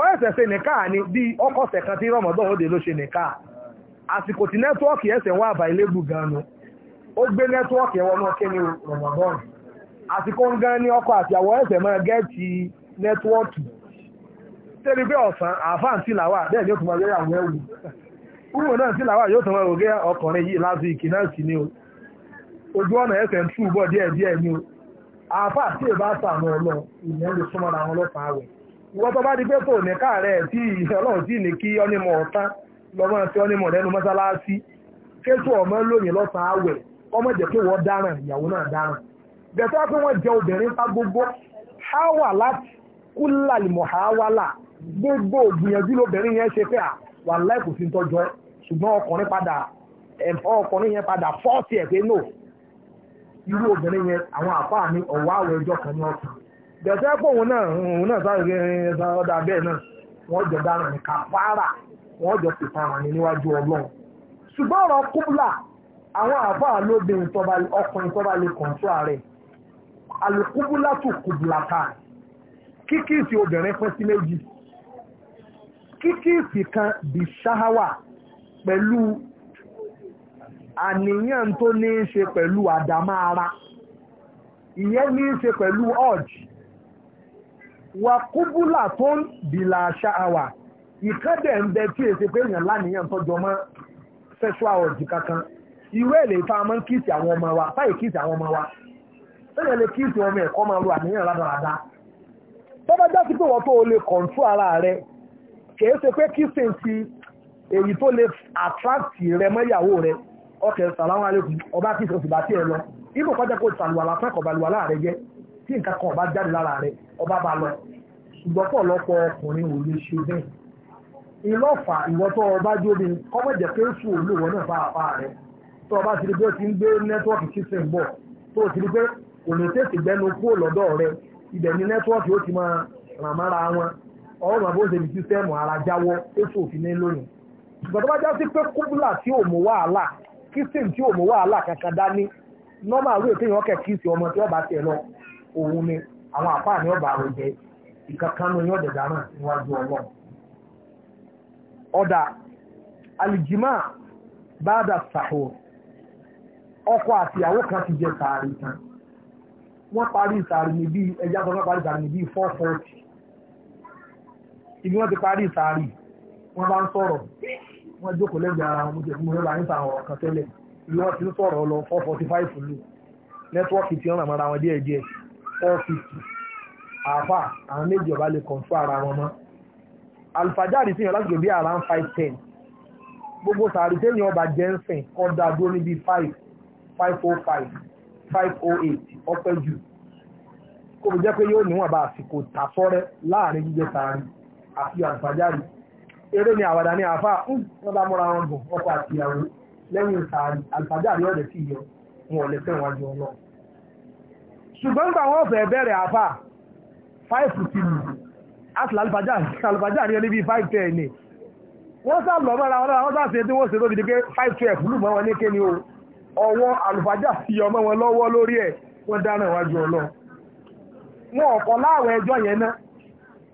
ọ ẹ̀sẹ̀ ṣe ni bí kan tí rọmọdọ́ òde ló ṣe nìkáà àsìkò tí nẹ́tíwọ́ọ̀kì ẹ̀sẹ̀ wà bá ilé gbùgán nu ó gbé nẹ́tíwọ́ọ̀kì ẹ̀wọ̀n náà kí ni rọmọdọ́ọ̀nù àsìkò ń gan ní ọkọ̀ àtìyàwó ẹ̀sẹ̀ máa gẹ́ẹ̀tì nẹ́tíwọ́ọ̀kì tẹ́lẹ̀ bí ọ̀sán sí làwà bẹ́ẹ̀ ni ó tún máa àwọn ẹ̀wù náà sí làwà yóò o wọ́n tó bá di pé kò ní káàrẹ̀ tí ọlọ́run tí ní kí ọ́nìmọ̀ ọ̀tán lọ́mọ tí ọ́nìmọ̀ lẹ́nu mọ́sálásí kéṣù ọmọ lóyìn lọ́sàn-án àwẹ̀ ọmọ jẹ́ pé wọ́n dáràn ìyàwó náà dáràn bẹ̀tọ́ pé wọ́n jẹ obìnrin pa gbogbo háwà láti kúlàlìmọ̀ háwàlà gbogbo ògbìyànjú lóbìnrin yẹn ṣe pé à wà sí ṣùgbọ́n ọkùnrin padà ọkùnrin yẹn padà ẹ̀ bẹ̀tẹ́ pọ̀ òun náà òun náà sáré rẹ̀ ọ̀dà bẹ́ẹ̀ náà wọ́n jọ dára ní kàfàrà wọ́n jọ pèsè ní níwájú ọlọ́run ṣùgbọ́n ọ̀rọ̀ kúbúlà àwọn àfáà ọkùnrin tọ́ba kan bí ṣáháwà pẹ̀lú àníyàn tó ní í ṣe pẹ̀lú àdámára ìyẹn ní í wà kúbúlà tó ń bìlà àṣà àwà ìkẹ́dẹ̀ ń bẹ tí èsì pé èèyàn láníyàn tọ́jọ mọ́ sexual orgy kankan ìwé èlé tá a máa ń kíìsì àwọn ọmọ wa táyì kíìsì àwọn ọmọ wa sẹ́yìn lè kíìsì ọmọ ẹ̀kọ́ máa lo àníyàn rádaràda tó bá jásí pé wọ́n tó o lè kọ̀ǹtú ara rẹ kìí ṣe pé kíìsì ti èyí tó lè attract rẹ mọ́yàwó rẹ ọkẹ́ sàlámù alẹ́kùn ọba kíìsì oṣù bá tiẹ̀ lọ ibùkọ́jà kò sàlùwàlà fún ẹ̀kọ́ bàlùwàlà rẹ jẹ́ tí nǹkan kan ọba jáde lára rẹ ọba bá lọ ṣùgbọ́n pọ̀lọpọ̀ ọkùnrin ò lè ṣe bẹ́ẹ̀ ìlọ́fà ìwọ́tọ́ ọba jóbi kọ́mọ̀jẹ̀ pé oṣù olówó náà bá apá rẹ tó ọba ti di pé ó ti ń gbé nẹ́tíwọ́ọ̀kì bọ̀ tó o ti pé ni nẹ́tíwọ́ọ̀kì ó ti máa ràn mára wọn àbó ṣe ní ara jáwọ́ òfin ní bá pé kúbúlà tí ò mú wàhálà ọmọ tí ọba tiẹ̀ lọ òun ni àwọn àpá ní ọba àrùn jẹ ìkankanú yóò dẹ̀dà náà níwájú ọlọ́run ọ̀dà alìjìmá báadà sàhùr ọkọ àti ìyàwó kan ti jẹ sàárì tán wọ́n parí sàárì ní bíi ẹja tó wọ́n parí sàárì ní bíi four forty ibi wọ́n ti parí sàárì wọ́n bá ń sọ̀rọ̀ wọ́n jókòó lẹ́gbẹ̀ẹ́ ara wọn jẹ́ fún níta ti ń sọ̀rọ̀ lọ four fifty àfà àwọn méjì ọba lè kàn fún ara wọn mọ́ alifajari fi hàn láti gbèbí around five ten gbogbo sàárì téèyàn ọba jensen kọ́dà dúró níbi five five oh five five oh eight ọpẹ́ jù kó o jẹ́ pé yóò níwọ̀n bá àsìkò tàṣọ́rẹ́ láàrin jíjẹ sàárì àti alifajari eré ni àwàdà ni àfà ń wọ́n bá múra wọn gùn ọkọ̀ àti ìyàwó lẹ́yìn sàárì alifajari ọ̀dẹ̀ sì yọ wọn ò lè fẹ́ wọn jọ náà ṣùgbọ́n gbà wọ́n fẹ́ bẹ̀rẹ̀ àfà 5 ti lù àti àlùbájá ní ẹni bí 510 ni wọ́n sá lọ mọ́ra wọn lára wọ́n sá sí ẹdínwó sí lóbi ní pé 512 lù mọ́ wọn ní kéni o ọwọ́ àlùbájá sí ọmọ wọn lọ́wọ́ lórí ẹ̀ wọ́n dáná iwájú ọlọ́ wọn ọ̀pọ̀ láwọn ẹjọ́ yẹn ná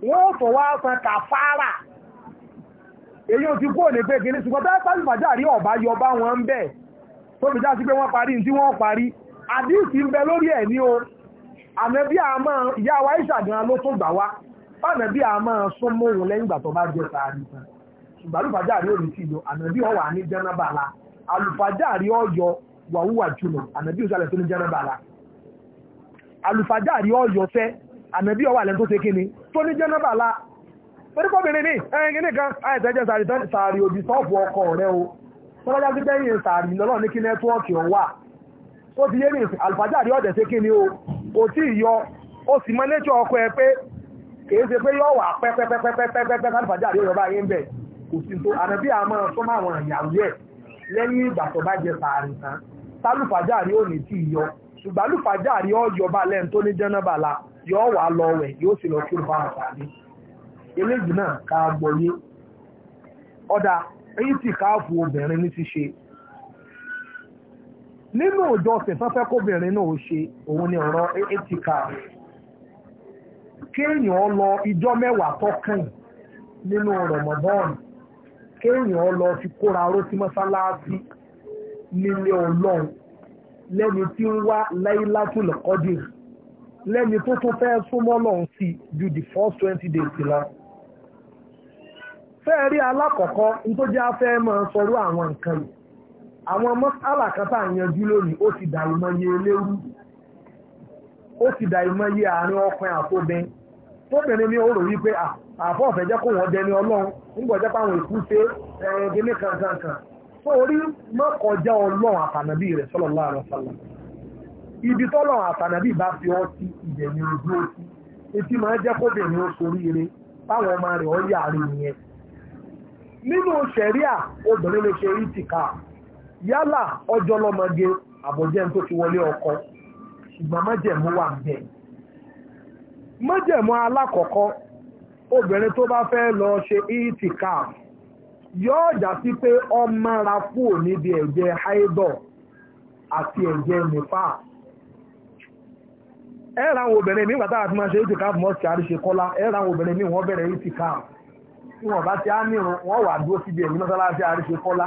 wọ́n tó wá san kàfárà èyí ò ti kúrò ní pé kìíní ṣùgbọ́n bẹ́ẹ̀ pàlùbájá rí ọ̀bá yọ bá wọn ń bẹ̀ tó fi já sí pé wọ́n parí ní tí wọ́n parí àdíìsì ń bẹ lórí ẹ̀ ní o ànàbí àmọ́ ìyá wa ìṣàdìran ló tó gbà wá fànàbí àmọ́ súnmọ́ òun lẹ́yìn ìgbà tó bá jẹ sàárì tán ṣùgbọ́n àlùfájàrí òní ti lọ ànàbí ọ̀wà ní jẹ́nàbàlà àlùfájàrí ọ̀yọ́ wàhúwà jùlọ ànàbí òṣàlẹ̀ tó ní jẹ́nàbàlà àlùfájàrí ọ̀yọ́ fẹ́ ànàbí ọ̀wà lẹ́nu tó ṣe kíni tó ní jẹ́nàbàlà oníkọ́bìnrin ní ẹ̀yìn kíní kan àìsẹ̀jẹ̀ sàárì òdì sọ́ọ̀fù ọkọ rẹ o tọ́lọ́jà sí bẹ́yìn sàárì ó ti yé ní àlùfájàrí ọ̀dẹ̀ ṣe kí ni o kò tí ì yọ ó sì mọ nature ọkọ ẹ pé kìí ṣe pé yọ wà pẹ́pẹ́pẹ́pẹ́pẹ́pẹ́ àlùfájàrí ọ̀yọ́ bá yé ń bẹ̀ kò sí tó àrẹ́bí àmọ́ tó máa wọn ìyàwó ẹ̀ lẹ́yìn ìgbà tó bá jẹ sàárì tán tálùfájàrí ò ní tí ì yọ ṣùgbọ́n àlùfájàrí ọ̀yọ́ bá tó ní jẹ́nàbàlà yọ wà lọ wẹ̀ yóò sì lọ kúrò fáwọn sàárì eléyìí náà ká gbọ́yé ọ̀dà èyí tí káàfù obìnrin ní ti ṣe nínú òjò ọ̀sẹ̀ tán kóbìnrin náà ṣe òun ni ọ̀rọ̀ etika kéèyàn lọ ìjọ mẹ́wàá tọ́kàn nínú rọ̀mọ̀bọ́ọ̀nù kéèyàn lọ fi kóra ró mọ́sálásí nílé ọlọ́run lẹ́ni tí ń wá láyélátùlẹ̀ kọ́dìrì lẹ́ni tó tún fẹ́ súnmọ́ sí ju the first twenty days lọ. àwọn mọ́sálà kan tá à yanjú lónìí ó ti dà ìmọye eléwú ó ti dà ìmọye àárín ọkùnrin àtobìn tóbìnrin mi ò wípé àfọ́ ọ̀fẹ́ wọ́n dẹni ọlọ́run nígbà jẹ́ pé àwọn èkú ọlọ́run àtànàbí rẹ̀ ibi àtànàbí bá fi ọ́ sí ojú ó sí etí máa jẹ́ kóbìnrin ó sorí ire báwọn ọmọ rẹ̀ ọ́ yà rí nìyẹn nínú obìnrin lè yálà ọjọ́ lọ́mọge àbọ̀jẹ́ tó ti wọlé ọkọ ṣùgbọ́n májẹ̀mú wà bẹ̀. májẹ̀mú alákọ̀ọ́kọ́ obìnrin tó bá fẹ́ lọ ṣe itikaf yóò já sí pé ọmọra kúrò níbi ẹ̀jẹ̀ haidọ̀ àti ẹ̀jẹ̀ nípa ẹ̀rà àwọn obìnrin mi pàtàkì àti máa ṣe itikaf mọ́sí àríṣe kọ́lá ẹ̀rà àwọn obìnrin mi wọ́n bẹ̀rẹ̀ itikaf tí wọ́n bá ti á nírun wọ́n wà dúró síbi ẹ̀yìn mọ́sálásí àríṣe kọ́lá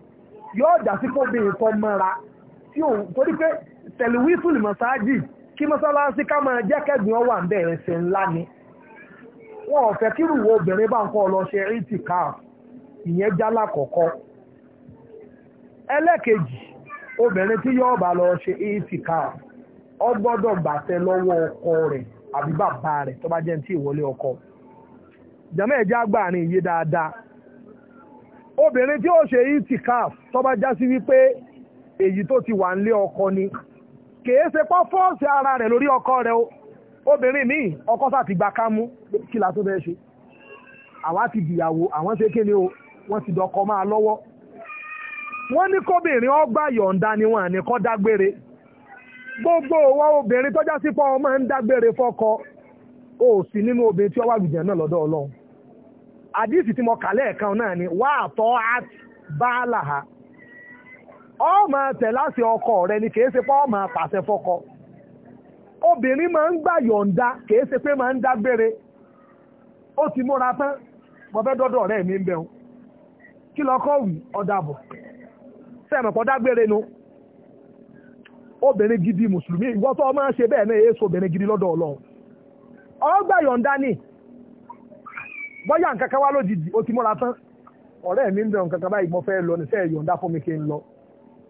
yóò jà sí kó bèèrè mọ́ra tí ò torí pé mọ̀sáájì kí mọ́sálásí ká máa jẹ́ kẹ́gbìn ọwà ń bẹ̀rẹ̀ wọn fẹ́ kírù wo obìnrin bá ń kọ́ lọ ṣe eighty calf ìyẹn jálá kọ̀ọ̀kọ́ ẹlẹ́kejì obìnrin tí yóò bá lọ ṣe eighty ọ gbọ́dọ̀ lọ́wọ́ ọkọ rẹ̀ àbí bàbá rẹ̀ tó bá jẹ́ ọkọ iye dáadáa obìnrin tí ó ṣe itikaf tó bá já sí wípé èyí tó ti wà nílé ọkọ ni kìí ṣe pọ́ fọ́ọ̀sì ara rẹ̀ lórí ọkọ rẹ o obìnrin míì ọkọ sàti gba kámú kí la tó fẹ́ ṣe àwa ti dìyàwó àwọn ṣe kéde o wọ́n ti dọkọ máa lọ́wọ́ wọ́n ní kóbìnrin ọgbà yọ̀ǹda ni wọ́n àní kọ́ dágbére gbogbo wa obìnrin tọ́já sí pọ́ ọmọ ń dágbére fọ́kọ o sì nínú obìnrin tí ó wà gbìyànjú náà lọ́dọ̀ ọlọ́run àdíìsì tí mo kà lẹ́ẹ̀kan náà ni wà á tọ́ at báàlà ha ọmọ tẹ̀láṣẹ ọkọ rẹ ni ka ṣe pé ọmọ pàṣẹ fọkọ obìnrin máa ń gbà yọ̀ǹda kìí ṣe pé máa ń dágbére ó ti múra tán mo fẹ́ dọ́dọ̀ ọ̀rẹ́ mi ń bẹ̀rù kí lọ́kọ́ wì ọ̀dàbọ̀ sẹ́ẹ̀mọ̀pọ̀ dágbére nu obìnrin gidi mùsùlùmí ìwọ́tọ́ máa ń ṣe bẹ́ẹ̀ náà èso obìnrin gidi lọ́dọ̀ ọlọ́run ọgbà yọ̀ǹda ni bọ́yà nǹkan kan wá lójijì ó ti múra tán ọ̀rẹ́ mi ń bẹ̀rù nǹkan báyìí mo fẹ́ lọ ní sẹ́ẹ̀ yọ̀ǹda fún mi kí n lọ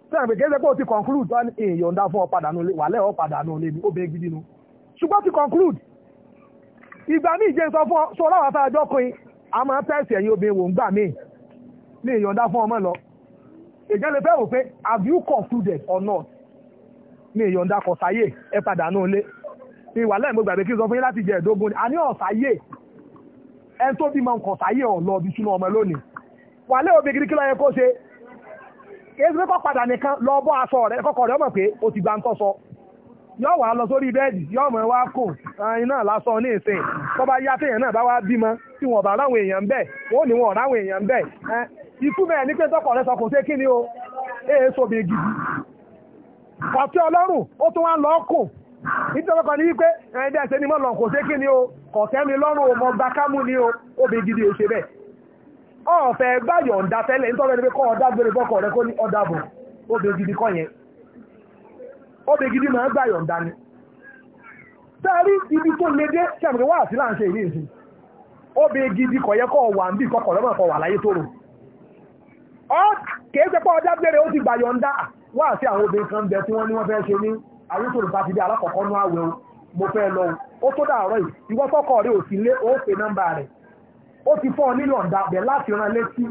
sẹ́yìn pé kéde pé o ti conclude wọ́n ní ìyọ̀ǹda fún ọ padà nù lé wàlẹ́ ọ padà nù lé ní obìnrin gidi nu ṣùgbọ́n ti conclude ìgbà míì jẹ́ sọ fún ọ sọ láwọn afẹ́ àjọ kan a máa tẹ̀sí ẹ̀yin obìnrin wò ń gbà míì ní ìyọ̀ǹda fún ọmọ lọ ìjẹ́ lè fẹ́ wò pé have you concluded or not ní ìyọ̀ǹda kọ̀sáyé ẹ padà nù lé ìwàlẹ́ ìmọ̀gbàgbé kí n sọ fún yín láti jẹ́ ìdógún ni a ní ọ̀sáyé ẹni tó bímọ nǹkan sáyé ọ̀lọ́ ibi sínú ọmọ lónìí wà lé òbí gidi kí ló yẹ kó ṣe èyí tó kọ́ padà nìkan lọ bọ́ aṣọ rẹ̀ kọ́kọ́ rẹ̀ ọmọ pé ó ti gba nǹkan sọ yóò wà lọ sórí bẹ́ẹ̀dì yóò mọ̀ wá kò iná lásán ní ìsìn tó bá yá téèyàn náà bá wá bímọ tí wọn bá ráwọn èèyàn bẹ́ẹ̀ wọn ò ní wọn ò ráwọn èèyàn bẹ́ẹ̀ ikú mẹ́ẹ̀ ní pé tọkọ̀ rẹ̀ sọ kò sé kí ni o èèso bèè gidi kọ̀tí ọlọ́run ó tún wá lọ́ọ́ kùn nítorí kan ní wípé ẹ̀ẹ́dẹ́ ẹ̀ṣẹ́ ni mọ́lọ̀ kò sé kí ni o kọ̀kẹ́ mi lọ́rùn o mọ gba ni o obì gidi èṣe bẹ́ẹ̀ ọ̀fẹ́ gbáyọ̀ ọ̀dà tẹ́lẹ̀ nítorí ẹni pé kọ́ ọ̀dà gbére bọ́kọ̀ rẹ kó ní ọ̀dà bò obì gidi kọ́ yẹn obì gidi máa ń gbáyọ̀ ọ̀dà ni sáré ibi tó le dé sẹ́mi wá sí láǹṣẹ́ ìlú ìsìn obì gidi kọ̀ yẹ kọ́ wà ń bí kọ́kọ̀ lọ́mọ̀ àwùjọ ìbátidé alákọ̀ọ́kọ́ nú àwẹ̀ o mo fẹ́ lọ ó tó dàárọ̀ yìí ìwọ tọkọ rẹ ò sí lé ó pe nọ́mbà rẹ̀ ó ti fọ́ nílò ọ̀dà bẹ̀ láti ran létí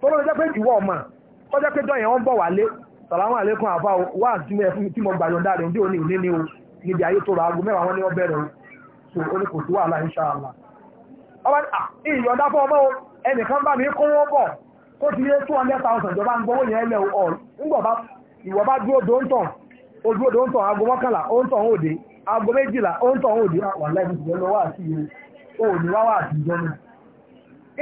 tó ló jẹ́ pé ìwọ ọ̀mà tó jẹ́ pé dọ́yẹ̀ wọ́n bọ̀ wálé sàlámù àlékún àbá wà tí mo gbàyọ̀ǹda rẹ̀ òní ìní o níbi ayé tó ra aago mẹ́wàá wọn ní wọ́n ojúbọ̀dọ̀ ń tọ̀ aago mọ́kànlá ó ń tọ̀ ń òde aago méjìlá ó ń tọ̀ ń òde wà láì fún wà sí o wá wà sí ìjọ náà.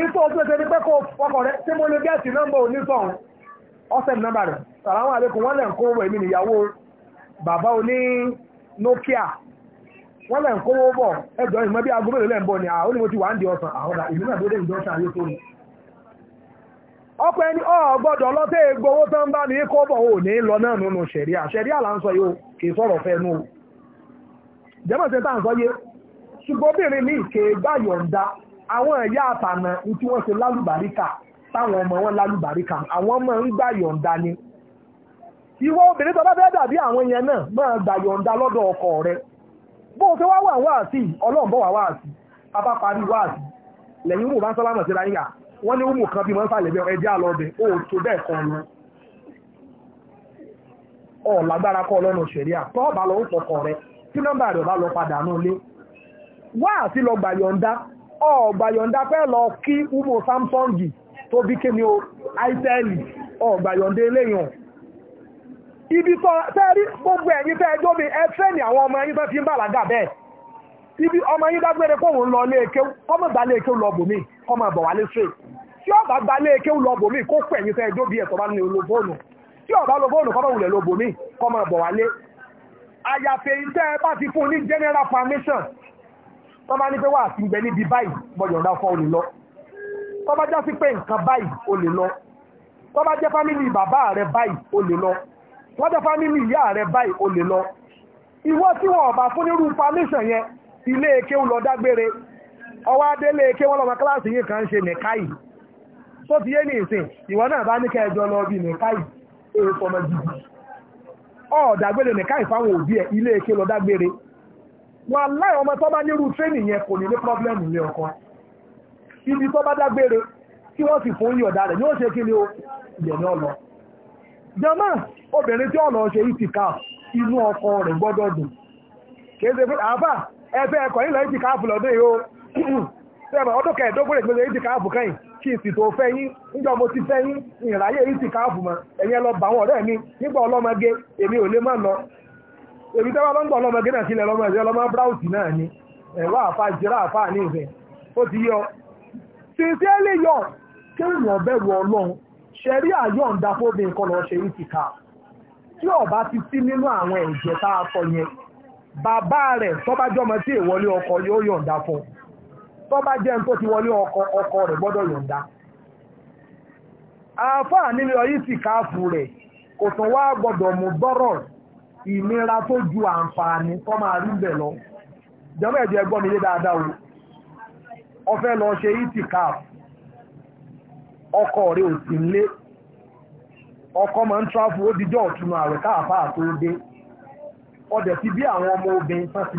ipò oṣù ṣe ni pé kó ọkọ̀ rẹ tí mo lè gẹ́ẹ̀sì nọ́mbà onítọ̀hún ọ̀sẹ̀ nọ́mbà rẹ̀ àlékún lè ń kówó bàbá oní Nokia ọpẹ́ ni, ọ gbọ́dọ̀ lọ́tẹ́ gbowó tó ń bá ní kó bọ̀ ò ní lọ náà nínú ṣẹ̀ríà à là ń sọ kì í sọ̀rọ̀ fẹ́ nù. o. tá à ń sọ yé ṣùgbọ́n ní ìkè gbàyọ̀ǹda àwọn ẹ̀yà àtànà ọmọ wọn lálùbáríkà àwọn ọmọ ń gbàyọ̀ǹda ni. ìwọ obìnrin tó bá fẹ́ dàbí àwọn yẹn náà máa gbàyọ̀ǹda ọkọ rẹ o wọ́n ní wúmù kan bí wọ́n sàlẹ̀ ẹjẹ́ àlọ́bẹ̀ ó tó bẹ́ẹ̀ kan lọ Ọ lágbára kọ́ lọ́nà ṣẹ̀ríà àtọ́ ọ̀bà lọ tí nọ́mbà rẹ̀ ọ̀bá lọ padà náà lé wá àti lọ gbàyọ̀ǹda lọ kí wúmù Samsung tó bí kí ni ibi gbogbo ẹ̀yin fẹ́ ẹjọ́ ẹ àwọn ọmọ kọ́ máa bọ̀ wálé straight tí ó bá gbalé kéwù lọ bòmí kó pẹ̀ ní fẹ́ẹ́ dóbi ẹ̀tọ́ bá ní lo fóònù tí ó bá lo fóònù kọ́ bá wulẹ̀ lo bòmí kọ́ máa bọ̀ wálé. àyàfẹ́ iṣẹ́ bá ti fún ní general foundation tó bá ní pé wà á ti gbẹ níbi báyìí gbọ́dọ̀ ọ̀dà fọ́ olè lọ tó bá já sí pé nǹkan báyìí olè lọ tó bá jẹ́ fámìlì bàbá rẹ báyìí olè lọ wọ́n jẹ́ fámìlì ìyá rẹ báyìí olè lọ ìwọ tí wọn ọba fún nírú foundation yẹn ilé eke ń ọwọ́ adélé ké wọ́n lọ́mọ kíláàsì ka n ṣe nìkáì so ti yé ní ìsìn ìwọ náà bá ní kẹjọ lọ bí nìkáì èrè sọmọ jìbì ọ dàgbére nìkáì fáwọn òbí ẹ ilé lọ dágbére wọn aláì ọmọ tó bá nírú yẹn kò ní ní ibi tó bá dágbére tí wọ́n sì fún yọ̀dá yóò ṣe kí ni ó yẹ̀ ní ọlọ obìnrin tí ṣe ọkọ gbọdọ dùn fún àáfà fún yìí sẹ́mọ̀ ọdún kẹẹ̀ẹ́dógún rẹ̀ gbẹ̀rẹ̀ ìtìkáàfù kẹ́yìn kí n sì tó fẹ́ yín nígbà mo ti fẹ́ yín ìrìnláyé ìtìkáàfù mọ́ ẹ̀yẹn lọ bá àwọn ọ̀rẹ́ mi nígbà ọlọ́mọge èmi ò lè má lọ èmi tẹ́wọ́ ọlọ́mọge náà sílẹ̀ ni ẹ̀wọ́ àfa jìrá àfa ní ìfẹ́ ó yọ. sincerely ọlọ́run ṣẹ̀rí àyọ̀ǹda tó bá ti wọlé ọkọ ọkọ rẹ̀ gbọ́dọ̀ yọ̀ǹda àáfàá nílé ọyí sì káàfù rẹ̀ kò tún wá gbọ́dọ̀ mú bọ́rọ̀ tó ju àǹfààní tó máa rí bẹ̀ lọ jọmọ ẹ̀jẹ̀ ẹgbọ́n mi lé dáadáa o ọfẹ́ lọ ṣe ìtì káàfù ọkọ rẹ̀ ò ọkọ máa ń tráfù ó dijọ́ ọ̀túnú àwẹ̀ tó dé ọdẹ̀ ti bí ọmọ obìnrin tán ti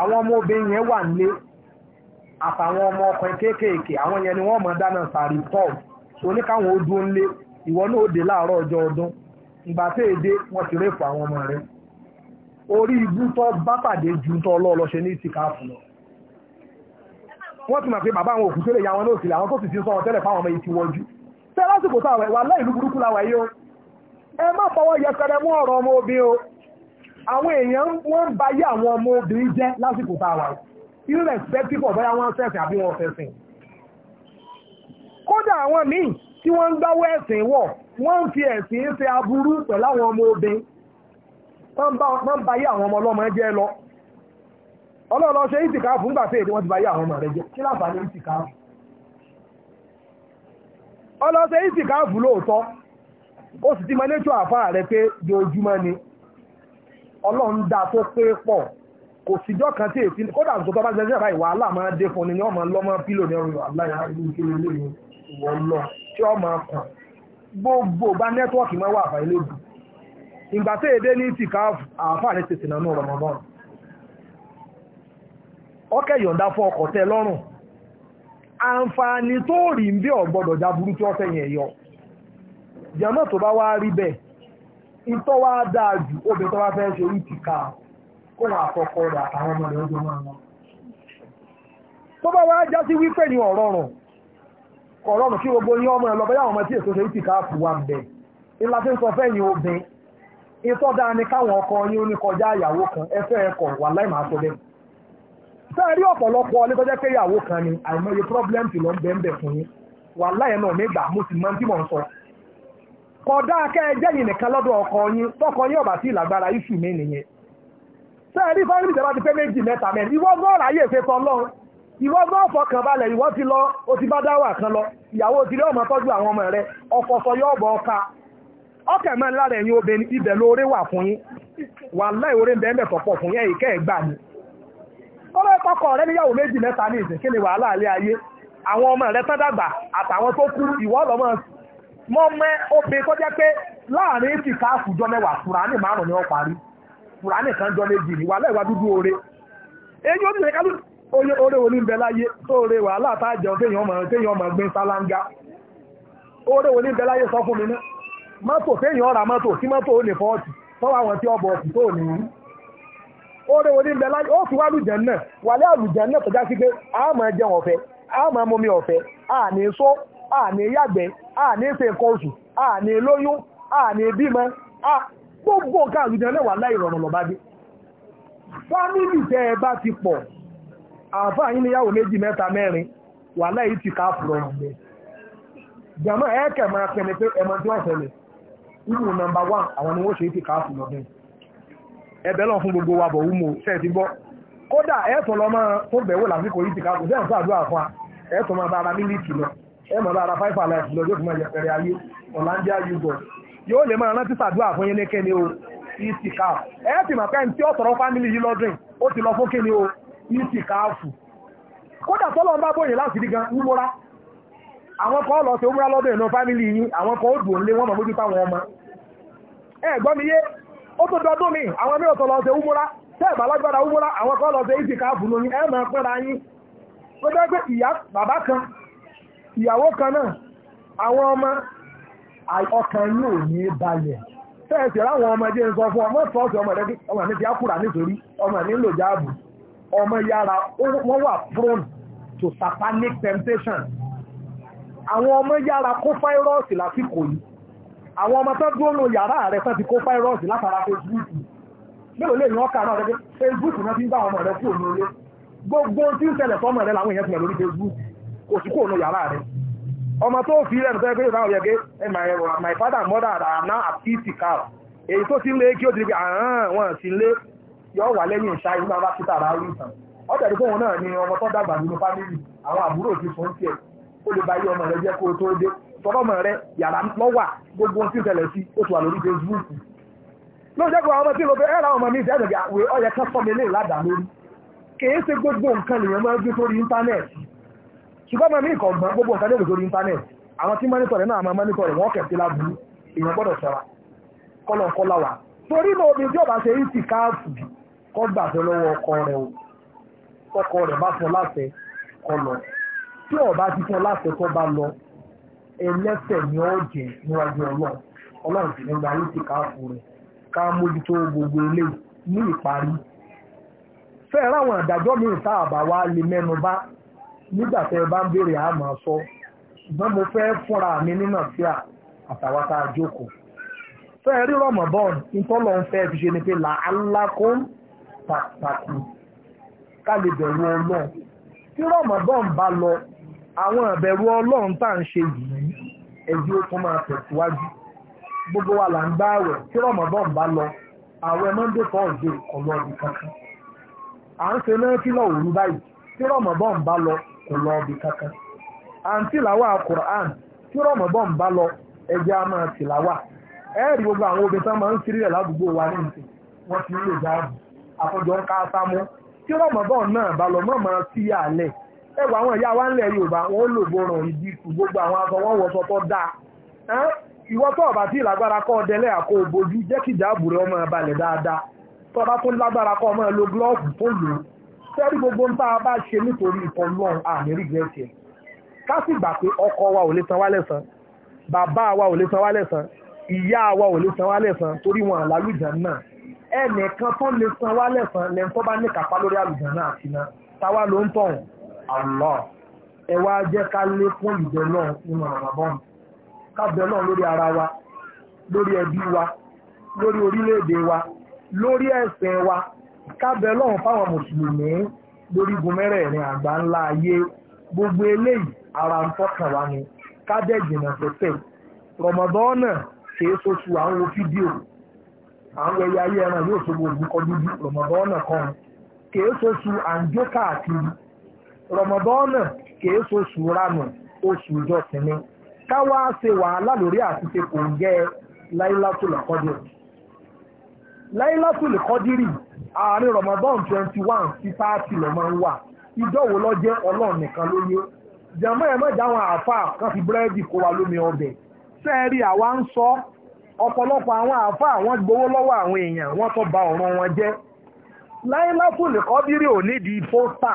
àwọn ọmọ obìnrin yẹn wà nílé àtàwọn ọmọ ọkùnrin kéékèèké àwọn yẹn ni wọ́n mọ̀ dáná sàárì pọ́ọ̀bù oníkàwọn ó dúró nílé ìwọ náà ó dé láàárọ̀ ọjọ́ ọdún ìgbà tó èdè wọ́n ti rẹ́pù àwọn ọmọ rẹ̀ orí ibú tó bá pàdé ju tó ọlọ́ọ̀lọ́ṣẹ́ ní ìtìkáàfù lọ wọ́n ti mọ̀ pé bàbá àwọn òkú tó lè ya wọn lóòsì làwọn tó sì ti sọ wọn tẹ́lẹ̀ fáwọn ọmọ yìí ti wọ́jú tẹ́ lásìkò táwọn ẹ̀wà láìlú burúkú láwàá yìí o ẹ má fọwọ́ yẹpẹrẹ mú ọ̀rọ̀ ọmọ obìnrin o àwọn èèyàn wọ́n ń bayé àwọn ọmọ obìnrin jẹ́ lásìkò tá a wà irrespective of bóyá wọ́n ṣẹ̀sìn àbí wọ́n ṣẹ̀sìn kódà àwọn míì tí wọ́n ń gbáwọ́ ẹ̀sìn wọ̀ wọ́n ń fi ẹ̀sìn ṣe aburú pẹ̀lú àwọn ọmọ obìnrin wọ́n ń bayé àwọn ọmọ ọlọ́mọ jẹ́ lọ ọlọ́ọ̀lọ́ ṣe ìtìká fún gbà pé èdè wọ́n ti bayé àwọn ọmọ rẹ̀ jẹ́ kí láǹfààní ìtìká ọlọ́ọ̀ṣe ìtìká fún lóòótọ́ ó sì ti mọ nature àfáà rẹ̀ pé jojúmọ́ ni ọlọ́run dá tó pé pọ̀ kò síjọ́ kan tí èfi kódà tó tọ́ba jẹ́ jẹ́ra ìwà àlà máa dé fún ni ni wọ́n máa lọ́mọ pílò ní ọrùn àláyà ìlú kíló lóyún ìwọ̀n lọ tí wọ́n máa kàn gbogbo bá nẹ́tíwọ́ọ̀kì máa wà àfàìlẹ́ òdù ìgbà tí èdè ní ti ká àáfàá ní tètè nánú Ramadan ọkẹ́ yọ̀ǹda fún ọkọ̀ tẹ lọ́rùn àǹfààní tó rí ń bí ọ̀gbọ́dọ̀ já tí wọ́n fẹ̀yìn ẹ̀yọ jẹ́mọ́ tó bá wá rí bẹ́ẹ̀ ìtọ́ wá dáa jù obìnrin tó fẹ́ ṣe kó wà àkọ́kọ́ rẹ̀ àtàwọn ọmọ rẹ̀ tó bá wá já sí wípé ní ọ̀rọ̀ rùn gbogbo ọmọ ọmọ tí èso ṣe fún wa bẹ̀. ìlà tí ń sọ fẹ́ ìtọ́ dáa ni káwọn ọkọ yín ó ní kọjá ìyàwó kan wà láì máa bẹ́ẹ̀. sẹ́ẹ̀rí ọ̀pọ̀lọpọ̀ kọ̀dá akẹ́ẹ̀jẹ́ yìí nìkan lọ́dọ̀ ọkọ yín tọkọ yín ọ̀bà sí ìlàgbára iṣu mi nìyẹn sẹ́ẹ̀rí ìjọba ti pé méjì mẹ́ta mẹ́rin ìwọ lọ ti lọ o ti bá dáwà kan lọ ìyàwó ti rí ọmọ tọ́jú àwọn ọmọ ọkọ sọ yọ ọbọ ọka lára ẹ̀yin obìnrin ibẹ̀ lóore wà fún yín wà láì pọ̀ fún ni rẹ níyàwó méjì mẹ́ta ní ìsìn kí ayé àwọn ọmọ mọ́ mẹ́ obìnrin tó jẹ́ pé láàrin èjì káàfù jọ mẹ́wàá márùn ni wọ́n parí fúrání kan jọ méjì dúdú ore èyí ó ti oye wo ní ń bẹ láyé tó ọmọ téèyàn ọmọ wo ń bẹ láyé sọ fún mi ná téèyàn ó lè àwọn tí wo ń bẹ láyé ó fi wá náà náà pé àmọ́ jẹun A yàgbẹ́ àní ṣe nǹkan oṣù àní lóyún àní bímọ gbogbo nǹkan àlùjẹ́ lẹ́wà láì rọ̀rùn lọ́ba dé fámìlì tẹ́ ẹ bá ti pọ̀ àǹfà yín níyàwó méjì mẹ́ta mẹ́rin wà láì ti ká fúrọ̀ ọ̀gbẹ́ jàmọ́ ẹ kẹ̀ máa pẹ̀lẹ́ pé tí wọ́n wán àwọn ni wọ́n ṣe ti ká fúrọ̀ lọ fún gbogbo wa bọ̀ ṣe ti kódà tó bẹ̀wò yìí ti ká fúrọ̀ ẹ mọ̀ lára five alive lọ́jọ́ fún ẹ̀yẹ pẹ̀rẹ̀ ayé ọ̀làǹdíà yúgọ̀ yóò lè máa rántí sàdúrà fún yín ní kíni o ìsìká ẹ ti mọ̀ pé tí ó tọ̀rọ̀ fámìlì yìí lọ́dún ó ti lọ fún kíni o ìsìká fù kódà tọ́lọ́ bá bóyè láti rí gan wúmúra àwọn kan lọ sí wúmúra lọ́dún ìnú fámìlì yìí àwọn kan ó dùn lé wọn mọ̀ mójú táwọn ọmọ ẹ gbọ́ mi yé ó tó dọdún mi àwọn mìíràn ìyá bàbá kan ìyàwó kan náà àwọn ọmọ ọkàn yóò ní balẹ̀ fẹ́ẹ̀sì láwọn ọmọdé ń sọ fún ọmọ tọ́ọ̀sì ọmọ mi ti ákùrà nítorí ọmọ mi ń lò jáàbù ọmọ yára wọ́n wà prone to satanic temptation àwọn ọmọ yára kó fáírọ́ọ̀sì lásìkò yìí àwọn ọmọ tó dúró lo yàrá rẹ̀ tó ti kó fáírọ́ọ̀sì látara Facebook mélòó lè yàn ọ́ kàrọ̀ rẹ̀ pé Facebook náà ti ń bá ọmọ rẹ̀ kúrò ní ilé gbogbo tí ń ṣẹlẹ̀ sọ́mọ rẹ̀ làwọn èèyàn ti mọ̀ lórí Facebook kò sí kò nù yàrá rẹ̀ ọmọ tó fi rẹ̀ nítorí pé ìdáwọ̀ yẹgẹ́ my father and mother are now at fifty car èyí tó ti ń lé kí ó ti rí wọn sí lé yọ wà lẹ́yìn ìṣá tààrà ìtàn náà ni ọmọ tó dàgbà nínú fámìlì àwọn àbúrò ti fún tiẹ̀ ó lè bá yí ọmọ rẹ jẹ́ kó tó gbogbo ohun tí ń sí Facebook ló jẹ́ ṣùgbọ́n máa mí ìkọ̀ọ̀gbọ́n gbogbo nǹkan lérò lórí íńtánẹ́ẹ̀tì àwọn tí mọ́nítọ̀ rẹ̀ náà máa mọ́nítọ̀ rẹ̀ wọ́n kẹ̀sí lábú èèyàn gbọ́dọ̀ ṣọ́ra kọ́lọ̀kọ́lá wa torí náà obìnrin tí ó bá ṣe ìtì káàfù kọ́ gbàṣẹ lọ́wọ́ ọkọ rẹ̀ o ọkọ rẹ̀ bá fún láṣẹ kọ lọ tí ó bá ti fún láṣẹ tó bá lọ ẹlẹ́ṣẹ̀ ni ó jẹ níwájú ọlọ́run ọlọ́run sì nígbà ìtì káàfù rẹ̀ nígbà tẹ́ ẹ bá ń béèrè a máa sọ ṣùgbọ́n mo fẹ́ fúnra mi nínà sí à àtàwọn tá a jókòó fẹ́ rí rọmọbọ́n ìtọ́lọ́ ń fẹ́ fi ṣe ni pé làálàkún pàtàkì ká lè bẹ̀rù ọlọ́run tí rọmọbọ́n bá lọ àwọn ìbẹ̀rù ọlọ́run tá à ń ṣe yìí ẹ̀jú ó tún máa tẹ̀síwájú gbogbo wa là ń gbá àwẹ̀ tí rọmọbọ́n bá lọ àwẹ̀ monday thursday ọ̀lọ́ọ̀dì kankan à ń ṣe náà kí lọ́ọ̀rù báyìí tí rọmọbọ́n bá lọ kò lọ ọbì kankan a máa tì làwà ẹ̀ẹ́dì gbogbo àwọn obìnrin tán máa ń kiri rẹ̀ ládùúgbò wa ní ìsìn wọ́n ti ń lè jáàbù àtọ́jọ́ ń ká sámú tí rọmọbọ́n náà bá lọ mọ́ máa àwọn wa Yorùbá wọn ó lò ìdí gbogbo àwọn aṣọ wọn ìwọ tó ọba tí ìlágbára kí ọmọ ẹ̀ dáadáa sẹ́rí gbogbo ń bá a bá ṣe nítorí ìtọ́lọ́run àmì rí gẹ̀ẹ́sì ẹ̀ ká sì gbà pé ọkọ wa ò lè san wá lẹ́san bàbá wa ò lè san wá lẹ́san ìyá wa ò lè san wá lẹ́san torí wọn àlálùjàn náà ẹnìkan tó lè san wá lẹ́san lẹ́n tó bá ní kápá lórí àlùjàn náà àti náà táwa ló ń tọ̀hún Allah ẹ wá jẹ́ ká lé fún ìbẹ̀ náà nínú Ramadan ká bẹ̀ náà lórí ara wa lórí ẹbí wa lórí orílẹ̀-èdè wa lórí ẹ̀sìn wa kábẹ́ lọ́hùn fáwọn mùsùlùmí lórí igun mẹ́rẹ̀ẹ̀rin àgbà ńlá ayé gbogbo eléyìí ara ń tọ́kàn wá ni kábẹ́ jìnnà sẹ́sẹ̀ rọmọdọ́nà kìí soṣù à ń wo fídíò à ń wẹ̀yẹ ayé ẹran yóò so gbogbo kọ dúdú rọmọdọ́nà kan kìí soṣù à ń jó káàkiri rọmọdọ́nà kìí soṣù ránù oṣù ìjọsìn ni káwá ṣe wàhálà lórí àti ṣe kò ń gẹ́ láíláṣọ lọ́kọ́dọ̀ láìlátùlù kọ́dírì ààrin Ramadan twenty one sí thirty ló máa ń wà ìjọ́wò lọ́jẹ́ ọlọ́run nìkan ló yé jàmọ́ ẹ̀ mọ́jà àwọn àáfàá kan fi búrẹ́dì kó wa lómi ọbẹ̀ sẹ́ẹ̀rì àwa ń sọ ọ̀pọ̀lọpọ̀ àwọn àáfàá wọ́n gbowó lọ́wọ́ àwọn èèyàn wọ́n tó ba ọ̀ràn wọn jẹ́ láìlátùlù kọ́dírì ò nídìí pósítà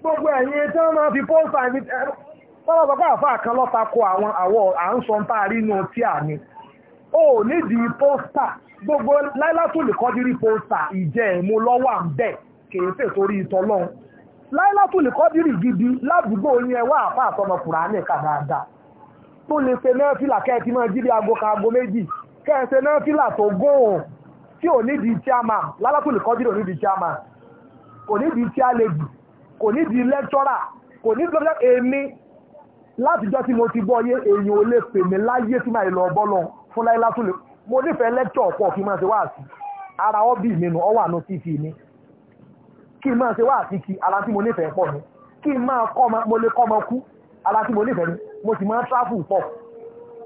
gbogbo ẹ̀yin tí wọ́n máa fi pósítà tọ́lọ́sọpá àfáà kan lọ́ta kó àwọn àwọ̀ à ń sọ ń táàrí inú tí à ní ó nídìí pósítà gbogbo láìlátòlè kọ́dírí pósà ìjẹ́ ìmú lọ́wọ́ à ń bẹ̀ kìí fè torí ìtọ́lọ́run láìlátòlè kọ́dírí gidi ládùúgbò yín ẹwà àpá àtọmọ kùránì kà dáadáa tó lè ṣe náà fìlà kẹ́ẹ̀tì máa jí bí aago ka aago méjì kẹ́ẹ̀ṣe náà fìlà tó góòhùn tí ò ní di chairman láìlátòlè kọ́dírí ò ní di chairman kò ní di chairlady kò ní di lecturer kò ní di èmi látijọ́ tí mo ti gbọ́ yé èèyàn ò lè pè mí láyé tí màá lọ bọ́ lọ fún láìlátòlè kọ́dírí mo nífẹ̀ẹ́ lẹ́kṣọ̀ ọ̀pọ̀ kí n máa ṣe wáàsí ara ọ́bì mi nù ọwà nù tv mi kí n máa ṣe wáàsí kí ara tí mo nífẹ̀ẹ́ pọ̀ ni kí n máa kọ́ mo lè kọ́ ọmọ kú ara tí mo nífẹ̀ẹ́ ni mo sì máa travel pọ̀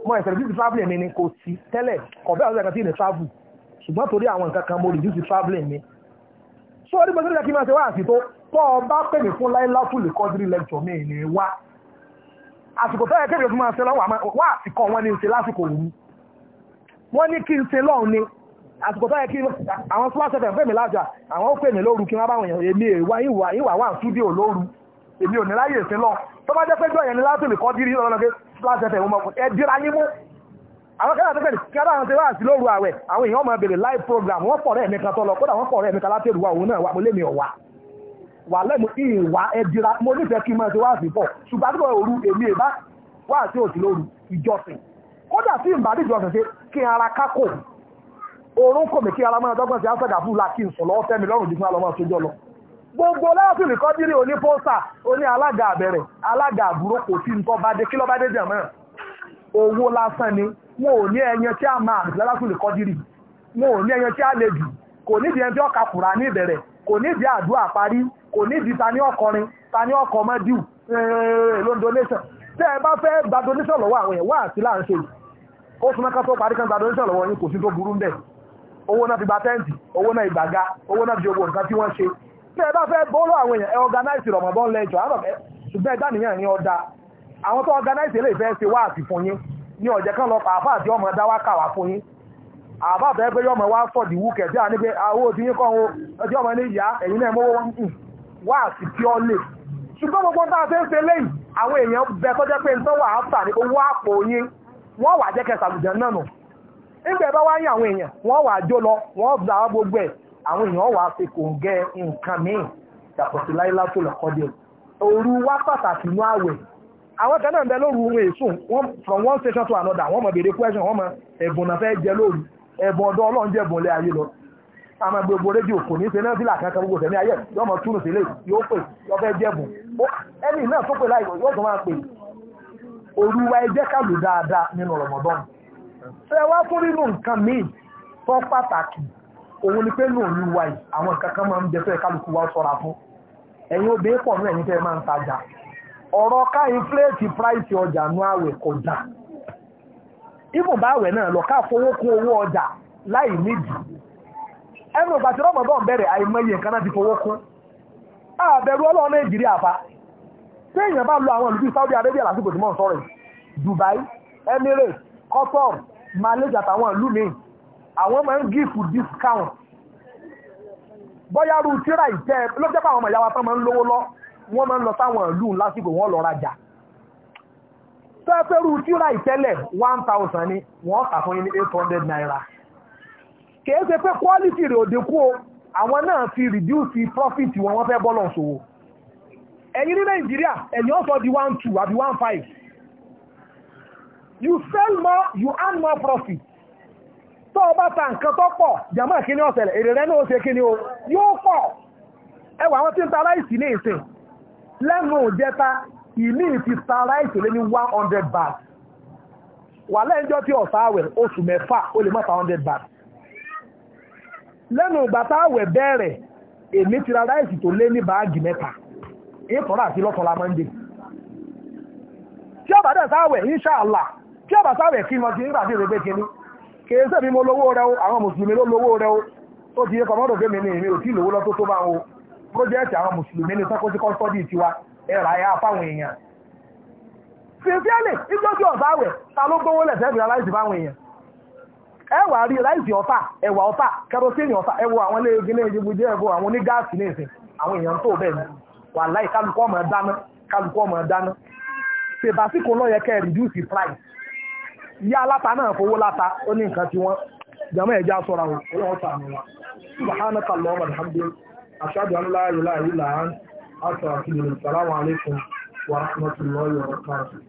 mo ẹ̀sẹ̀ reduce traveling mi ni kò sí tẹ́lẹ̀ kọ̀bẹ́ àwọn ẹ̀ka tí ì ní travel ṣùgbọ́n torí àwọn nǹkan kan mo reduce traveling mi so orí gbọ́dọ̀ kí n máa ṣe wáàsí tó tọ́ ọ bá pè mí fún láyé láfún lè kọ́dírí lecture mi ní wá àsìkò tẹ́lẹ̀ kébìrì fún máa ṣe lọ́wọ́ wá àsìkò wọn ní ṣe lásìkò òru wọ́n ní kí n ṣe lọ́hùn ni àsìkò tó yẹ kí àwọn tó wá ṣẹ̀fẹ̀ fẹ́mi lájà àwọn ó pè mí lóru kí wọ́n bá wọn yàn èmi ìwà ìwà ìwà wà fídíò lóru èmi ò ní láyè sí lọ tó bá jẹ́ pé gbọ́ yẹn ni láti lè kọ́ dírí lọ́nà pé láṣẹ̀fẹ̀ wọn mọ̀ ẹ dira yín mú àwọn kẹ́lá tó fẹ́ni kí adáhùn ti wá sí lóru àwẹ̀ àwọn èèyàn máa bèrè live program wọ́n pọ̀ rẹ̀ mẹ́ta tọ́lọ kódà wọ́n pọ̀ rẹ̀ mẹ́ta láti èrúwà òun náà wà mọ́lẹ́mi ọ̀wà wà lẹ́mu ìwà ẹ̀dìra mo nífẹ̀ẹ́ kí n máa ti wá sí pọ̀ ṣùgbọ́n àdúgbò òru èmi ìbá wà sí òsì lóru ìjọsìn kódà si mba ìjọ ṣẹ̀ṣẹ̀ kí ara kákò oorun kò mí kí ara máa dọ́gbọ́n sí asẹ́gà fún la kí n sọ̀lọ́ lọ́rùn lọ gbogbo láàfin rìkọ́dírì oní oní alága àbẹ̀rẹ̀ alága àbúrò kò tí nǹkan bá dé kí lọ́ba dé jẹ̀mọ́ owó lásán ni wọn ò ní ẹyẹ tí a máa wọn ò ní ẹyẹ tí a lè jù kò nídìí ẹni tí ta ní ọkọ donation tẹ́ ẹ bá fẹ́ gba donation lọ́wọ́ àwọn èèyàn wá àti láàrin ṣe ó súnmọ́ ká tó parí kan gba donation lọ́wọ́ yín kò sí tó burú ń bẹ̀ owó náà fi gba tẹ́ǹtì owó náà ìgbàga owó náà fi owó nǹkan tí wọ́n ṣe tẹ́ ẹ bá fẹ́ bọ́ọ̀lọ́ àwọn èèyàn ẹ organize rọ̀mọ̀bọ́n lẹ́jọ́ ṣùgbọ́n ẹ̀dá organize lè fẹ́ ṣe wá àti fún yín ní ọ̀jẹ̀ kan lọ pàápàá àti ọmọ dáwà kàwà fún yín àbá bẹ́ẹ̀ pé yọmọ wá sọ di wúkẹ̀ tí a ní pé owó ti yín kọ́ ọjọ́ ọmọ ní ìyá ẹ̀yìn náà mọ́wọ́ wá sí pure lake ṣùgbọ́n gbogbo tá a fẹ́ ṣe lẹ́yìn àwọn èèyàn bẹ tó pé ń tọ́wọ́ àáfà ní owó àpò wọ́n wà jẹ́ kẹsà àlùjẹ́ náà nù nígbà bá wáyé àwọn èèyàn wọ́n wà jó lọ wọ́n bla ẹ̀ àwọn èèyàn wà fi kò ń gẹ nǹkan láyé látò lọ́kọ́ òru wá pàtàkì inú àwẹ̀ àwọn kan náà ń a máa gbogbo rédíò kò ní ṣe náà fílà kankan gbogbo sẹ́ni ayé yọmọ túnú sílé yóò pè yọ fẹ́ jẹ́bùn ẹni náà tó pè láì yóò tó máa pè olúwa ẹ jẹ́ dáadáa nínú wá fún nínú nǹkan míì tó pàtàkì òun ni pé ní olúwa àwọn nǹkan kan máa ń jẹ fẹ́ kálukú wa fún ẹ̀yin obìnrin pọ̀ náà ẹ̀yin tẹ́ máa ń tajà price ọjà nú àwẹ̀ náà owó ọjà láì nídìí ẹnu ìgbà tí rọmọdún bẹ̀rẹ̀ àìmọye nǹkan náà ti fowó kún àbẹ̀rù ọlọ́run nàìjíríà pa tí èèyàn bá lo àwọn olùbí Saudi Arabia lásìkò tí mò ń Dubai Emirates Qatar Malaysia àtàwọn ìlú míì àwọn máa ń gífù discount bọ́yá ru tíra ìtẹ́ ló jẹ́ pé àwọn ọmọ ìyá wa tán máa ń lówó lọ wọ́n máa ń lọ sáwọn ìlú lásìkò wọ́n lọ rajà tẹ́fẹ́rú tíra ìtẹ́lẹ̀ one thousand ni wọ́n kà fún yín ní eight hundred naira kìí ṣe pé quality rẹ̀ òde kú o àwọn náà ti reduce profit wọn wọ́n fẹ́ bọ́lọ̀ ṣòwò ẹ̀yin ní nàìjíríà ẹ̀yin ọ̀sọ̀ di one two àbí one five you sell more you earn more profit tó o bá ta nǹkan tó pọ̀ jàmọ́ kíní ọ̀sẹ̀lẹ̀ èrè rẹ̀ náà ó ṣe kíní o yóò pọ̀ ẹwà àwọn tí ń ta láìsí ní ìsìn lẹ́nu ìjẹta ìní ti ta láìsí lé ní one hundred baht wà lẹ́yìn jọ́ tí ọ̀sá àwẹ̀ oṣù mẹ́fà ó lè mọ́ta hundred baht lẹ́nu ìgbà táwẹ̀ bẹ̀rẹ̀ èmi ti ra ráìsì tó lé ní báàgì mẹ́ta ìtọ́ra àti lọ́tọ́lá mọ́ndé tí ọba dẹ̀ sáwẹ̀ inṣàlá tí ọba sáwẹ̀ kí mọ́ ti ń gbàdí ìrẹ́gbẹ́ kìíní kìí ṣe bí mo lówó rẹ o àwọn mùsùlùmí ló lówó o ti yẹ mi ní lọ́tọ́ tó bá ya sincerely ọ̀sáwẹ̀ ẹwà rí ráìsì ọ̀fà ẹwà ọ̀fà kẹrosíìnì ọ̀fà ẹwọ àwọn ilé igi náà ìdíje ẹwọ àwọn onígáàsì ní ìsìn àwọn èèyàn tó bẹ́ẹ̀ ni wà láì kálukú ọmọ dáná kálukú ọmọ dáná ṣèbásíkò náà yẹ kẹ́ reduce price ìyá aláta náà fowó láta ó ní nǹkan tí wọ́n jàmọ́